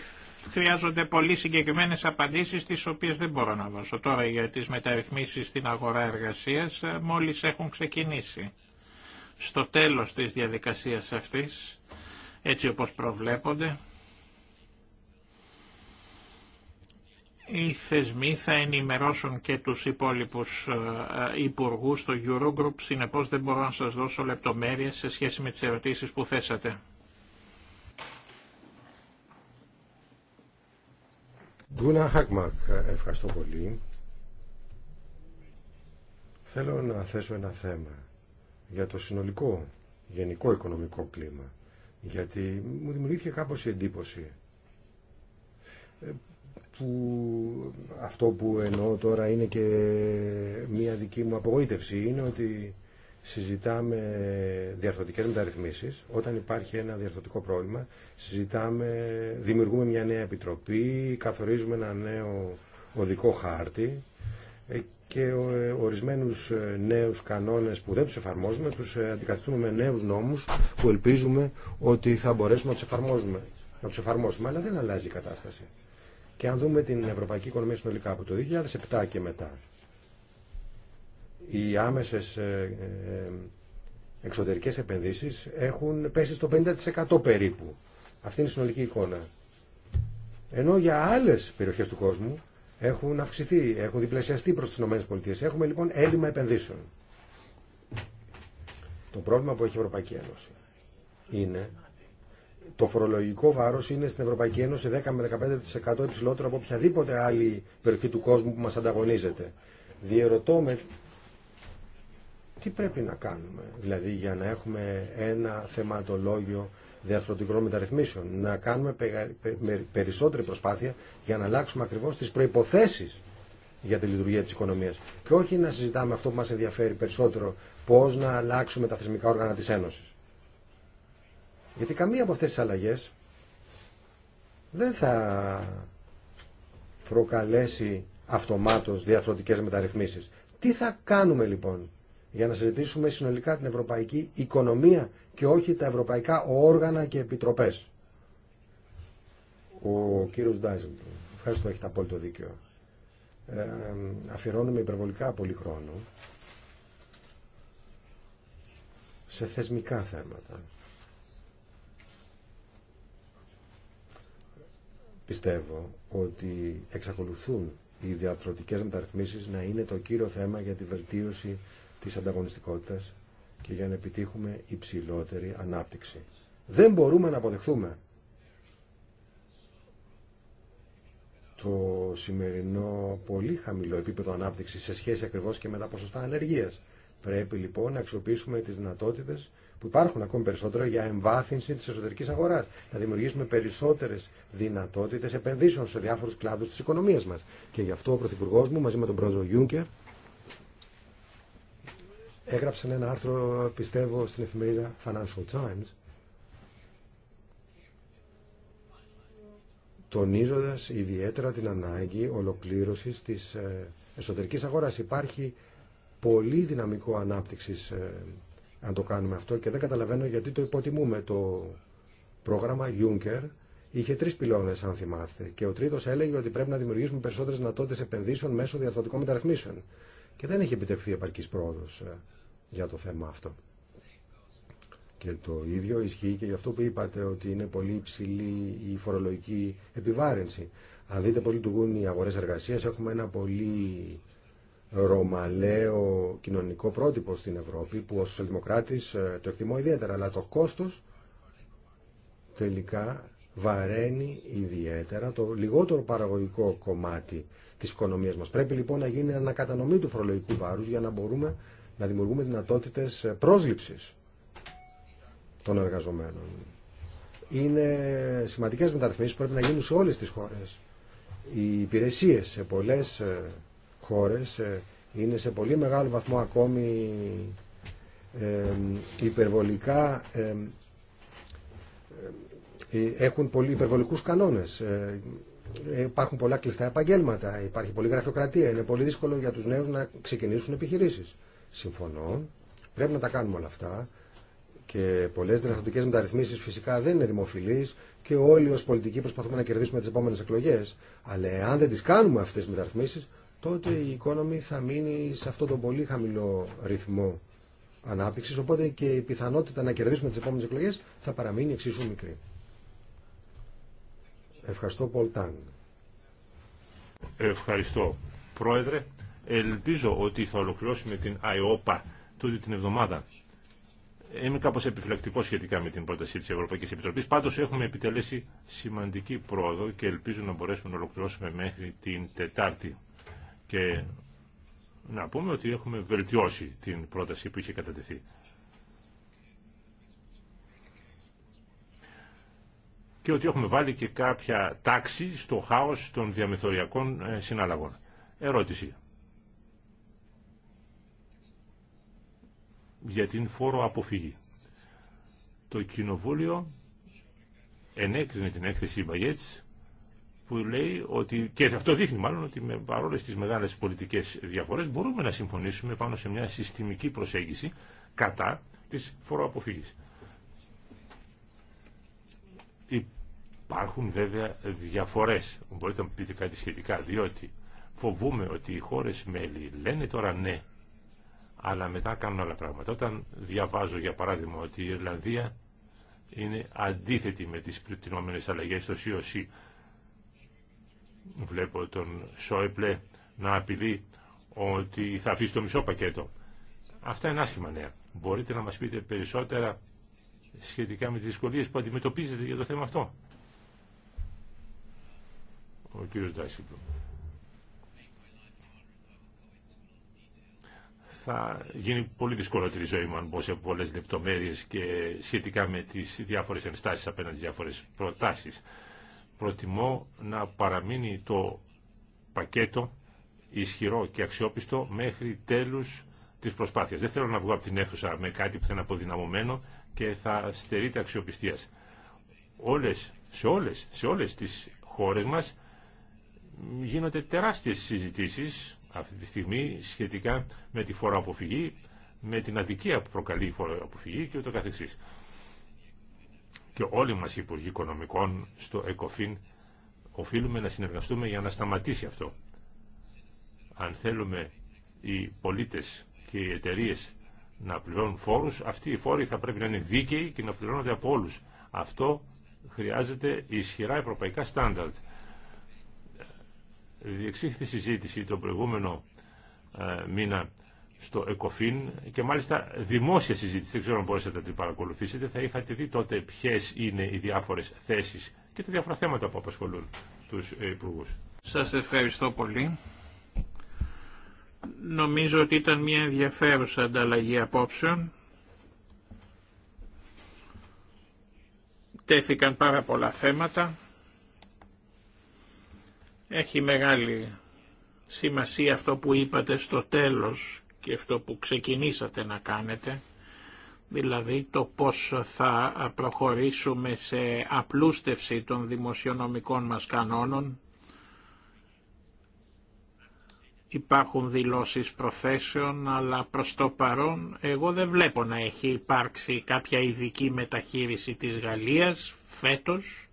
S2: χρειάζονται πολύ συγκεκριμένες απαντήσεις τι οποίες δεν μπορώ να δώσω τώρα για τι μεταρρυθμίσει στην αγορά εργασία. Ε, μόλις έχουν ξεκινήσει. Στο τέλος της διαδικασίας αυτής, έτσι όπως προβλέπονται, οι θεσμοί θα ενημερώσουν και τους υπόλοιπους ε, ε, υπουργούς στο Eurogroup, συνεπώς δεν μπορώ να σας δώσω λεπτομέρειες σε σχέση με τις ερωτήσεις που θέσατε.
S1: Γκούνα Χακμακ, ευχαριστώ πολύ. Θέλω να θέσω ένα θέμα για το συνολικό γενικό οικονομικό κλίμα. Γιατί μου δημιουργήθηκε κάπως η εντύπωση ε, που αυτό που εννοώ τώρα είναι και μία δική μου απογοήτευση είναι ότι συζητάμε διαρθωτικές μεταρρυθμίσεις. Όταν υπάρχει ένα διαρθωτικό πρόβλημα, συζητάμε, δημιουργούμε μια νέα επιτροπή, καθορίζουμε ένα νέο οδικό χάρτη ε, και ε, ορισμένους ε, νέους κανόνες που δεν τους εφαρμόζουμε, τους αντικαθιστούμε με νέους νόμους που ελπίζουμε ότι θα μπορέσουμε να τους εφαρμόζουμε. Να τους εφαρμόσουμε, αλλά δεν αλλάζει η κατάσταση. Και αν δούμε την ευρωπαϊκή οικονομία συνολικά από το 2007 και μετά, οι άμεσες ε, ε, εξωτερικές επενδύσεις έχουν πέσει στο 50% περίπου. Αυτή είναι η συνολική εικόνα. Ενώ για άλλες περιοχές του κόσμου έχουν αυξηθεί, έχουν διπλασιαστεί προς τις ΗΠΑ. Έχουμε λοιπόν έλλειμμα επενδύσεων. Το πρόβλημα που έχει η Ευρωπαϊκή Ένωση είναι το φορολογικό βάρος είναι στην Ευρωπαϊκή Ένωση 10 με 15% υψηλότερο από οποιαδήποτε άλλη περιοχή του κόσμου που μας ανταγωνίζεται. Διερωτώ με τι πρέπει να κάνουμε, δηλαδή για να έχουμε ένα θεματολόγιο διαρθρωτικών μεταρρυθμίσεων, να κάνουμε περισσότερη προσπάθεια για να αλλάξουμε ακριβώς τις προϋποθέσεις για τη λειτουργία της οικονομίας και όχι να συζητάμε αυτό που μας ενδιαφέρει περισσότερο, πώς να αλλάξουμε τα θεσμικά όργανα της Ένωσης. Γιατί καμία από αυτές τις αλλαγές δεν θα προκαλέσει αυτομάτως διαρθρωτικές μεταρρυθμίσεις. Τι θα κάνουμε λοιπόν για να συζητήσουμε συνολικά την ευρωπαϊκή οικονομία και όχι τα ευρωπαϊκά όργανα και επιτροπές. Ο κύριος Ντάιζελ, ευχαριστώ, έχετε απόλυτο δίκιο. Ε, αφιερώνουμε υπερβολικά πολύ χρόνο σε θεσμικά θέματα. Πιστεύω ότι εξακολουθούν οι διαρθρωτικές μεταρρυθμίσεις να είναι το κύριο θέμα για τη βελτίωση της ανταγωνιστικότητας και για να επιτύχουμε υψηλότερη ανάπτυξη. Δεν μπορούμε να αποδεχθούμε το σημερινό πολύ χαμηλό επίπεδο ανάπτυξης σε σχέση ακριβώς και με τα ποσοστά ανεργίας. Πρέπει λοιπόν να αξιοποιήσουμε τις δυνατότητες που υπάρχουν ακόμη περισσότερο για εμβάθυνση της εσωτερικής αγοράς. Να δημιουργήσουμε περισσότερες δυνατότητες επενδύσεων σε διάφορους κλάδους της οικονομίας μας. Και γι' αυτό ο Πρωθυπουργός μου μαζί με τον Πρόεδρο Γιούνκερ έγραψαν ένα άρθρο, πιστεύω, στην εφημερίδα Financial Times, τονίζοντας ιδιαίτερα την ανάγκη ολοκλήρωσης της ε, εσωτερικής αγοράς. Υπάρχει πολύ δυναμικό ανάπτυξης ε, αν το κάνουμε αυτό και δεν καταλαβαίνω γιατί το υποτιμούμε. Το πρόγραμμα Juncker είχε τρεις πυλώνες αν θυμάστε και ο τρίτος έλεγε ότι πρέπει να δημιουργήσουμε περισσότερες δυνατότητες επενδύσεων μέσω διαρθρωτικών μεταρρυθμίσεων και δεν έχει επιτευχθεί επαρκής πρόοδο. Ε για το θέμα αυτό. Και το ίδιο ισχύει και για αυτό που είπατε ότι είναι πολύ υψηλή η φορολογική επιβάρυνση. Αν δείτε πολύ λειτουργούν οι αγορές εργασίας, έχουμε ένα πολύ ρωμαλαίο κοινωνικό πρότυπο στην Ευρώπη που ως σοσιαλδημοκράτης ε, το εκτιμώ ιδιαίτερα, αλλά το κόστος τελικά βαραίνει ιδιαίτερα το λιγότερο παραγωγικό κομμάτι της οικονομίας μας. Πρέπει λοιπόν να γίνει ανακατανομή του φορολογικού βάρους για να μπορούμε να δημιουργούμε δυνατότητες ε, πρόσληψης των εργαζομένων. Είναι σημαντικές μεταρρυθμίσεις που πρέπει να γίνουν σε όλες τις χώρες. Οι υπηρεσίες σε πολλές ε, χώρες ε, είναι σε πολύ μεγάλο βαθμό ακόμη υπερβολικά έχουν πολύ υπερβολικούς κανόνες υπάρχουν πολλά κλειστά επαγγέλματα υπάρχει πολύ γραφειοκρατία είναι πολύ δύσκολο για τους νέους να ξεκινήσουν επιχειρήσεις Συμφωνώ. Πρέπει να τα κάνουμε όλα αυτά και πολλέ δυνατοτικέ μεταρρυθμίσει φυσικά δεν είναι δημοφιλεί και όλοι ω πολιτικοί προσπαθούμε να κερδίσουμε τι επόμενε εκλογέ. Αλλά αν δεν τι κάνουμε αυτέ τι μεταρρυθμίσει, τότε η οικόνομη θα μείνει σε αυτόν τον πολύ χαμηλό ρυθμό ανάπτυξη. Οπότε και η πιθανότητα να κερδίσουμε τι επόμενε εκλογέ θα παραμείνει εξίσου μικρή. Ευχαριστώ, Πολ Τάνγκ.
S3: Ευχαριστώ, Πρόεδρε. Ελπίζω ότι θα ολοκληρώσουμε την ΑΕΟΠΑ τούτη την εβδομάδα. Είμαι κάπως επιφυλακτικό σχετικά με την πρόταση της Ευρωπαϊκής Επιτροπής. Πάντως έχουμε επιτελέσει σημαντική πρόοδο και ελπίζω να μπορέσουμε να ολοκληρώσουμε μέχρι την Τετάρτη. Και να πούμε ότι έχουμε βελτιώσει την πρόταση που είχε κατατεθεί. και ότι έχουμε βάλει και κάποια τάξη στο χάος των διαμεθοριακών ε, συναλλαγών. Ερώτηση. για την φόρο αποφυγή. Το Κοινοβούλιο ενέκρινε την έκθεση Μπαγέτς που λέει ότι, και αυτό δείχνει μάλλον ότι με παρόλες τις μεγάλες πολιτικές διαφορές μπορούμε να συμφωνήσουμε πάνω σε μια συστημική προσέγγιση κατά της φοροαποφυγής. Υπάρχουν βέβαια διαφορές, μπορείτε να πείτε κάτι σχετικά, διότι φοβούμε ότι οι χώρες μέλη λένε τώρα ναι αλλά μετά κάνουν άλλα πράγματα. Όταν διαβάζω για παράδειγμα ότι η Ιρλανδία είναι αντίθετη με τις πληκτρινόμενες αλλαγές στο COC, βλέπω τον Σόιπλε να απειλεί ότι θα αφήσει το μισό πακέτο. Αυτά είναι άσχημα νέα. Μπορείτε να μας πείτε περισσότερα σχετικά με τις δυσκολίες που αντιμετωπίζετε για το θέμα αυτό. Ο κύριος θα γίνει πολύ δυσκολότερη η ζωή μου αν σε πολλές λεπτομέρειες και σχετικά με τις διάφορες ενστάσει απέναντι στις διάφορες προτάσεις. Προτιμώ να παραμείνει το πακέτο ισχυρό και αξιόπιστο μέχρι τέλους της προσπάθειας. Δεν θέλω να βγω από την αίθουσα με κάτι που θα είναι αποδυναμωμένο και θα στερείται αξιοπιστία. Όλες, σε, όλες, σε όλες τις χώρες μας γίνονται τεράστιες συζητήσεις αυτή τη στιγμή σχετικά με τη αποφυγή, με την αδικία που προκαλεί η αποφυγή και ούτω καθεξής. Και όλοι μας οι Υπουργοί Οικονομικών στο ΕΚΟΦΗΝ οφείλουμε να συνεργαστούμε για να σταματήσει αυτό. Αν θέλουμε οι πολίτες και οι εταιρείε να πληρώνουν φόρους, αυτοί οι φόροι θα πρέπει να είναι δίκαιοι και να πληρώνονται από όλους. Αυτό χρειάζεται ισχυρά ευρωπαϊκά στάνταρτ διεξήχθη συζήτηση το προηγούμενο ε, μήνα στο ΕΚΟΦΗΝ και μάλιστα δημόσια συζήτηση. Δεν ξέρω αν μπορέσατε να την παρακολουθήσετε. Θα είχατε δει τότε ποιε είναι οι διάφορε θέσει και τα διάφορα θέματα που απασχολούν του υπουργού. Σα ευχαριστώ πολύ.
S2: Νομίζω ότι ήταν μια ενδιαφέρουσα ανταλλαγή απόψεων. Τέθηκαν πάρα πολλά θέματα. Έχει μεγάλη σημασία αυτό που είπατε στο τέλος και αυτό που ξεκινήσατε να κάνετε, δηλαδή το πώς θα προχωρήσουμε σε απλούστευση των δημοσιονομικών μας κανόνων. Υπάρχουν δηλώσεις προθέσεων, αλλά προς το παρόν εγώ δεν βλέπω να έχει υπάρξει κάποια ειδική μεταχείριση της Γαλλίας φέτος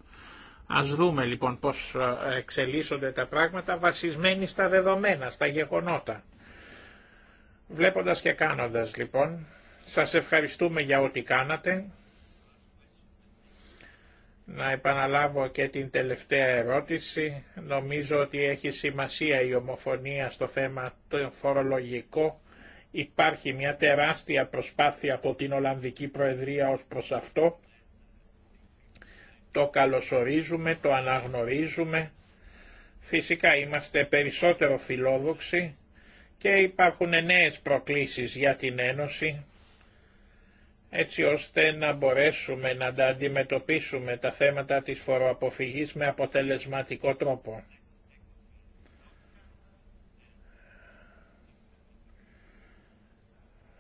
S2: Ας δούμε λοιπόν πώς ε, εξελίσσονται τα πράγματα βασισμένοι στα δεδομένα, στα γεγονότα. Βλέποντας και κάνοντας λοιπόν, σας ευχαριστούμε για ό,τι κάνατε. Να επαναλάβω και την τελευταία ερώτηση. Νομίζω ότι έχει σημασία η ομοφωνία στο θέμα το φορολογικό. Υπάρχει μια τεράστια προσπάθεια από την Ολλανδική Προεδρία ως προς αυτό το καλωσορίζουμε, το αναγνωρίζουμε. Φυσικά είμαστε περισσότερο φιλόδοξοι και υπάρχουν νέες προκλήσεις για την Ένωση έτσι ώστε να μπορέσουμε να αντιμετωπίσουμε τα θέματα της φοροαποφυγής με αποτελεσματικό τρόπο.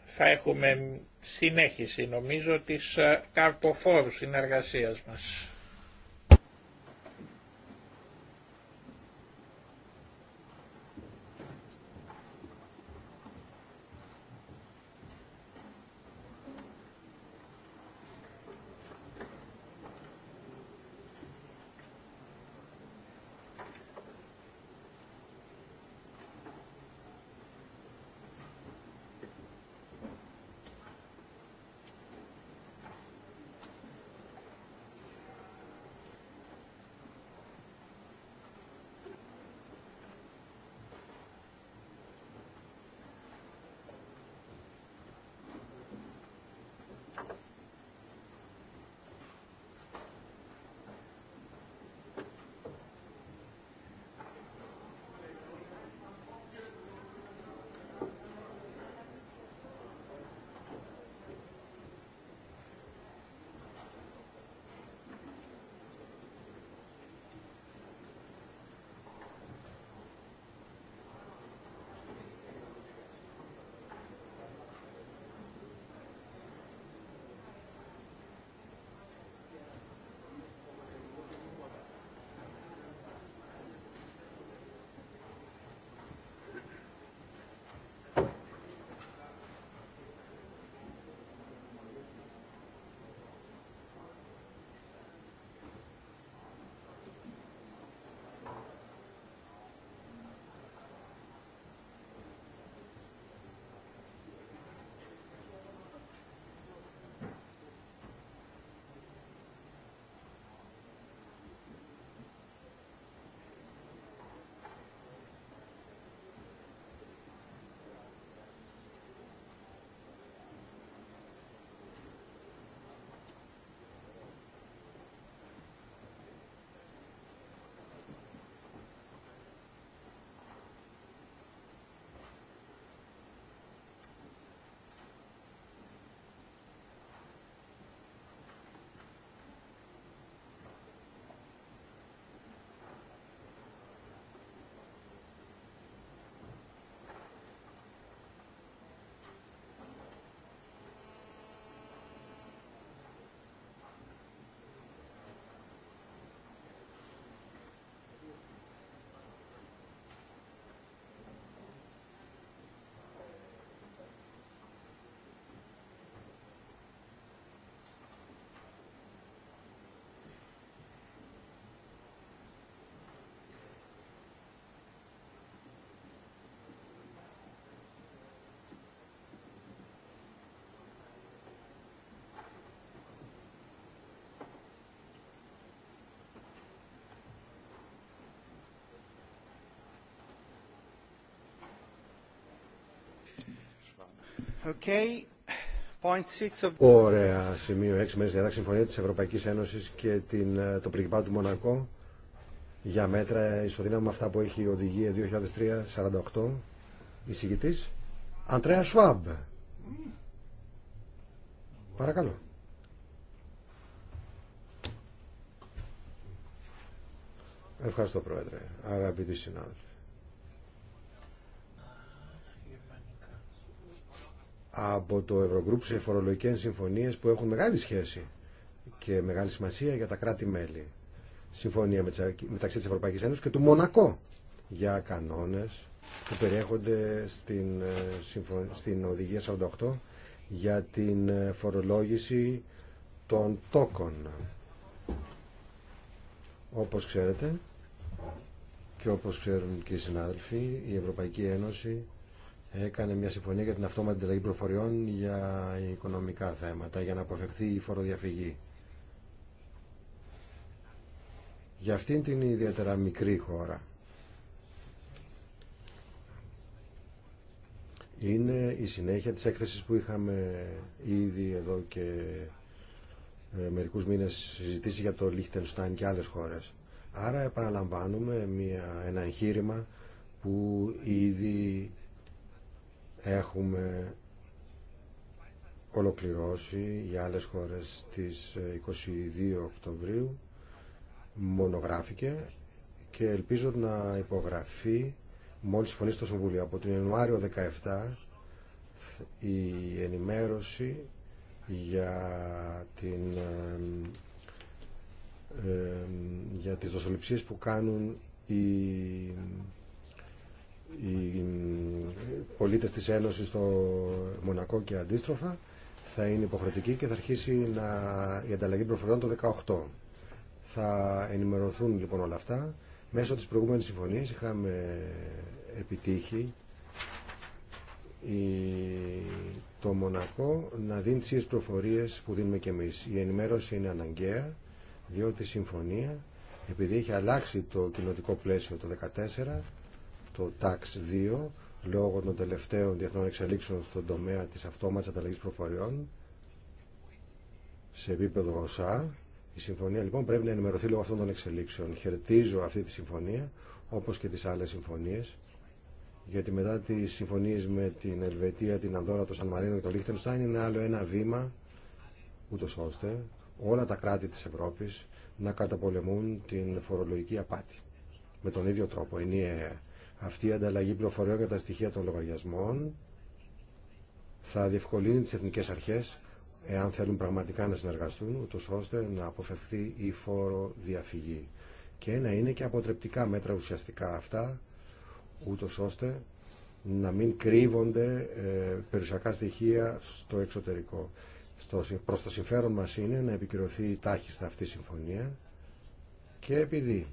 S2: θα έχουμε συνέχιση νομίζω της καρποφόρου συνεργασίας μας.
S5: Okay.
S1: Ωραία, σημείο 6 μέρες διάταξη συμφωνία της Ευρωπαϊκής Ένωσης και την, ε, το πριγκιπάτο του Μονακό για μέτρα ισοδύναμη με αυτά που έχει η οδηγία 2003-48 εισηγητής Αντρέα Σουάμπ Παρακαλώ Ευχαριστώ Πρόεδρε, αγαπητοί συνάδελφοι από το Ευρωγκρουπ σε φορολογικέ συμφωνίε που έχουν μεγάλη σχέση και μεγάλη σημασία για τα κράτη-μέλη. Συμφωνία μεταξύ τη Ευρωπαϊκή Ένωση και του Μονακό για κανόνες που περιέχονται στην, ε, στην Οδηγία 48 για την ε, φορολόγηση των τόκων. Όπως ξέρετε και όπως ξέρουν και οι συνάδελφοι, η Ευρωπαϊκή Ένωση έκανε μια συμφωνία για την αυτόματη ανταλλαγή προφοριών για οικονομικά θέματα, για να αποφευθεί η φοροδιαφυγή. Για αυτήν την ιδιαίτερα μικρή χώρα. Είναι η συνέχεια της έκθεσης που είχαμε ήδη εδώ και ε, μερικούς μήνες συζητήσει για το Λίχτενστάιν και άλλες χώρες. Άρα επαναλαμβάνουμε μια, ένα εγχείρημα που ήδη Έχουμε ολοκληρώσει για άλλες χώρες στις 22 ε, Οκτωβρίου μονογράφηκε και ελπίζω να υπογραφεί μόλις φωνεί στο Συμβούλιο. Από τον Ιανουάριο 17 η ενημέρωση για, την, ε, ε, για τις δοσοληψίες που κάνουν οι οι ε, πολίτες της Ένωσης στο Μονακό και αντίστροφα θα είναι υποχρεωτική και θα αρχίσει να... η ανταλλαγή προφορών το 18. Θα ενημερωθούν λοιπόν όλα αυτά. Μέσω της προηγούμενης συμφωνίας είχαμε επιτύχει το Μονακό να δίνει τις ίδιες προφορίες που δίνουμε και εμείς. Η ενημέρωση είναι αναγκαία, διότι η συμφωνία, επειδή έχει αλλάξει το κοινοτικό πλαίσιο το 2014, το TAX 2 λόγω των τελευταίων διεθνών εξελίξεων στον τομέα της αυτόματης ανταλλαγής προφοριών σε επίπεδο ΩΣΑ. Η συμφωνία λοιπόν πρέπει να ενημερωθεί λόγω αυτών των εξελίξεων. Χαιρετίζω αυτή τη συμφωνία όπως και τις άλλες συμφωνίες γιατί μετά τις συμφωνίες με την Ελβετία, την Ανδόρα, το Σαν Μαρίνο και το Λίχτενστάιν είναι άλλο ένα βήμα ούτως ώστε όλα τα κράτη της Ευρώπης να καταπολεμούν την φορολογική απάτη. Με τον ίδιο τρόπο, ενιαία αυτή η ανταλλαγή πληροφοριών για τα στοιχεία των λογαριασμών θα διευκολύνει τις εθνικές αρχές εάν θέλουν πραγματικά να συνεργαστούν, ούτως ώστε να αποφευχθεί η φόρο διαφυγή. Και να είναι και αποτρεπτικά μέτρα ουσιαστικά αυτά, ούτως ώστε να μην κρύβονται ε, περιουσιακά στοιχεία στο εξωτερικό. Στο, προς το συμφέρον μας είναι να επικυρωθεί τάχιστα αυτή η συμφωνία και επειδή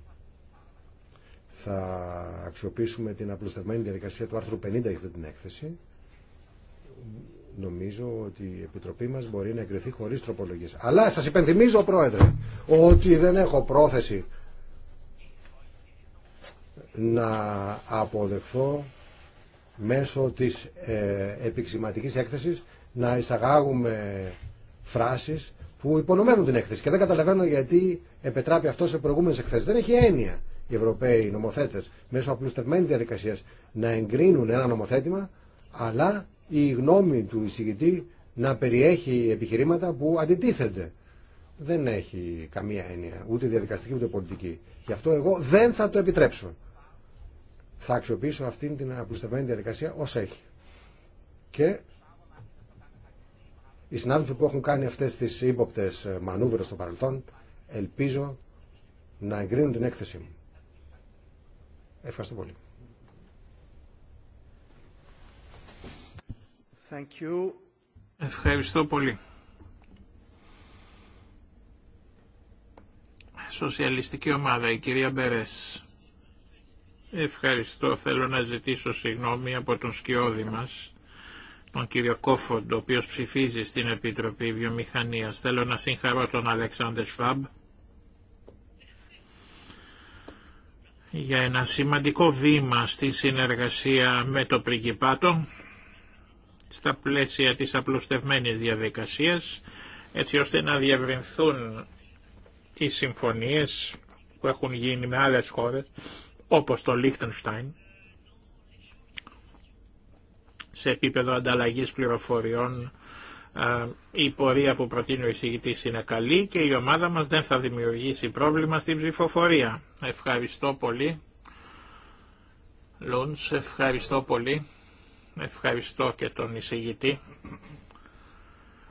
S1: θα αξιοποιήσουμε την απλουστευμένη διαδικασία του άρθρου 50 για την έκθεση. Νομίζω ότι η Επιτροπή μας μπορεί να εγκριθεί χωρίς τροπολογίες. Αλλά σας υπενθυμίζω, Πρόεδρε, ότι δεν έχω πρόθεση να αποδεχθώ μέσω της ε, έκθεσης να εισαγάγουμε φράσεις που υπονομεύουν την έκθεση. Και δεν καταλαβαίνω γιατί επετράπει αυτό σε προηγούμενες εκθέσεις. Δεν έχει έννοια οι Ευρωπαίοι νομοθέτε μέσω απλουστευμένη διαδικασία να εγκρίνουν ένα νομοθέτημα αλλά η γνώμη του εισηγητή να περιέχει επιχειρήματα που αντιτίθενται. Δεν έχει καμία έννοια, ούτε διαδικαστική ούτε πολιτική. Γι' αυτό εγώ δεν θα το επιτρέψω. Θα αξιοποιήσω αυτήν την απλουστευμένη διαδικασία ω έχει. Και οι συνάδελφοι που έχουν κάνει αυτέ τι ύποπτε μανούβρες στο παρελθόν ελπίζω να εγκρίνουν την έκθεση μου. Ευχαριστώ πολύ.
S5: Thank you.
S1: Ευχαριστώ πολύ.
S2: Σοσιαλιστική ομάδα, η κυρία Μπερές. Ευχαριστώ. Θέλω να ζητήσω συγγνώμη από τον σκιώδη μας, τον κύριο Κόφοντ, ο οποίος ψηφίζει στην Επιτροπή Βιομηχανίας. Θέλω να συγχαρώ τον Αλεξάνδρ Σφάμπ για ένα σημαντικό βήμα στη συνεργασία με το Πριγκιπάτο στα πλαίσια της απλουστευμένης διαδικασίας έτσι ώστε να διευρυνθούν οι συμφωνίες που έχουν γίνει με άλλες χώρες όπως το Λίχτενστάιν σε επίπεδο ανταλλαγής πληροφοριών η πορεία που προτείνει ο εισηγητής είναι καλή και η ομάδα μας δεν θα δημιουργήσει πρόβλημα στην ψηφοφορία. Ευχαριστώ πολύ. Λούντς, ευχαριστώ πολύ. Ευχαριστώ και τον εισηγητή.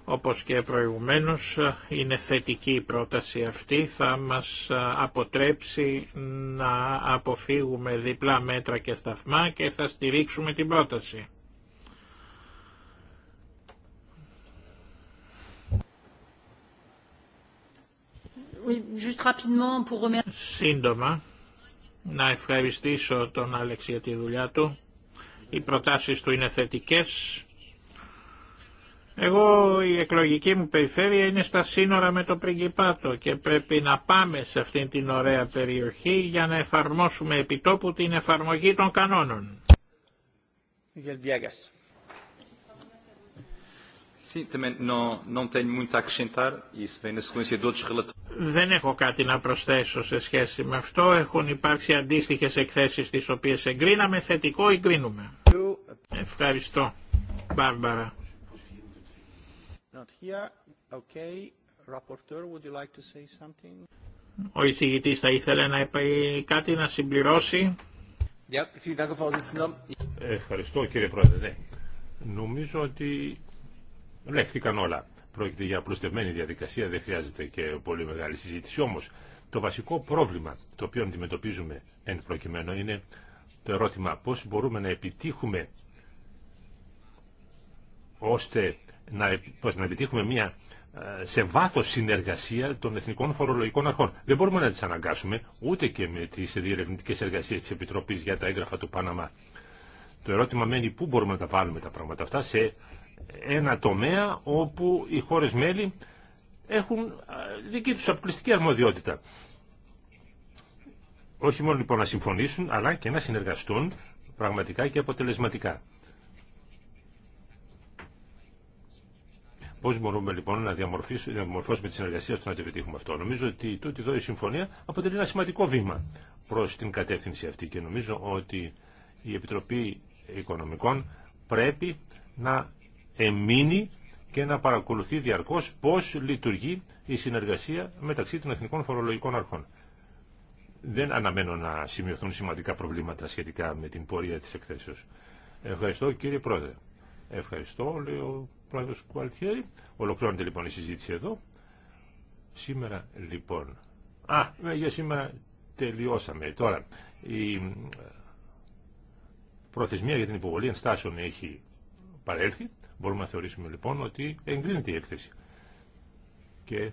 S2: Όπως και προηγουμένως είναι θετική η πρόταση αυτή, θα μας αποτρέψει να αποφύγουμε διπλά μέτρα και σταθμά και θα στηρίξουμε την πρόταση. Σύντομα, να ευχαριστήσω τον Άλεξ για τη δουλειά του. Οι προτάσεις του είναι θετικές. Εγώ η εκλογική μου περιφέρεια είναι στα σύνορα με το Πριγκιπάτο και πρέπει να πάμε σε αυτήν την ωραία περιοχή για να εφαρμόσουμε επιτόπου την εφαρμογή των κανόνων. Δεν έχω κάτι να προσθέσω σε σχέση με αυτό. Έχουν υπάρξει αντίστοιχες εκθέσεις τις οποίες εγκρίναμε. Θετικό εγκρίνουμε. Ευχαριστώ. Μπάρμπαρα. Ο εισηγητής θα ήθελε να πει κάτι να
S3: συμπληρώσει. Ευχαριστώ κύριε Πρόεδρε. Ναι. Νομίζω ότι λέχθηκαν όλα. Πρόκειται για απλουστευμένη διαδικασία, δεν χρειάζεται και πολύ μεγάλη συζήτηση. Όμω, το βασικό πρόβλημα το οποίο αντιμετωπίζουμε εν προκειμένου είναι το ερώτημα πώ μπορούμε να επιτύχουμε ώστε να, επιτύχουμε μια ε, σε βάθος συνεργασία των εθνικών φορολογικών αρχών. Δεν μπορούμε να τις αναγκάσουμε ούτε και με τις διερευνητικές εργασίες της Επιτροπής για τα έγγραφα του Πάναμα. Το ερώτημα μένει πού μπορούμε να τα βάλουμε τα πράγματα αυτά σε ένα τομέα όπου οι χώρες μέλη έχουν δική τους αποκλειστική αρμοδιότητα. Όχι μόνο λοιπόν να συμφωνήσουν, αλλά και να συνεργαστούν πραγματικά και αποτελεσματικά. Πώ μπορούμε λοιπόν να διαμορφώσουμε τη συνεργασία στο να το επιτύχουμε αυτό. Νομίζω ότι τούτη εδώ η συμφωνία αποτελεί ένα σημαντικό βήμα προ την κατεύθυνση αυτή και νομίζω ότι η Επιτροπή Οικονομικών πρέπει να εμείνει και να παρακολουθεί διαρκώς πώς λειτουργεί η συνεργασία μεταξύ των εθνικών φορολογικών αρχών. Δεν αναμένω να σημειωθούν σημαντικά προβλήματα σχετικά με την πορεία της εκθέσεως. Ευχαριστώ κύριε Πρόεδρε. Ευχαριστώ, λέει ο Πρόεδρος Κουαλτιέρη. Ολοκληρώνεται λοιπόν η συζήτηση εδώ. Σήμερα λοιπόν... Α, ε, για σήμερα τελειώσαμε. Τώρα, η ε, προθεσμία για την υποβολή ενστάσεων έχει παρέλθει. Μπορούμε να θεωρήσουμε λοιπόν ότι εγκρίνεται η έκθεση και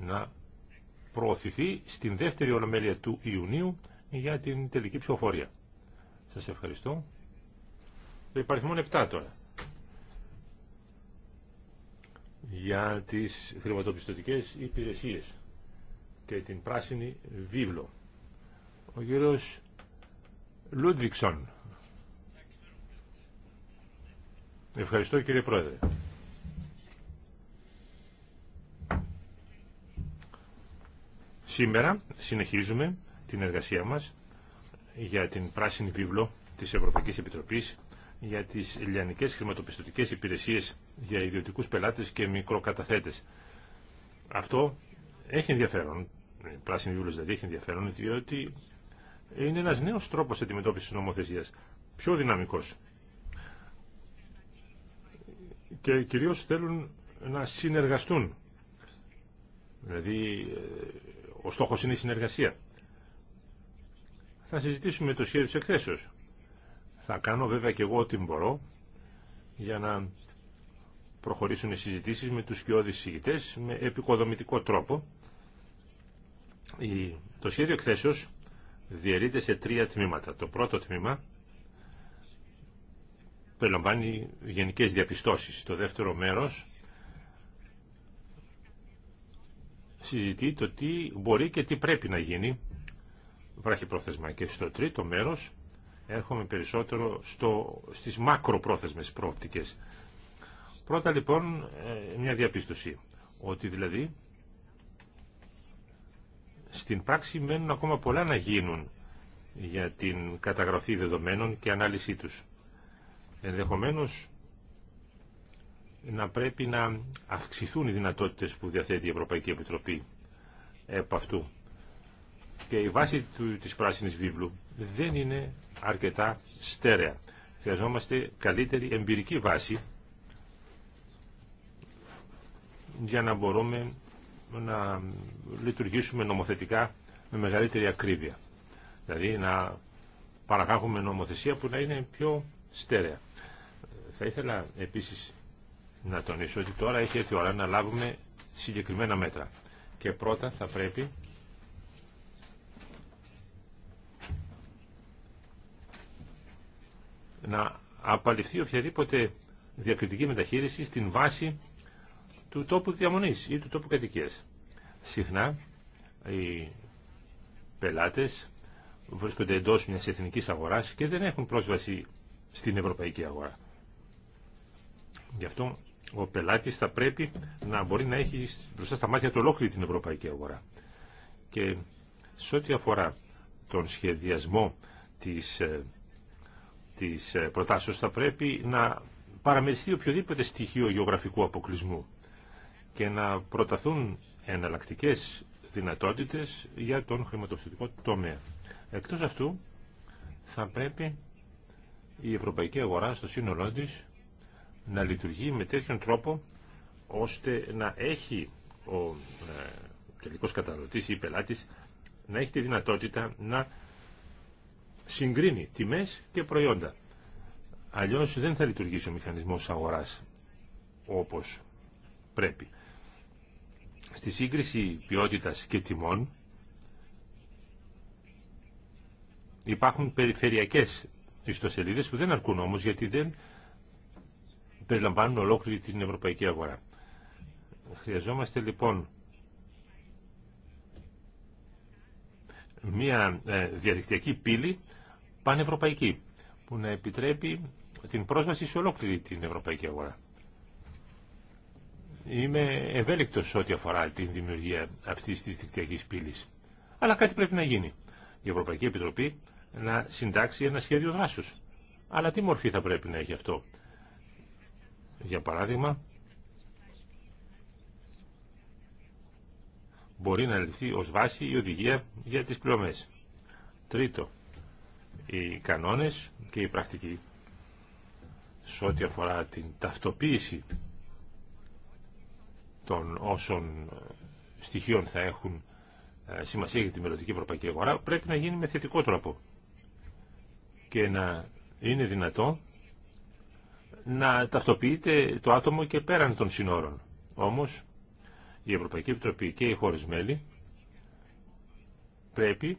S3: να προωθηθεί στην δεύτερη ολομέλεια του Ιουνίου για την τελική ψηφοφορία. Σας ευχαριστώ. Το υπαριθμόν 7 τώρα. Για τις χρηματοπιστωτικές υπηρεσίες και την πράσινη βίβλο. Ο κύριος Λούντβικσον. Ευχαριστώ κύριε Πρόεδρε. Σήμερα συνεχίζουμε την εργασία μας για την πράσινη βίβλο της Ευρωπαϊκής Επιτροπής για τις ελληνικές χρηματοπιστωτικές υπηρεσίες για ιδιωτικούς πελάτες και μικροκαταθέτες. Αυτό έχει ενδιαφέρον, ε, πράσινη βίβλο δηλαδή έχει ενδιαφέρον, διότι είναι ένας νέος τρόπος αντιμετώπισης νομοθεσίας, πιο δυναμικός και κυρίως θέλουν να συνεργαστούν. Δηλαδή ε, ο στόχος είναι η συνεργασία. Θα συζητήσουμε το σχέδιο της εκθέσεως. Θα κάνω βέβαια και εγώ ό,τι μπορώ για να προχωρήσουν οι συζητήσεις με τους σκιώδεις συζητητές με επικοδομητικό τρόπο. Το σχέδιο εκθέσεως διαιρείται σε τρία τμήματα. Το πρώτο τμήμα περιλαμβάνει γενικές διαπιστώσεις. Το δεύτερο μέρος συζητεί το τι μπορεί και τι πρέπει να γίνει πρόθεσμα. Και στο τρίτο μέρος έρχομαι περισσότερο στο, στις μακροπρόθεσμες προοπτικές. Πρώτα λοιπόν ε, μια διαπίστωση, ότι δηλαδή στην πράξη μένουν ακόμα πολλά να γίνουν για την καταγραφή δεδομένων και ανάλυση τους ενδεχομένως να πρέπει να αυξηθούν οι δυνατότητες που διαθέτει η Ευρωπαϊκή Επιτροπή επ' αυτού. Και η βάση του, της πράσινης βίβλου δεν είναι αρκετά στέρεα. Χρειαζόμαστε καλύτερη εμπειρική βάση για να μπορούμε να λειτουργήσουμε νομοθετικά με μεγαλύτερη ακρίβεια. Δηλαδή να παραγάγουμε νομοθεσία που να είναι πιο στέρεα. Θα ήθελα επίσης να τονίσω ότι τώρα έχει έρθει η ώρα να λάβουμε συγκεκριμένα μέτρα. Και πρώτα θα πρέπει να απαλληφθεί οποιαδήποτε διακριτική μεταχείριση στην βάση του τόπου διαμονής ή του τόπου κατοικίας. Συχνά οι πελάτες βρίσκονται εντός μιας εθνικής αγοράς και δεν έχουν πρόσβαση στην ευρωπαϊκή αγορά. Γι' αυτό ο πελάτης θα πρέπει να μπορεί να έχει μπροστά στα μάτια του ολόκληρη την ευρωπαϊκή αγορά. Και σε ό,τι αφορά τον σχεδιασμό της, ε, της ε, προτάσεως θα πρέπει να παραμεριστεί οποιοδήποτε στοιχείο γεωγραφικού αποκλεισμού και να προταθούν εναλλακτικέ δυνατότητες για τον χρηματοπιστωτικό τομέα. Εκτός αυτού θα πρέπει η ευρωπαϊκή αγορά στο σύνολό τη να λειτουργεί με τέτοιον τρόπο ώστε να έχει ο ε, τελικός καταναλωτής ή πελάτης να έχει τη δυνατότητα να συγκρίνει τιμές και προϊόντα. Αλλιώς δεν θα λειτουργήσει ο μηχανισμός αγοράς όπως πρέπει. Στη σύγκριση ποιότητας και τιμών υπάρχουν περιφερειακές ιστοσελίδε που δεν αρκούν όμως γιατί δεν περιλαμβάνουν ολόκληρη την ευρωπαϊκή αγορά. Χρειαζόμαστε λοιπόν μια ε, διαδικτυακή πύλη πανευρωπαϊκή που να επιτρέπει την πρόσβαση σε ολόκληρη την ευρωπαϊκή αγορά. Είμαι ευέλικτος ό,τι αφορά την δημιουργία αυτή τη δικτυακή πύλη. Αλλά κάτι πρέπει να γίνει. Η Ευρωπαϊκή Επιτροπή να συντάξει ένα σχέδιο δράσεως. Αλλά τι μορφή θα πρέπει να έχει αυτό. Για παράδειγμα, μπορεί να ληφθεί ως βάση η οδηγία για τις πληρωμές. Τρίτο, οι κανόνες και η πρακτική σε ό,τι αφορά την ταυτοποίηση των όσων ε, στοιχείων θα έχουν ε, σημασία για τη μελλοντική ευρωπαϊκή αγορά πρέπει να γίνει με θετικό τρόπο και να είναι δυνατό να ταυτοποιείται το άτομο και πέραν των συνόρων. Όμως, η Ευρωπαϊκή Επιτροπή και οι χώρες μέλη πρέπει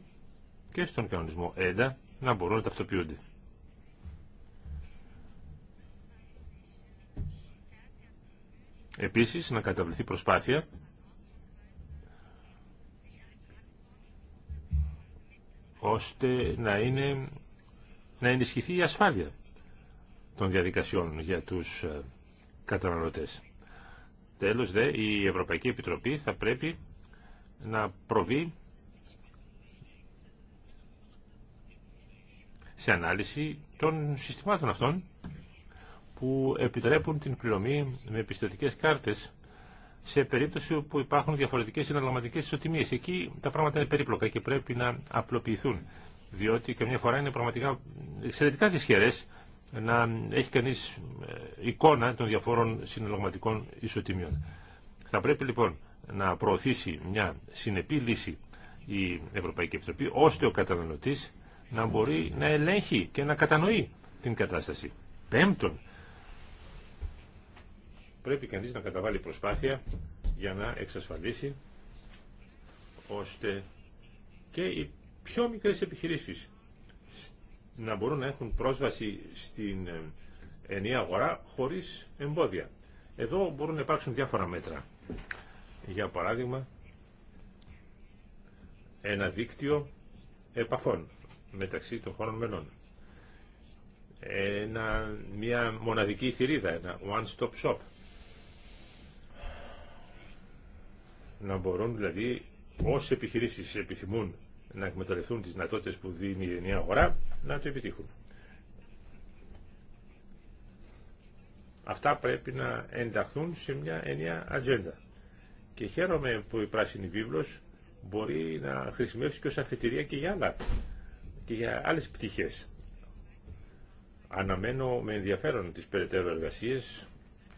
S3: και στον κανονισμό ΕΝΤΑ να μπορούν να ταυτοποιούνται. Επίσης, να καταβληθεί προσπάθεια ώστε να είναι να ενισχυθεί η ασφάλεια των διαδικασιών για τους ε, καταναλωτές. Τέλος δε, η Ευρωπαϊκή Επιτροπή θα πρέπει να προβεί σε ανάλυση των συστημάτων αυτών που επιτρέπουν την πληρωμή με πιστοτικές κάρτες σε περίπτωση που υπάρχουν διαφορετικές συναλλαγματικές ισοτιμίες. Εκεί τα πράγματα είναι περίπλοκα και πρέπει να απλοποιηθούν διότι καμιά φορά είναι πραγματικά εξαιρετικά δυσχερές να έχει κανείς ε, εικόνα των διαφόρων συναλλαγματικών ισοτιμιών. Θα πρέπει λοιπόν να προωθήσει μια συνεπή λύση η Ευρωπαϊκή Επιτροπή, ώστε ο καταναλωτής να μπορεί να ελέγχει και να κατανοεί την κατάσταση. Πέμπτον, πρέπει κανείς να καταβάλει προσπάθεια για να εξασφαλίσει ώστε και πιο μικρές επιχειρήσεις να μπορούν να έχουν πρόσβαση στην ε, ενιαία αγορά χωρίς εμπόδια. Εδώ μπορούν να υπάρξουν διάφορα μέτρα. Για παράδειγμα, ένα δίκτυο επαφών μεταξύ των χωρών μελών. Ένα, μια μοναδική θηρίδα, ένα one-stop shop. Να μπορούν δηλαδή όσες επιχειρήσεις επιθυμούν να εκμεταλλευτούν τις δυνατότητες που δίνει η ενιαία αγορά, να το επιτύχουν. Αυτά πρέπει να ενταχθούν σε μια ενιαία ατζέντα. Και χαίρομαι που η Πράσινη Βίβλος μπορεί να χρησιμεύσει και ως αφετηρία και για, άλλα, και για άλλες πτυχές. Αναμένω με ενδιαφέρον τις περαιτέρω εργασίες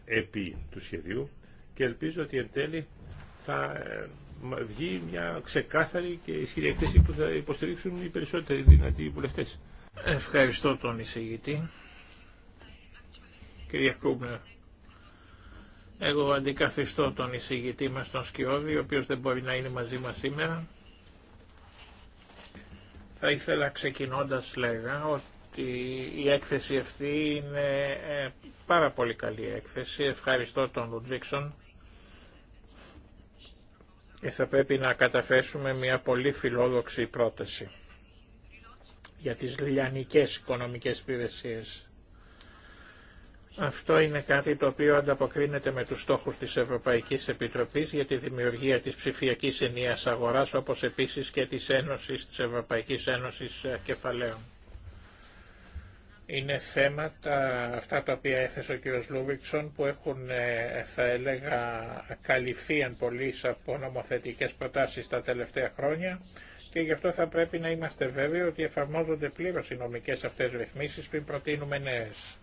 S3: επί του σχεδίου και ελπίζω ότι εν τέλει θα ε, βγει μια ξεκάθαρη και ισχυρή εκθέση που θα υποστηρίξουν οι περισσότεροι δυνατοί βουλευτέ. Ευχαριστώ τον εισηγητή. Κυρία
S2: Κούμπνερ, εγώ αντικαθιστώ τον εισηγητή μας τον Σκιώδη, ο οποίος δεν μπορεί να είναι μαζί μας σήμερα. Θα ήθελα ξεκινώντας λέγα ότι η έκθεση αυτή είναι ε, πάρα πολύ καλή έκθεση. Ευχαριστώ τον Λουτβίξον και ε, θα πρέπει να καταφέσουμε μια πολύ φιλόδοξη πρόταση για τις λιανικές οικονομικές υπηρεσίε. Αυτό είναι κάτι το οποίο ανταποκρίνεται με τους στόχους της Ευρωπαϊκής Επιτροπής για τη δημιουργία της ψηφιακής ενίας αγοράς, όπως επίσης και της Ένωσης, της Ευρωπαϊκής Ένωσης ε, Κεφαλαίων είναι θέματα αυτά τα οποία έθεσε ο κ. Λούβιξον που έχουν ε, θα έλεγα καλυφθεί εν πολλής από νομοθετικές προτάσεις τα τελευταία χρόνια και γι' αυτό θα πρέπει να είμαστε βέβαιοι ότι εφαρμόζονται πλήρως οι νομικές αυτές ρυθμίσεις πριν προτείνουμε νέες.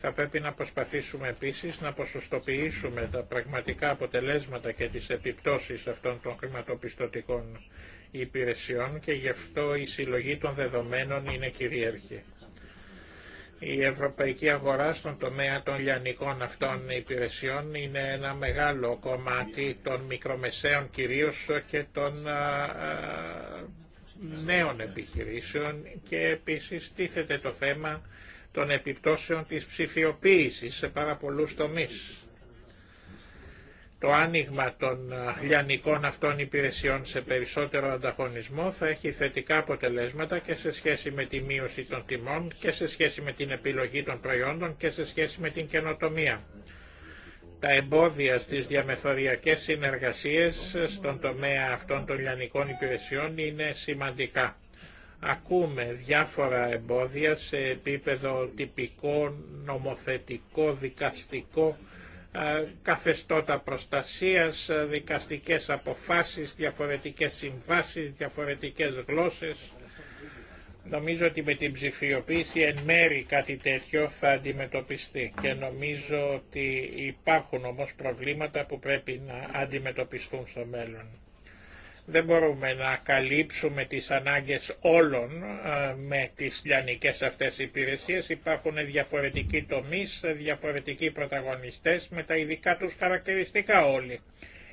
S2: Θα πρέπει να προσπαθήσουμε επίσης να ποσοστοποιήσουμε τα πραγματικά αποτελέσματα και τις επιπτώσεις αυτών των χρηματοπιστωτικών υπηρεσιών και γι' αυτό η συλλογή των δεδομένων είναι κυρίαρχη. Η ευρωπαϊκή αγορά στον τομέα των λιανικών αυτών υπηρεσιών είναι ένα μεγάλο κομμάτι των μικρομεσαίων κυρίως και των νέων επιχειρήσεων και επίσης τίθεται το θέμα των επιπτώσεων της ψηφιοποίησης σε πάρα πολλούς τομείς το άνοιγμα των ε, λιανικών αυτών υπηρεσιών σε περισσότερο ανταγωνισμό θα έχει θετικά αποτελέσματα και σε σχέση με τη μείωση των τιμών και σε σχέση με την επιλογή των προϊόντων και σε σχέση με την καινοτομία. Τα εμπόδια στις διαμεθοριακές συνεργασίες στον τομέα αυτών των λιανικών υπηρεσιών είναι σημαντικά. Ακούμε διάφορα εμπόδια σε επίπεδο τυπικό, νομοθετικό, δικαστικό, ε, καθεστώτα προστασίας, ε, δικαστικές αποφάσεις, διαφορετικές συμβάσεις, διαφορετικές γλώσσες. Νομίζω ότι με την ψηφιοποίηση εν μέρη κάτι τέτοιο θα αντιμετωπιστεί και νομίζω ότι υπάρχουν όμως προβλήματα που πρέπει να αντιμετωπιστούν στο μέλλον. Δεν μπορούμε να καλύψουμε τις ανάγκες όλων ε, με τις λιανικές αυτές υπηρεσίες. Υπάρχουν διαφορετικοί τομείς, διαφορετικοί πρωταγωνιστές με τα ειδικά τους χαρακτηριστικά όλοι.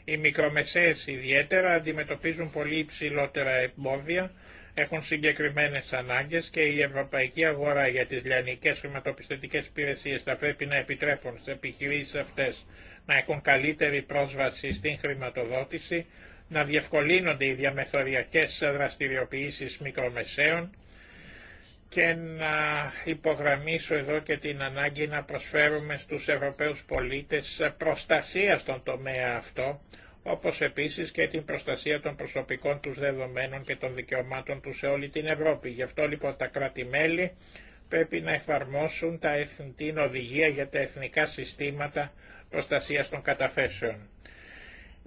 S2: Οι μικρομεσαίες ιδιαίτερα αντιμετωπίζουν πολύ υψηλότερα εμπόδια, έχουν συγκεκριμένες ανάγκες και η ευρωπαϊκή αγορά για τις λιανικές χρηματοπιστωτικές υπηρεσίες θα πρέπει να επιτρέπουν στις επιχειρήσεις αυτές να έχουν καλύτερη πρόσβαση στην χρηματοδότηση, να διευκολύνονται οι διαμεθοριακές δραστηριοποιήσεις μικρομεσαίων και να υπογραμμίσω εδώ και την ανάγκη να προσφέρουμε στους Ευρωπαίους πολίτες προστασία στον τομέα αυτό, όπως επίσης και την προστασία των προσωπικών τους δεδομένων και των δικαιωμάτων τους σε όλη την Ευρώπη. Γι' αυτό λοιπόν τα κράτη-μέλη πρέπει να εφαρμόσουν τα την οδηγία για τα εθνικά συστήματα προστασίας των καταθέσεων.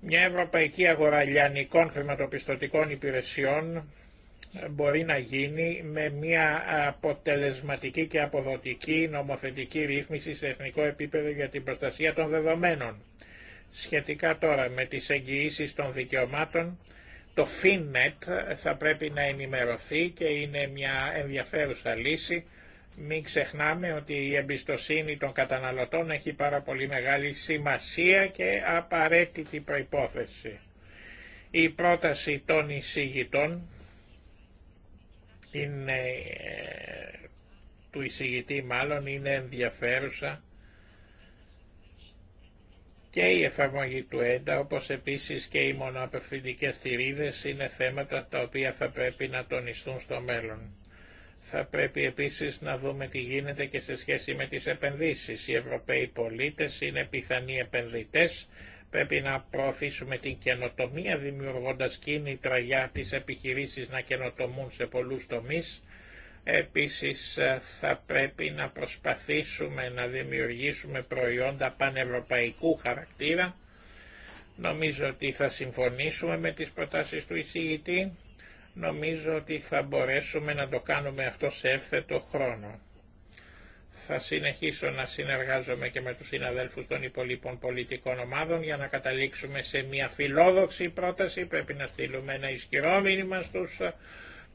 S2: Μια ευρωπαϊκή αγορά λιανικών χρηματοπιστωτικών υπηρεσιών ε, μπορεί να γίνει με μια αποτελεσματική και αποδοτική νομοθετική ρύθμιση σε εθνικό επίπεδο για την προστασία των δεδομένων. Σχετικά τώρα με τις εγγυήσεις των δικαιωμάτων, το FinNet θα πρέπει να ενημερωθεί και είναι μια ενδιαφέρουσα λύση μην ξεχνάμε ότι η εμπιστοσύνη των καταναλωτών έχει πάρα πολύ μεγάλη σημασία και απαραίτητη προϋπόθεση. Η πρόταση των εισηγητών είναι, ε, του εισηγητή μάλλον είναι ενδιαφέρουσα και η εφαρμογή του ΕΝΤΑ, όπως επίσης και οι μονοαπευθυντικές θηρίδες είναι θέματα τα οποία θα πρέπει να τονιστούν στο μέλλον. Θα πρέπει επίσης να δούμε τι γίνεται και σε σχέση με τις επενδύσεις. Οι Ευρωπαίοι πολίτες είναι πιθανοί επενδυτές. Πρέπει να προωθήσουμε την καινοτομία δημιουργώντας κίνητρα για τις επιχειρήσεις να καινοτομούν σε πολλούς τομείς. Επίσης ε, θα πρέπει να προσπαθήσουμε να δημιουργήσουμε προϊόντα πανευρωπαϊκού χαρακτήρα. Νομίζω ότι θα συμφωνήσουμε με τις προτάσεις του εισηγητή νομίζω ότι θα μπορέσουμε να το κάνουμε αυτό σε εύθετο χρόνο. Θα συνεχίσω να συνεργάζομαι και με τους συναδέλφους των υπολείπων πολιτικών ομάδων για να καταλήξουμε σε μια φιλόδοξη πρόταση. Πρέπει να στείλουμε ένα ισχυρό μήνυμα στους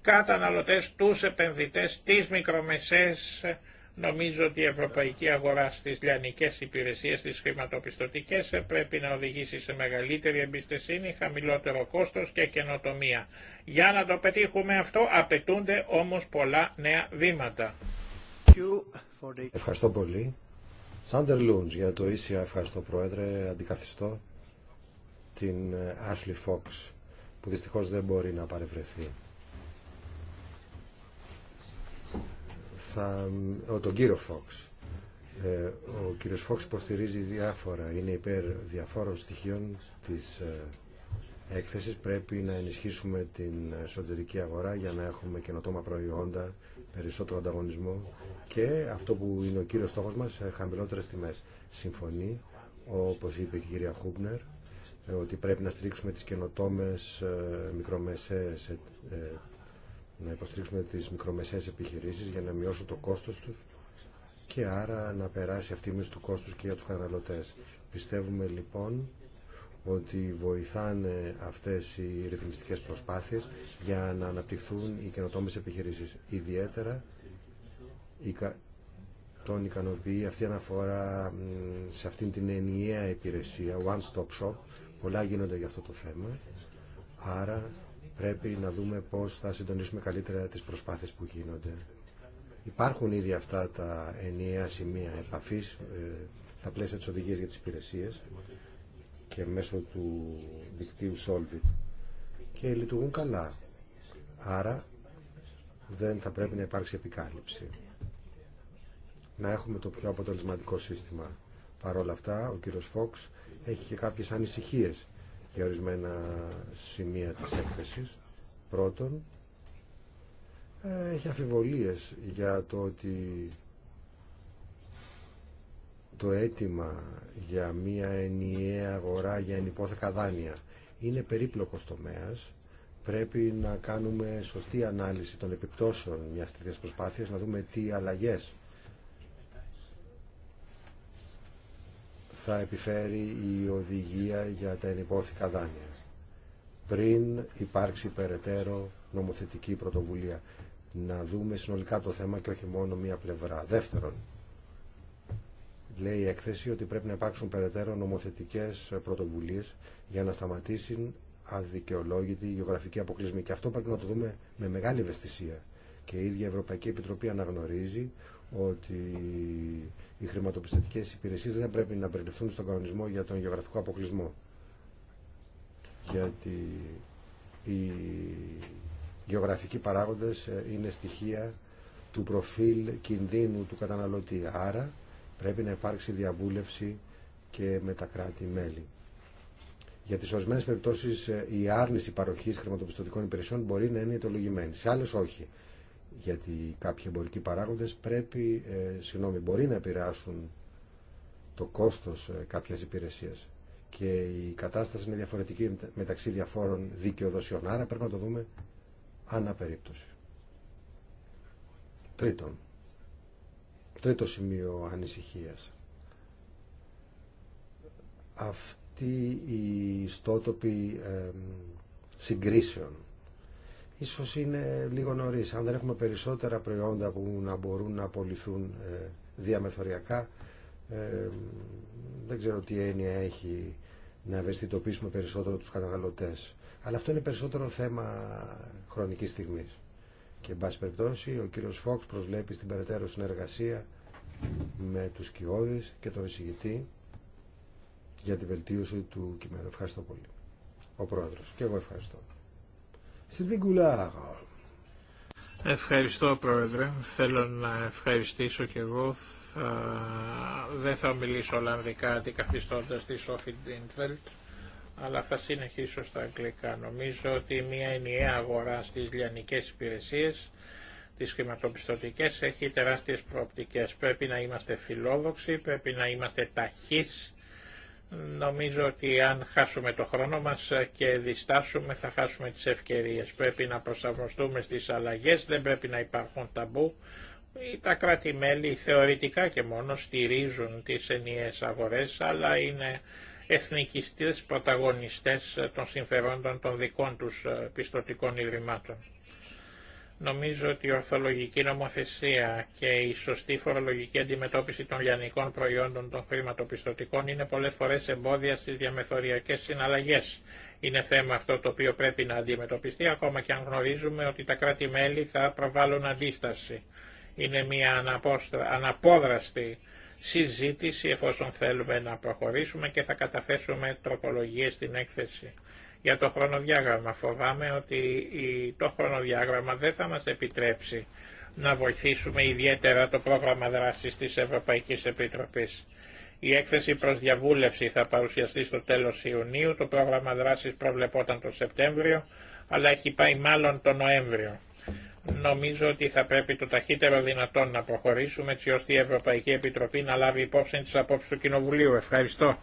S2: καταναλωτές, τους επενδυτές, τις μικρομεσές. Νομίζω ότι η ευρωπαϊκή αγορά στις λιανικές υπηρεσίες, στις χρηματοπιστωτικές πρέπει να οδηγήσει σε μεγαλύτερη εμπιστεσίνη, χαμηλότερο κόστος και καινοτομία. Για να το πετύχουμε αυτό απαιτούνται όμως πολλά νέα βήματα.
S1: Ευχαριστώ πολύ. Σάντερ Λούντς για το ίσια ευχαριστώ Πρόεδρε, αντικαθιστώ την ε, Ashley Fox που δυστυχώς δεν μπορεί να παρευρεθεί. θα, τον κύριο Φόξ. Ε, ο κύριος Φόξ υποστηρίζει διάφορα, είναι υπέρ διαφόρων στοιχείων της ε, έκθεσης. Πρέπει να ενισχύσουμε την εσωτερική αγορά για να έχουμε καινοτόμα προϊόντα, περισσότερο ανταγωνισμό και αυτό που είναι ο κύριος στόχος μας, ε, χαμηλότερες τιμές. Συμφωνεί, όπως είπε και η κυρία Χούμπνερ, ότι πρέπει να στηρίξουμε τις καινοτόμες μικρομεσαίες να υποστηρίξουμε τις μικρομεσαίες επιχειρήσεις για να μειώσουν το κόστος τους και άρα να περάσει αυτή η μείωση του κόστους και για τους καταναλωτές. Πιστεύουμε λοιπόν ότι βοηθάνε αυτές οι ρυθμιστικές προσπάθειες για να αναπτυχθούν οι καινοτόμες επιχειρήσεις. Ιδιαίτερα τον ικανοποιεί αυτή η αναφορά σε αυτήν την ενιαία υπηρεσία, one-stop shop. Πολλά γίνονται για αυτό το θέμα. Άρα πρέπει να δούμε πώς θα συντονίσουμε καλύτερα τις προσπάθειες που γίνονται. Υπάρχουν ήδη αυτά τα ενιαία σημεία επαφής ε, στα πλαίσια της οδηγίας για τις υπηρεσίες και μέσω του δικτύου Solvit και λειτουργούν καλά. Άρα δεν θα πρέπει να υπάρξει επικάλυψη. Να έχουμε το πιο αποτελεσματικό σύστημα. Παρ' όλα αυτά, ο κύριος Φόξ έχει και κάποιες ανησυχίες για ορισμένα σημεία της έκθεσης. Πρώτον, έχει αφιβολίες για το ότι το αίτημα για μια ενιαία αγορά για ενυπόθεκα δάνεια είναι περίπλοκος τομέας. Πρέπει να κάνουμε σωστή ανάλυση των επιπτώσεων μιας τέτοιας προσπάθειας, να δούμε τι αλλαγές θα επιφέρει η οδηγία για τα ενυπόθηκα δάνεια πριν υπάρξει περαιτέρω νομοθετική πρωτοβουλία. Να δούμε συνολικά το θέμα και όχι μόνο μία πλευρά. Δεύτερον, λέει η έκθεση ότι πρέπει να υπάρξουν περαιτέρω νομοθετικές πρωτοβουλίες για να σταματήσουν αδικαιολόγητη γεωγραφική αποκλεισμοί. Και αυτό πρέπει να το δούμε με μεγάλη ευαισθησία. Και η ίδια η Ευρωπαϊκή Επιτροπή αναγνωρίζει ότι οι χρηματοπιστωτικές υπηρεσίες δεν πρέπει να περιληφθούν στον κανονισμό για τον γεωγραφικό αποκλεισμό. Γιατί οι γεωγραφικοί παράγοντες ε, είναι στοιχεία του προφίλ κινδύνου του καταναλωτή. Άρα πρέπει να υπάρξει διαβούλευση και με τα κράτη-μέλη. Για τις ορισμένες περιπτώσεις ε, η άρνηση παροχής χρηματοπιστωτικών υπηρεσιών μπορεί να είναι ιτολογημένη. Σε άλλες όχι γιατί κάποιοι εμπορικοί παράγοντες πρέπει, ε, συγγνώμη, μπορεί να επηρεάσουν το κόστος ε, κάποιας υπηρεσίας και η κατάσταση είναι διαφορετική μεταξύ διαφόρων δικαιοδοσιών, άρα πρέπει να το δούμε αναπερίπτωση. Τρίτον, τρίτο σημείο ανησυχίας. Αυτή η ιστότοπη ε, συγκρίσεων ίσως είναι λίγο νωρίς. Αν δεν έχουμε περισσότερα προϊόντα που να μπορούν να απολυθούν ε, διαμεθοριακά, ε, δεν ξέρω τι έννοια έχει να ευαισθητοποιήσουμε περισσότερο τους καταναλωτές. Αλλά αυτό είναι περισσότερο θέμα χρονικής στιγμής. Και, εν πάση περιπτώσει, ο κύριος Φόξ προσλέπει στην περαιτέρω συνεργασία με τους κοιόδης και τον εισηγητή για την βελτίωση του κειμένου. Ευχαριστώ πολύ. Ο Πρόεδρος. Και εγώ ευχαριστώ.
S2: Ευχαριστώ Πρόεδρε. Θέλω να ευχαριστήσω και εγώ. Θα... Δεν θα μιλήσω Ολλανδικά αντικαθιστώντας τη Σόφιντ Τίντφελτ, αλλά θα συνεχίσω στα αγγλικά. Νομίζω ότι μια ενιαία αγορά στις λιανικές υπηρεσίες τις χρηματοπιστωτικές έχει τεράστιες προοπτικές. Πρέπει να είμαστε φιλόδοξοι, πρέπει να είμαστε ταχείς Νομίζω ότι αν χάσουμε το χρόνο μας και διστάσουμε θα χάσουμε τις ευκαιρίες. Πρέπει να προσαρμοστούμε στις αλλαγές, δεν πρέπει να υπάρχουν ταμπού. Τα κράτη-μέλη θεωρητικά και μόνο στηρίζουν τις ενιαίες αγορές, αλλά είναι εθνικιστές πρωταγωνιστές των συμφερόντων των δικών τους πιστοτικών ιδρυμάτων. Νομίζω ότι η ορθολογική νομοθεσία και η σωστή φορολογική αντιμετώπιση των λιανικών προϊόντων των χρηματοπιστωτικών είναι πολλές φορές εμπόδια στις διαμεθοριακές συναλλαγές. Είναι θέμα αυτό το οποίο πρέπει να αντιμετωπιστεί, ακόμα και αν γνωρίζουμε ότι τα κράτη-μέλη θα προβάλλουν αντίσταση. Είναι μια αναπόδραστη συζήτηση εφόσον θέλουμε να προχωρήσουμε και θα καταθέσουμε τροπολογίες στην έκθεση. Για το χρονοδιάγραμμα φοβάμαι ότι το χρονοδιάγραμμα δεν θα μας επιτρέψει να βοηθήσουμε ιδιαίτερα το πρόγραμμα δράσης της Ευρωπαϊκής Επιτροπής. Η έκθεση προς διαβούλευση θα παρουσιαστεί στο τέλος Ιουνίου, το πρόγραμμα δράσης προβλεπόταν το Σεπτέμβριο, αλλά έχει πάει μάλλον το Νοέμβριο. Νομίζω ότι θα πρέπει το ταχύτερο δυνατόν να προχωρήσουμε έτσι ώστε η Ευρωπαϊκή Επιτροπή να λάβει υπόψη της απόψεις του Κοινοβουλίου. Ευχαριστώ.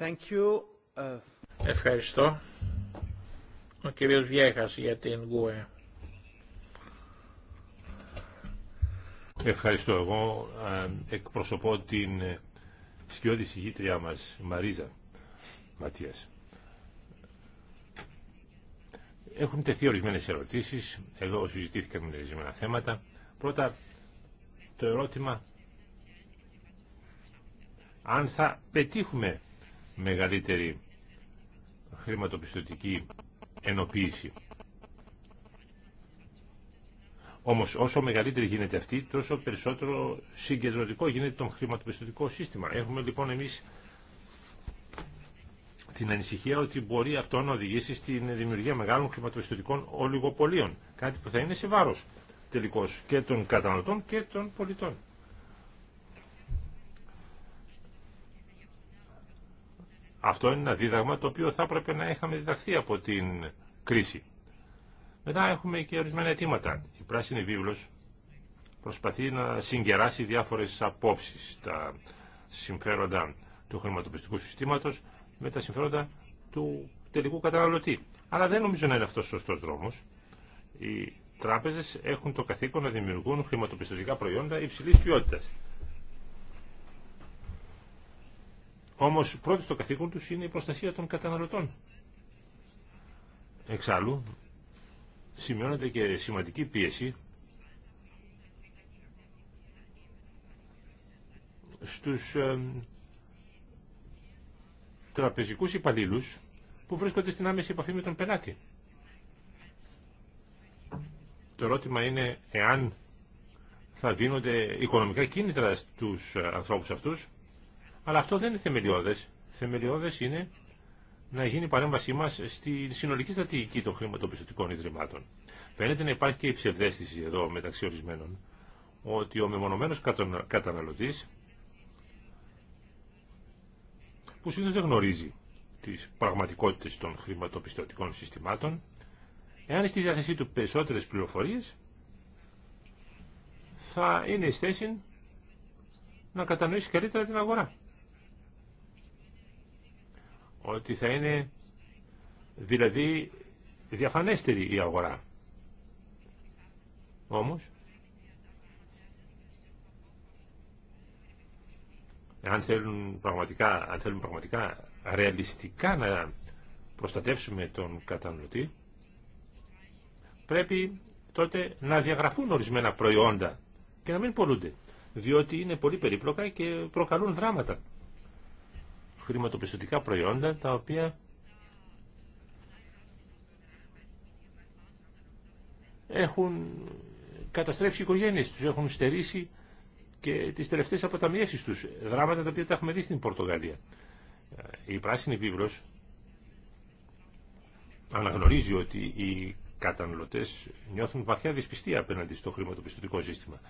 S5: Thank you. Uh,
S2: Ευχαριστώ. Ο κύριος Βιέχας για την ΓΟΕ.
S3: Ευχαριστώ. Εγώ ε, εκπροσωπώ την ε, σκιώδη συγγήτριά μας, Μαρίζα Ματίας. Έχουν τεθεί ορισμένε ερωτήσει. εδώ συζητήθηκαν με ορισμένα θέματα. Πρώτα, το ερώτημα αν θα πετύχουμε μεγαλύτερη χρηματοπιστωτική ενοποίηση. Όμως όσο μεγαλύτερη γίνεται αυτή, τόσο περισσότερο συγκεντρωτικό γίνεται το χρηματοπιστωτικό σύστημα. Έχουμε λοιπόν εμείς την ανησυχία ότι μπορεί αυτό να οδηγήσει στην δημιουργία μεγάλων χρηματοπιστωτικών ολιγοπολίων. Κάτι που θα είναι σε βάρος τελικώς και των καταναλωτών και των πολιτών. Αυτό είναι ένα δίδαγμα το οποίο θα έπρεπε να είχαμε διδαχθεί από την κρίση. Μετά έχουμε και ορισμένα αιτήματα. Η πράσινη βίβλος προσπαθεί να συγκεράσει διάφορες απόψεις, τα συμφέροντα του χρηματοπιστικού συστήματος με τα συμφέροντα του τελικού καταναλωτή. Αλλά δεν νομίζω να είναι αυτός ο σωστός δρόμος. Οι τράπεζες έχουν το καθήκον να δημιουργούν χρηματοπιστωτικά προϊόντα υψηλής ποιότητας. Όμω πρώτο το καθήκον του είναι η προστασία των καταναλωτών. Εξάλλου, σημειώνεται και σημαντική πίεση στους ε, τραπεζικούς υπαλλήλους που βρίσκονται στην άμεση επαφή με τον πελάτη. Το ερώτημα είναι εάν θα δίνονται οικονομικά κίνητρα στους ε, ανθρώπους αυτούς αλλά αυτό δεν είναι θεμελιώδε. Θεμελιώδε είναι να γίνει η παρέμβασή μα στη συνολική στρατηγική των χρηματοπιστωτικών ιδρυμάτων. Φαίνεται να υπάρχει και η ψευδέστηση εδώ μεταξύ ορισμένων ότι ο μεμονωμένος καταναλωτή που συνήθω δεν γνωρίζει τι πραγματικότητε των χρηματοπιστωτικών συστημάτων εάν στη διάθεσή του περισσότερε πληροφορίε θα είναι η στέση να κατανοήσει καλύτερα την αγορά ότι θα είναι δηλαδή διαφανέστερη η αγορά. Όμως, αν θέλουν πραγματικά, αν θέλουν πραγματικά ρεαλιστικά να προστατεύσουμε τον καταναλωτή, πρέπει τότε να διαγραφούν ορισμένα προϊόντα και να μην πολλούνται, διότι είναι πολύ περίπλοκα και προκαλούν δράματα χρηματοπιστωτικά προϊόντα τα οποία έχουν καταστρέψει οι οικογένειες τους, έχουν στερήσει και τις τελευταίες αποταμιεύσεις τους, δράματα τα οποία τα έχουμε δει στην Πορτογαλία. Η Πράσινη Βίβλος αναγνωρίζει ότι οι καταναλωτές νιώθουν βαθιά δυσπιστία απέναντι στο χρηματοπιστωτικό σύστημα.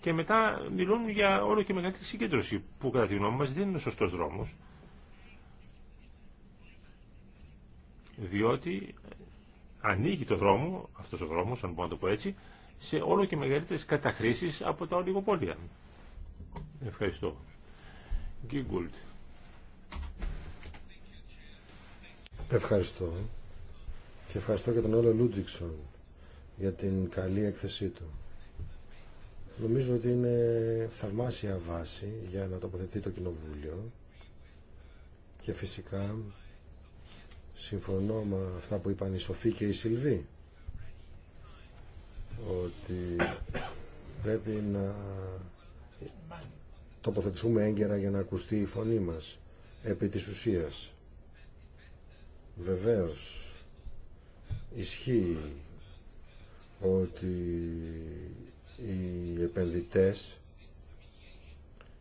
S3: Και μετά μιλούν για όλο και μεγαλύτερη συγκέντρωση, που κατά τη γνώμη μας δεν είναι ο σωστός δρόμος. διότι ανοίγει το δρόμο, αυτός ο δρόμος, αν μπορώ να το πω έτσι, σε όλο και μεγαλύτερες καταχρήσεις από τα ολιγοπόλια. Ευχαριστώ. Γκίγκουλτ.
S1: Ευχαριστώ. Και ευχαριστώ και τον Όλο Λούτζικσον για την καλή έκθεσή του. Νομίζω ότι είναι θαυμάσια βάση για να τοποθετεί το Κοινοβούλιο και φυσικά συμφωνώ με αυτά που είπαν η Σοφή και η Σιλβή ότι πρέπει να τοποθετηθούμε έγκαιρα για να ακουστεί η φωνή μας επί της ουσίας βεβαίως ισχύει ότι οι επενδυτές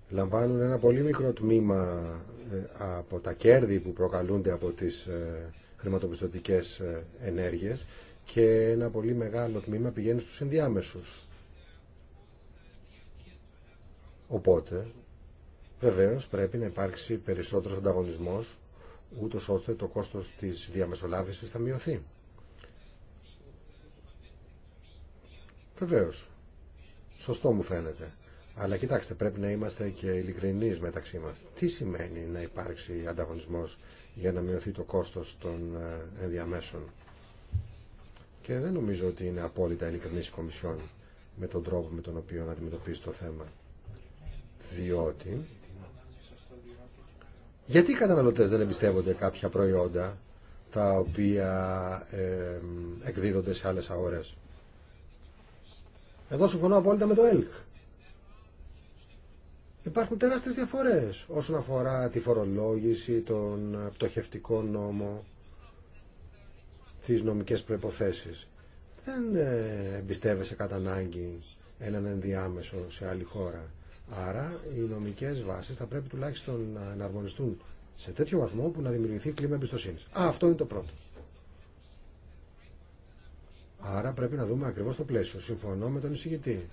S1: λαμβάνουν ένα πολύ μικρό τμήμα ε, από τα κέρδη που προκαλούνται από τις ε, χρηματοπιστωτικές ε, ενέργειες και ένα πολύ μεγάλο τμήμα πηγαίνει στους ενδιάμεσους. Οπότε, βεβαίως πρέπει να υπάρξει περισσότερος ανταγωνισμός, ούτω ώστε το κόστος της διαμεσολάβησης θα μειωθεί. Βεβαίως, σωστό μου φαίνεται. Αλλά κοιτάξτε, πρέπει να είμαστε και ειλικρινεί μεταξύ μα. Τι σημαίνει να υπάρξει ανταγωνισμό για να μειωθεί το κόστο των ε, ενδιαμέσων. Και δεν νομίζω ότι είναι απόλυτα ειλικρινή η Κομισιόν με τον τρόπο με τον οποίο να αντιμετωπίζει το θέμα. Διότι. Γιατί οι καταναλωτέ δεν εμπιστεύονται κάποια προϊόντα τα οποία εκδίδονται σε άλλε αγορέ, Εδώ συμφωνώ απόλυτα με το ΕΛΚ. Υπάρχουν τεράστιες διαφορές όσον αφορά τη φορολόγηση, τον πτωχευτικό νόμο, τις νομικές προϋποθέσεις. Δεν ε, εμπιστεύεσαι κατά ανάγκη έναν ενδιάμεσο σε άλλη χώρα. Άρα οι νομικές βάσεις θα πρέπει τουλάχιστον να εναρμονιστούν σε τέτοιο βαθμό που να δημιουργηθεί κλίμα εμπιστοσύνη. αυτό είναι το πρώτο. Άρα πρέπει να δούμε ακριβώς το πλαίσιο. Συμφωνώ με τον εισηγητή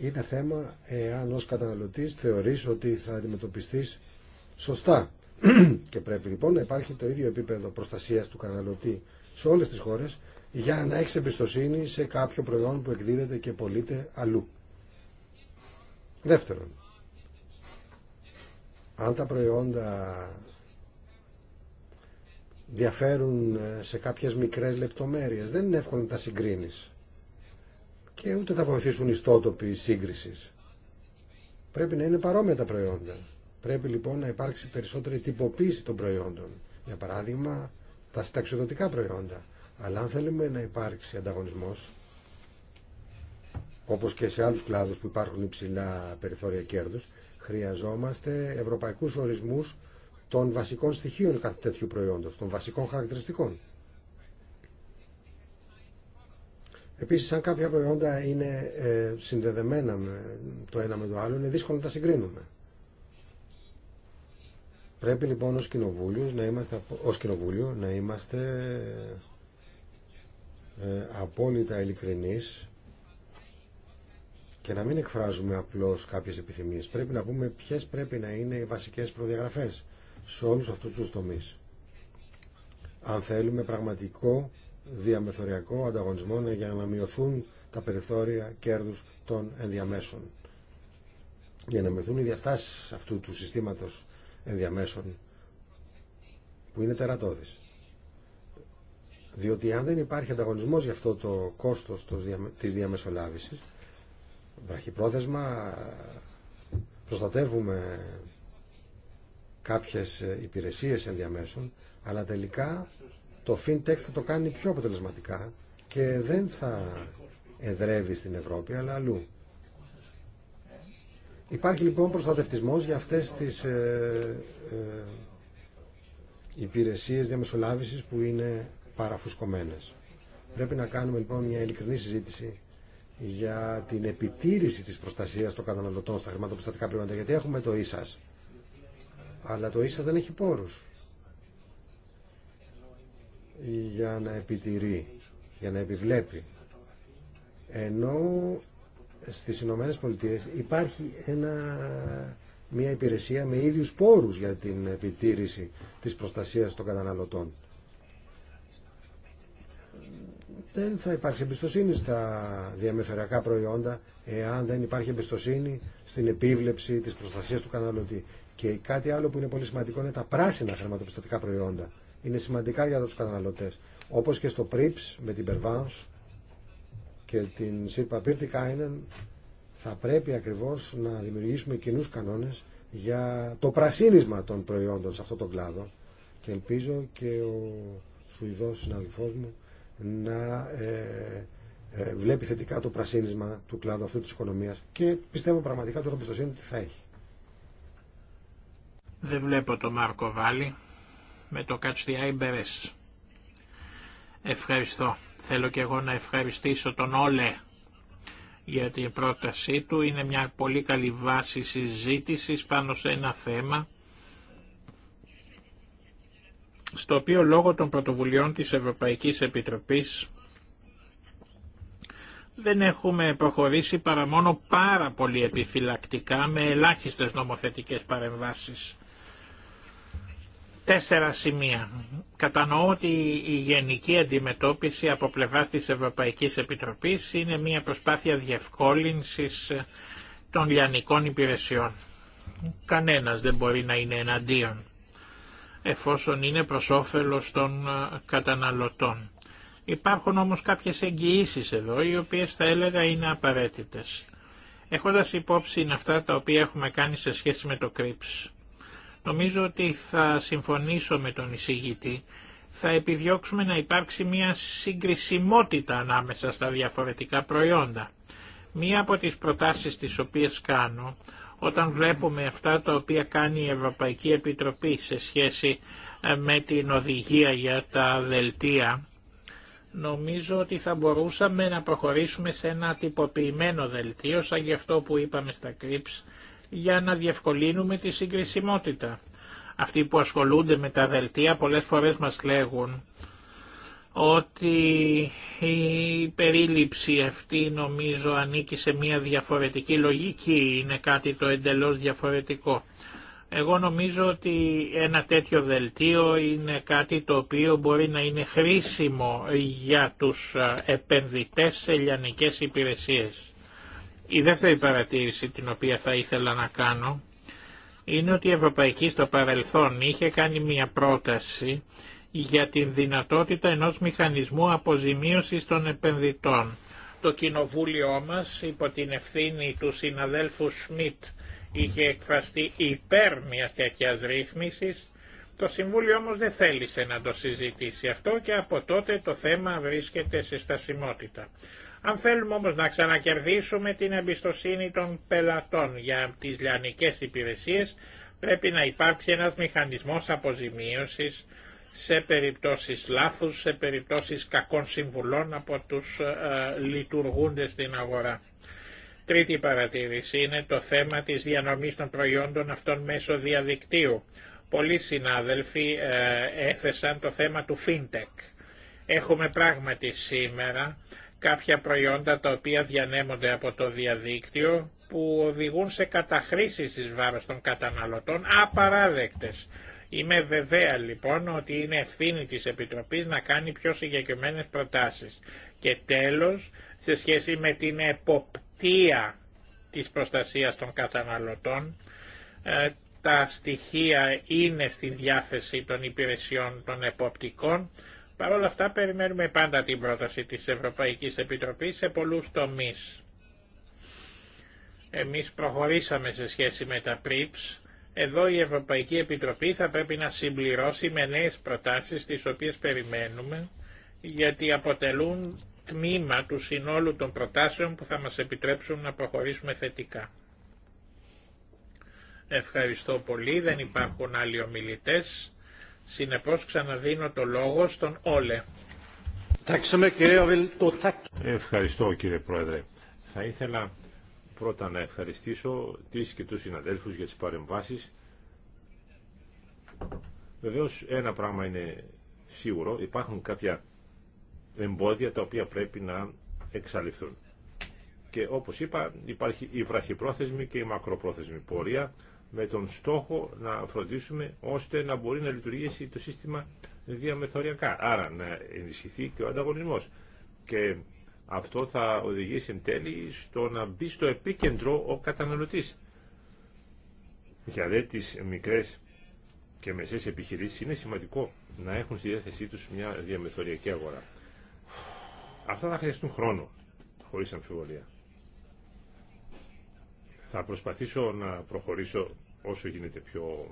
S1: είναι θέμα εάν ως καταναλωτής θεωρείς ότι θα αντιμετωπιστείς σωστά. και πρέπει λοιπόν να υπάρχει το ίδιο επίπεδο προστασίας του καταναλωτή σε όλες τις χώρες για να έχει εμπιστοσύνη σε κάποιο προϊόν που εκδίδεται και πωλείται αλλού. Δεύτερον, αν τα προϊόντα διαφέρουν σε κάποιες μικρές λεπτομέρειες, δεν είναι εύκολο να τα συγκρίνεις και ούτε θα βοηθήσουν οι στότοποι σύγκριση. Πρέπει να είναι παρόμοια τα προϊόντα. Πρέπει λοιπόν να υπάρξει περισσότερη τυποποίηση των προϊόντων. Για παράδειγμα, τα συνταξιδοτικά προϊόντα. Αλλά αν θέλουμε να υπάρξει ανταγωνισμός, όπως και σε άλλου κλάδους που υπάρχουν υψηλά περιθώρια κέρδους, χρειαζόμαστε ευρωπαϊκού ορισμού των βασικών στοιχείων κάθε τέτοιου προϊόντος, των βασικών χαρακτηριστικών. Επίσης, αν κάποια προϊόντα είναι ε, συνδεδεμένα με το ένα με το άλλο, είναι δύσκολο να τα συγκρίνουμε. Πρέπει λοιπόν ως κοινοβούλιο να είμαστε, ως κοινοβούλιο, να είμαστε ε, απόλυτα ειλικρινείς και να μην εκφράζουμε απλώς κάποιες επιθυμίες. Πρέπει να πούμε ποιες πρέπει να είναι οι βασικές προδιαγραφές σε όλους αυτούς τους τομείς. Αν θέλουμε πραγματικό διαμεθοριακό ανταγωνισμό για να μειωθούν τα περιθώρια κέρδους των ενδιαμέσων. Για να μειωθούν οι διαστάσεις αυτού του συστήματος ενδιαμέσων που είναι τερατώδης. Διότι αν δεν υπάρχει ανταγωνισμός για αυτό το κόστος της διαμεσολάβησης, βραχυπρόθεσμα προστατεύουμε κάποιες ε, υπηρεσίες ενδιαμέσων, αλλά τελικά το FinTech θα το κάνει πιο αποτελεσματικά και δεν θα εδρεύει στην Ευρώπη αλλά αλλού. Υπάρχει λοιπόν προστατευτισμός για αυτές τις ε, ε, υπηρεσίες διαμεσολάβησης που είναι παραφουσκωμένες. Πρέπει να κάνουμε λοιπόν μια ειλικρινή συζήτηση για την επιτήρηση της προστασίας των καταναλωτών στα χρηματοπιστωτικά πλήματα, γιατί έχουμε το ίσας. E αλλά το ίσας e δεν έχει πόρους για να επιτηρεί, για να επιβλέπει. Ενώ στις Ηνωμένες Πολιτείες υπάρχει ένα, μια υπηρεσία με ίδιους πόρους για την επιτήρηση της προστασίας των καταναλωτών. Δεν θα υπάρξει εμπιστοσύνη στα διαμεθοριακά προϊόντα εάν δεν υπάρχει εμπιστοσύνη στην επίβλεψη της προστασίας του καταναλωτή. Και κάτι άλλο που είναι πολύ σημαντικό είναι τα πράσινα χρηματοπιστωτικά προϊόντα είναι σημαντικά για τους καταναλωτές. Όπως και στο PRIPS με την Περβάνς και την ΣΥΡΠΑ είναι θα πρέπει ακριβώς να δημιουργήσουμε κοινούς κανόνες για το πρασίνισμα των προϊόντων σε αυτόν τον κλάδο και ελπίζω και ο Σουηδός συναδελφός μου να ε, ε, βλέπει θετικά το πρασίνισμα του κλάδου αυτού της οικονομίας και πιστεύω πραγματικά το έχω εμπιστοσύνη ότι θα έχει.
S2: Δεν βλέπω τον Μάρκο Βάλλη με το Catch the Ευχαριστώ. Θέλω και εγώ να ευχαριστήσω τον Όλε για την πρότασή του. Είναι μια πολύ καλή βάση συζήτησης πάνω σε ένα θέμα στο οποίο λόγω των πρωτοβουλειών της Ευρωπαϊκής Επιτροπής δεν έχουμε προχωρήσει παρά μόνο πάρα πολύ επιφυλακτικά με ελάχιστες νομοθετικές παρεμβάσεις. Τέσσερα σημεία. Κατανοώ ότι η γενική αντιμετώπιση από πλευράς της Ευρωπαϊκής Επιτροπής είναι μια προσπάθεια διευκόλυνσης ε, των λιανικών υπηρεσιών. Κανένας δεν μπορεί να είναι εναντίον, εφόσον είναι προς όφελος των ε, καταναλωτών. Υπάρχουν όμως κάποιες εγγυήσει εδώ, οι οποίες θα έλεγα είναι απαραίτητες. Έχοντας υπόψη είναι αυτά τα οποία έχουμε κάνει σε σχέση με το ΚΡΙΠΣ. Νομίζω ότι θα συμφωνήσω με τον εισηγητή. Θα επιδιώξουμε να υπάρξει μια συγκρισιμότητα ανάμεσα στα διαφορετικά προϊόντα. Μία από τις προτάσεις τις οποίες κάνω, όταν βλέπουμε αυτά τα οποία κάνει η Ευρωπαϊκή Επιτροπή σε σχέση ε, με την οδηγία για τα δελτία, νομίζω ότι θα μπορούσαμε να προχωρήσουμε σε ένα τυποποιημένο δελτίο, σαν γι' αυτό που είπαμε στα κρύψη, για να διευκολύνουμε τη συγκρισιμότητα. Αυτοί που ασχολούνται με τα δελτία πολλές φορές μας λέγουν ότι η περίληψη αυτή νομίζω ανήκει σε μια διαφορετική λογική, είναι κάτι το εντελώς διαφορετικό. Εγώ νομίζω ότι ένα τέτοιο δελτίο είναι κάτι το οποίο μπορεί να είναι χρήσιμο για τους επενδυτές σε λιανικές υπηρεσίες. Η δεύτερη παρατήρηση την οποία θα ήθελα να κάνω είναι ότι η Ευρωπαϊκή στο παρελθόν είχε κάνει μια πρόταση για την δυνατότητα ενός μηχανισμού αποζημίωσης των επενδυτών. Το κοινοβούλιο μας υπό την ευθύνη του συναδέλφου Σμιτ είχε εκφραστεί υπέρ μια τέτοιας Ρύθμιση. το Συμβούλιο όμως δεν θέλησε να το συζητήσει αυτό και από τότε το θέμα βρίσκεται σε στασιμότητα. Αν θέλουμε όμως να ξανακερδίσουμε την εμπιστοσύνη των πελατών για τις λιανικές υπηρεσίες, πρέπει να υπάρξει ένας μηχανισμός αποζημίωσης σε περιπτώσεις λάθους, σε περιπτώσεις κακών συμβουλών από τους ε, λειτουργούντες στην αγορά. Τρίτη παρατήρηση είναι το θέμα της διανομής των προϊόντων αυτών μέσω διαδικτύου. Πολλοί συνάδελφοι ε, έθεσαν το θέμα του FinTech. Έχουμε πράγματι σήμερα κάποια προϊόντα τα οποία διανέμονται από το διαδίκτυο που οδηγούν σε καταχρήσει εις βάρος των καταναλωτών απαράδεκτες. Είμαι βεβαία λοιπόν ότι είναι ευθύνη της Επιτροπής να κάνει πιο συγκεκριμένες προτάσεις. Και τέλος, σε σχέση με την εποπτεία της προστασίας των καταναλωτών, ε, τα στοιχεία είναι στη διάθεση των υπηρεσιών των εποπτικών, Παρ' όλα αυτά περιμένουμε πάντα την πρόταση της Ευρωπαϊκής Επιτροπής σε πολλούς τομείς. Εμείς προχωρήσαμε σε σχέση με τα PRIPS. Εδώ η Ευρωπαϊκή Επιτροπή θα πρέπει να συμπληρώσει με νέες προτάσεις τις οποίες περιμένουμε γιατί αποτελούν τμήμα του συνόλου των προτάσεων που θα μας επιτρέψουν να προχωρήσουμε θετικά. Ευχαριστώ πολύ. Δεν υπάρχουν άλλοι ομιλητές. Συνεπώς ξαναδίνω το λόγο στον Όλε.
S3: Ευχαριστώ κύριε Πρόεδρε. Θα ήθελα πρώτα να ευχαριστήσω τις και τους συναδέλφους για τις παρεμβάσεις. Βεβαίως ένα πράγμα είναι σίγουρο, υπάρχουν κάποια εμπόδια τα οποία πρέπει να εξαλειφθούν. Και όπως είπα υπάρχει η βραχυπρόθεσμη και η μακροπρόθεσμη πορεία με τον στόχο να φροντίσουμε ώστε να μπορεί να λειτουργήσει το σύστημα διαμεθοριακά. Άρα να ενισχυθεί και ο ανταγωνισμός. Και αυτό θα οδηγήσει εν τέλει στο να μπει στο επίκεντρο ο καταναλωτής. Για δε μικρές και μεσές επιχειρήσεις είναι σημαντικό να έχουν στη διάθεσή τους μια διαμεθοριακή αγορά. Αυτά θα χρειαστούν χρόνο, χωρίς αμφιβολία. Θα προσπαθήσω να προχωρήσω όσο γίνεται πιο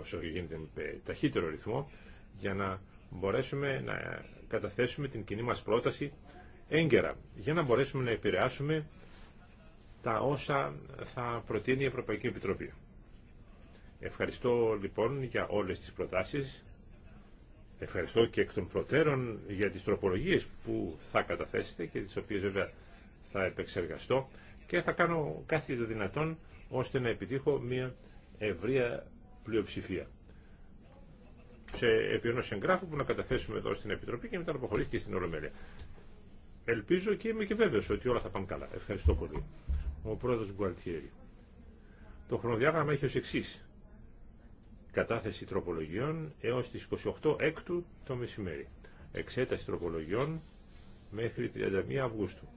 S3: όσο γίνεται με ταχύτερο ρυθμό για να μπορέσουμε να καταθέσουμε την κοινή μας πρόταση έγκαιρα για να μπορέσουμε να επηρεάσουμε τα όσα θα προτείνει η Ευρωπαϊκή Επιτροπή. Ευχαριστώ λοιπόν για όλες τις προτάσεις. Ευχαριστώ και εκ των προτέρων για τις τροπολογίες που θα καταθέσετε και τις οποίες βέβαια θα επεξεργαστώ και θα κάνω κάθε το δυνατόν ώστε να επιτύχω μια ευρεία πλειοψηφία σε επί εγγράφου που να καταθέσουμε εδώ στην Επιτροπή και μετά να αποχωρήσει και στην Ολομέλεια. Ελπίζω και είμαι και βέβαιος ότι όλα θα πάνε καλά. Ευχαριστώ πολύ. Ο πρόεδρος Γκουαλτιέρη. Το χρονοδιάγραμμα έχει ω εξή Κατάθεση τροπολογιών έως τις 28 έκτου το μεσημέρι. Εξέταση τροπολογιών μέχρι 31 Αυγούστου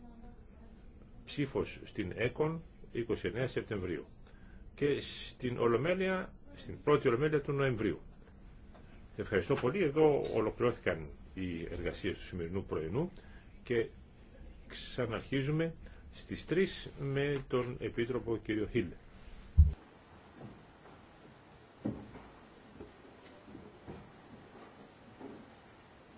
S3: ψήφος στην ΕΚΟΝ 29 Σεπτεμβρίου και στην Ολομέλεια, στην πρώτη Ολομέλεια του Νοεμβρίου. Ευχαριστώ πολύ. Εδώ ολοκληρώθηκαν οι εργασίες του σημερινού πρωινού και ξαναρχίζουμε στις 3 με τον Επίτροπο κύριο Χίλ.